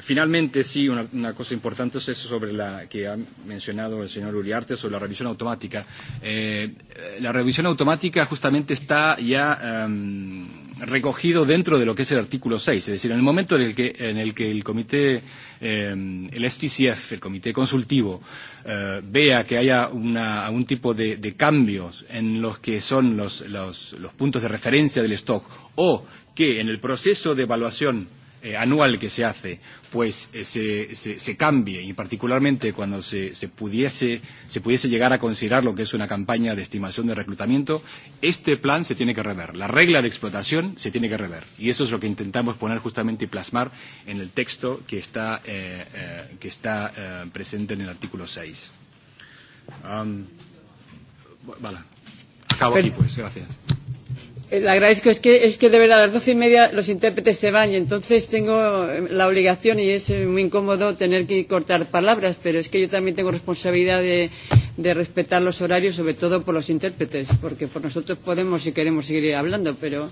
Finalmente, sí, una, una cosa importante es eso sobre la que ha mencionado el señor Uriarte sobre la revisión automática. Eh, la revisión automática justamente está ya um, recogido dentro de lo que es el artículo 6, es decir, en el momento en el que, en el, que el comité, eh, el STCF, el comité consultivo, eh, vea que haya una, algún tipo de, de cambios en los que son los, los, los puntos de referencia del stock o que en el proceso de evaluación eh, anual que se hace pues eh, se, se, se cambie y particularmente cuando se, se, pudiese, se pudiese llegar a considerar lo que es una campaña de estimación de reclutamiento, este plan se tiene que rever, la regla de explotación se tiene que rever y eso es lo que intentamos poner justamente y plasmar en el texto que está, eh, eh, que está eh, presente en el artículo 6. Um, vale, acabo aquí pues, gracias. Le agradezco, es que, es que de verdad a las doce y media los intérpretes se van y entonces tengo la obligación y es muy incómodo tener que cortar palabras, pero es que yo también tengo responsabilidad de, de respetar los horarios, sobre todo por los intérpretes, porque por nosotros podemos y queremos seguir hablando, pero.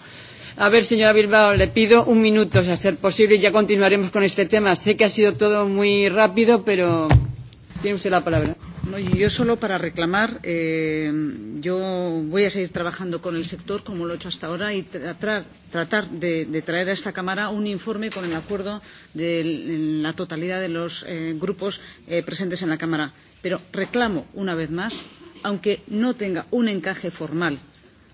A ver, señora Bilbao, le pido un minuto, o a ser posible, y ya continuaremos con este tema. Sé que ha sido todo muy rápido, pero tiene usted la palabra yo solo para reclamar, yo voy a seguir trabajando con el sector como lo he hecho hasta ahora y tratar de, traer a esta Cámara un informe con el acuerdo de la totalidad de los grupos presentes en la Cámara. Pero reclamo una vez más, aunque no tenga un encaje formal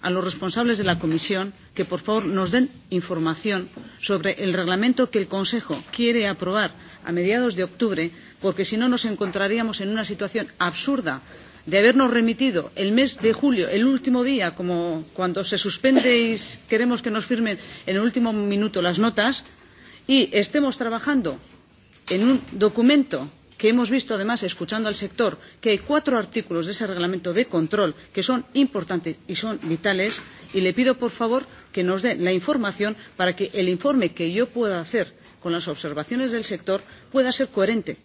a los responsables de la Comisión que, por favor, nos den información sobre el reglamento que el Consejo quiere aprobar a mediados de octubre porque si no nos encontraríamos en una situación absurda de habernos remitido el mes de julio, el último día, como cuando se suspende y queremos que nos firmen en el último minuto las notas, y estemos trabajando en un documento que hemos visto, además, escuchando al sector, que hay cuatro artículos de ese reglamento de control que son importantes y son vitales, y le pido, por favor, que nos dé la información para que el informe que yo pueda hacer con las observaciones del sector pueda ser coherente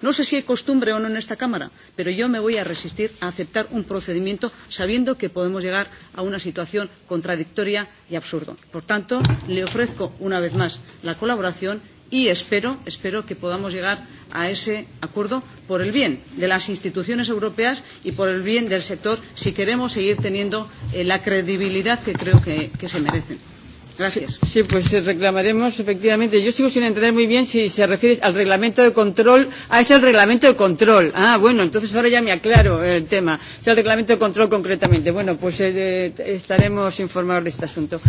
No sé si hay costumbre o no en esta Cámara, pero yo me voy a resistir a aceptar un procedimiento sabiendo que podemos llegar a una situación contradictoria y absurda. Por tanto, le ofrezco una vez más la colaboración y espero, espero que podamos llegar a ese acuerdo por el bien de las instituciones europeas y por el bien del sector si queremos seguir teniendo la credibilidad que creo que, se merecen. Gracias. Sí, pues reclamaremos, efectivamente. Yo sigo sin entender muy bien si se refiere al reglamento de control. Ah, es el reglamento de control. Ah, bueno, entonces ahora ya me aclaro el tema. Es el reglamento de control concretamente. Bueno, pues eh, estaremos informados de este asunto.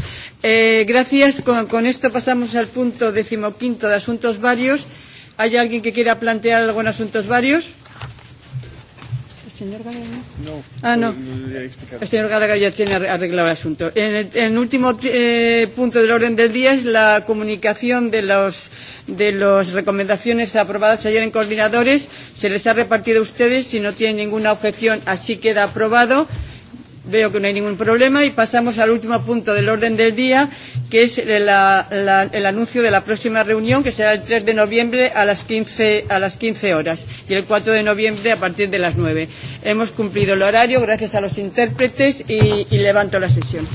Eh, gracias. Con, con esto pasamos al punto decimoquinto de asuntos varios. ¿Hay alguien que quiera plantear en asuntos varios? señor Gallagher? No. Ah, no. El señor Gallagher ya tiene arreglado el asunto. En el, en el último eh, punto del orden del día es la comunicación de las de los recomendaciones aprobadas ayer en coordinadores. Se les ha repartido a ustedes. Si no tienen ninguna objeción, así queda aprobado. Veo que no hay ningún problema y pasamos al último punto del orden del día, que es la, la, el anuncio de la próxima reunión, que será el 3 de noviembre a las, 15, a las 15 horas y el 4 de noviembre a partir de las 9. Hemos cumplido el horario gracias a los intérpretes y, y levanto la sesión.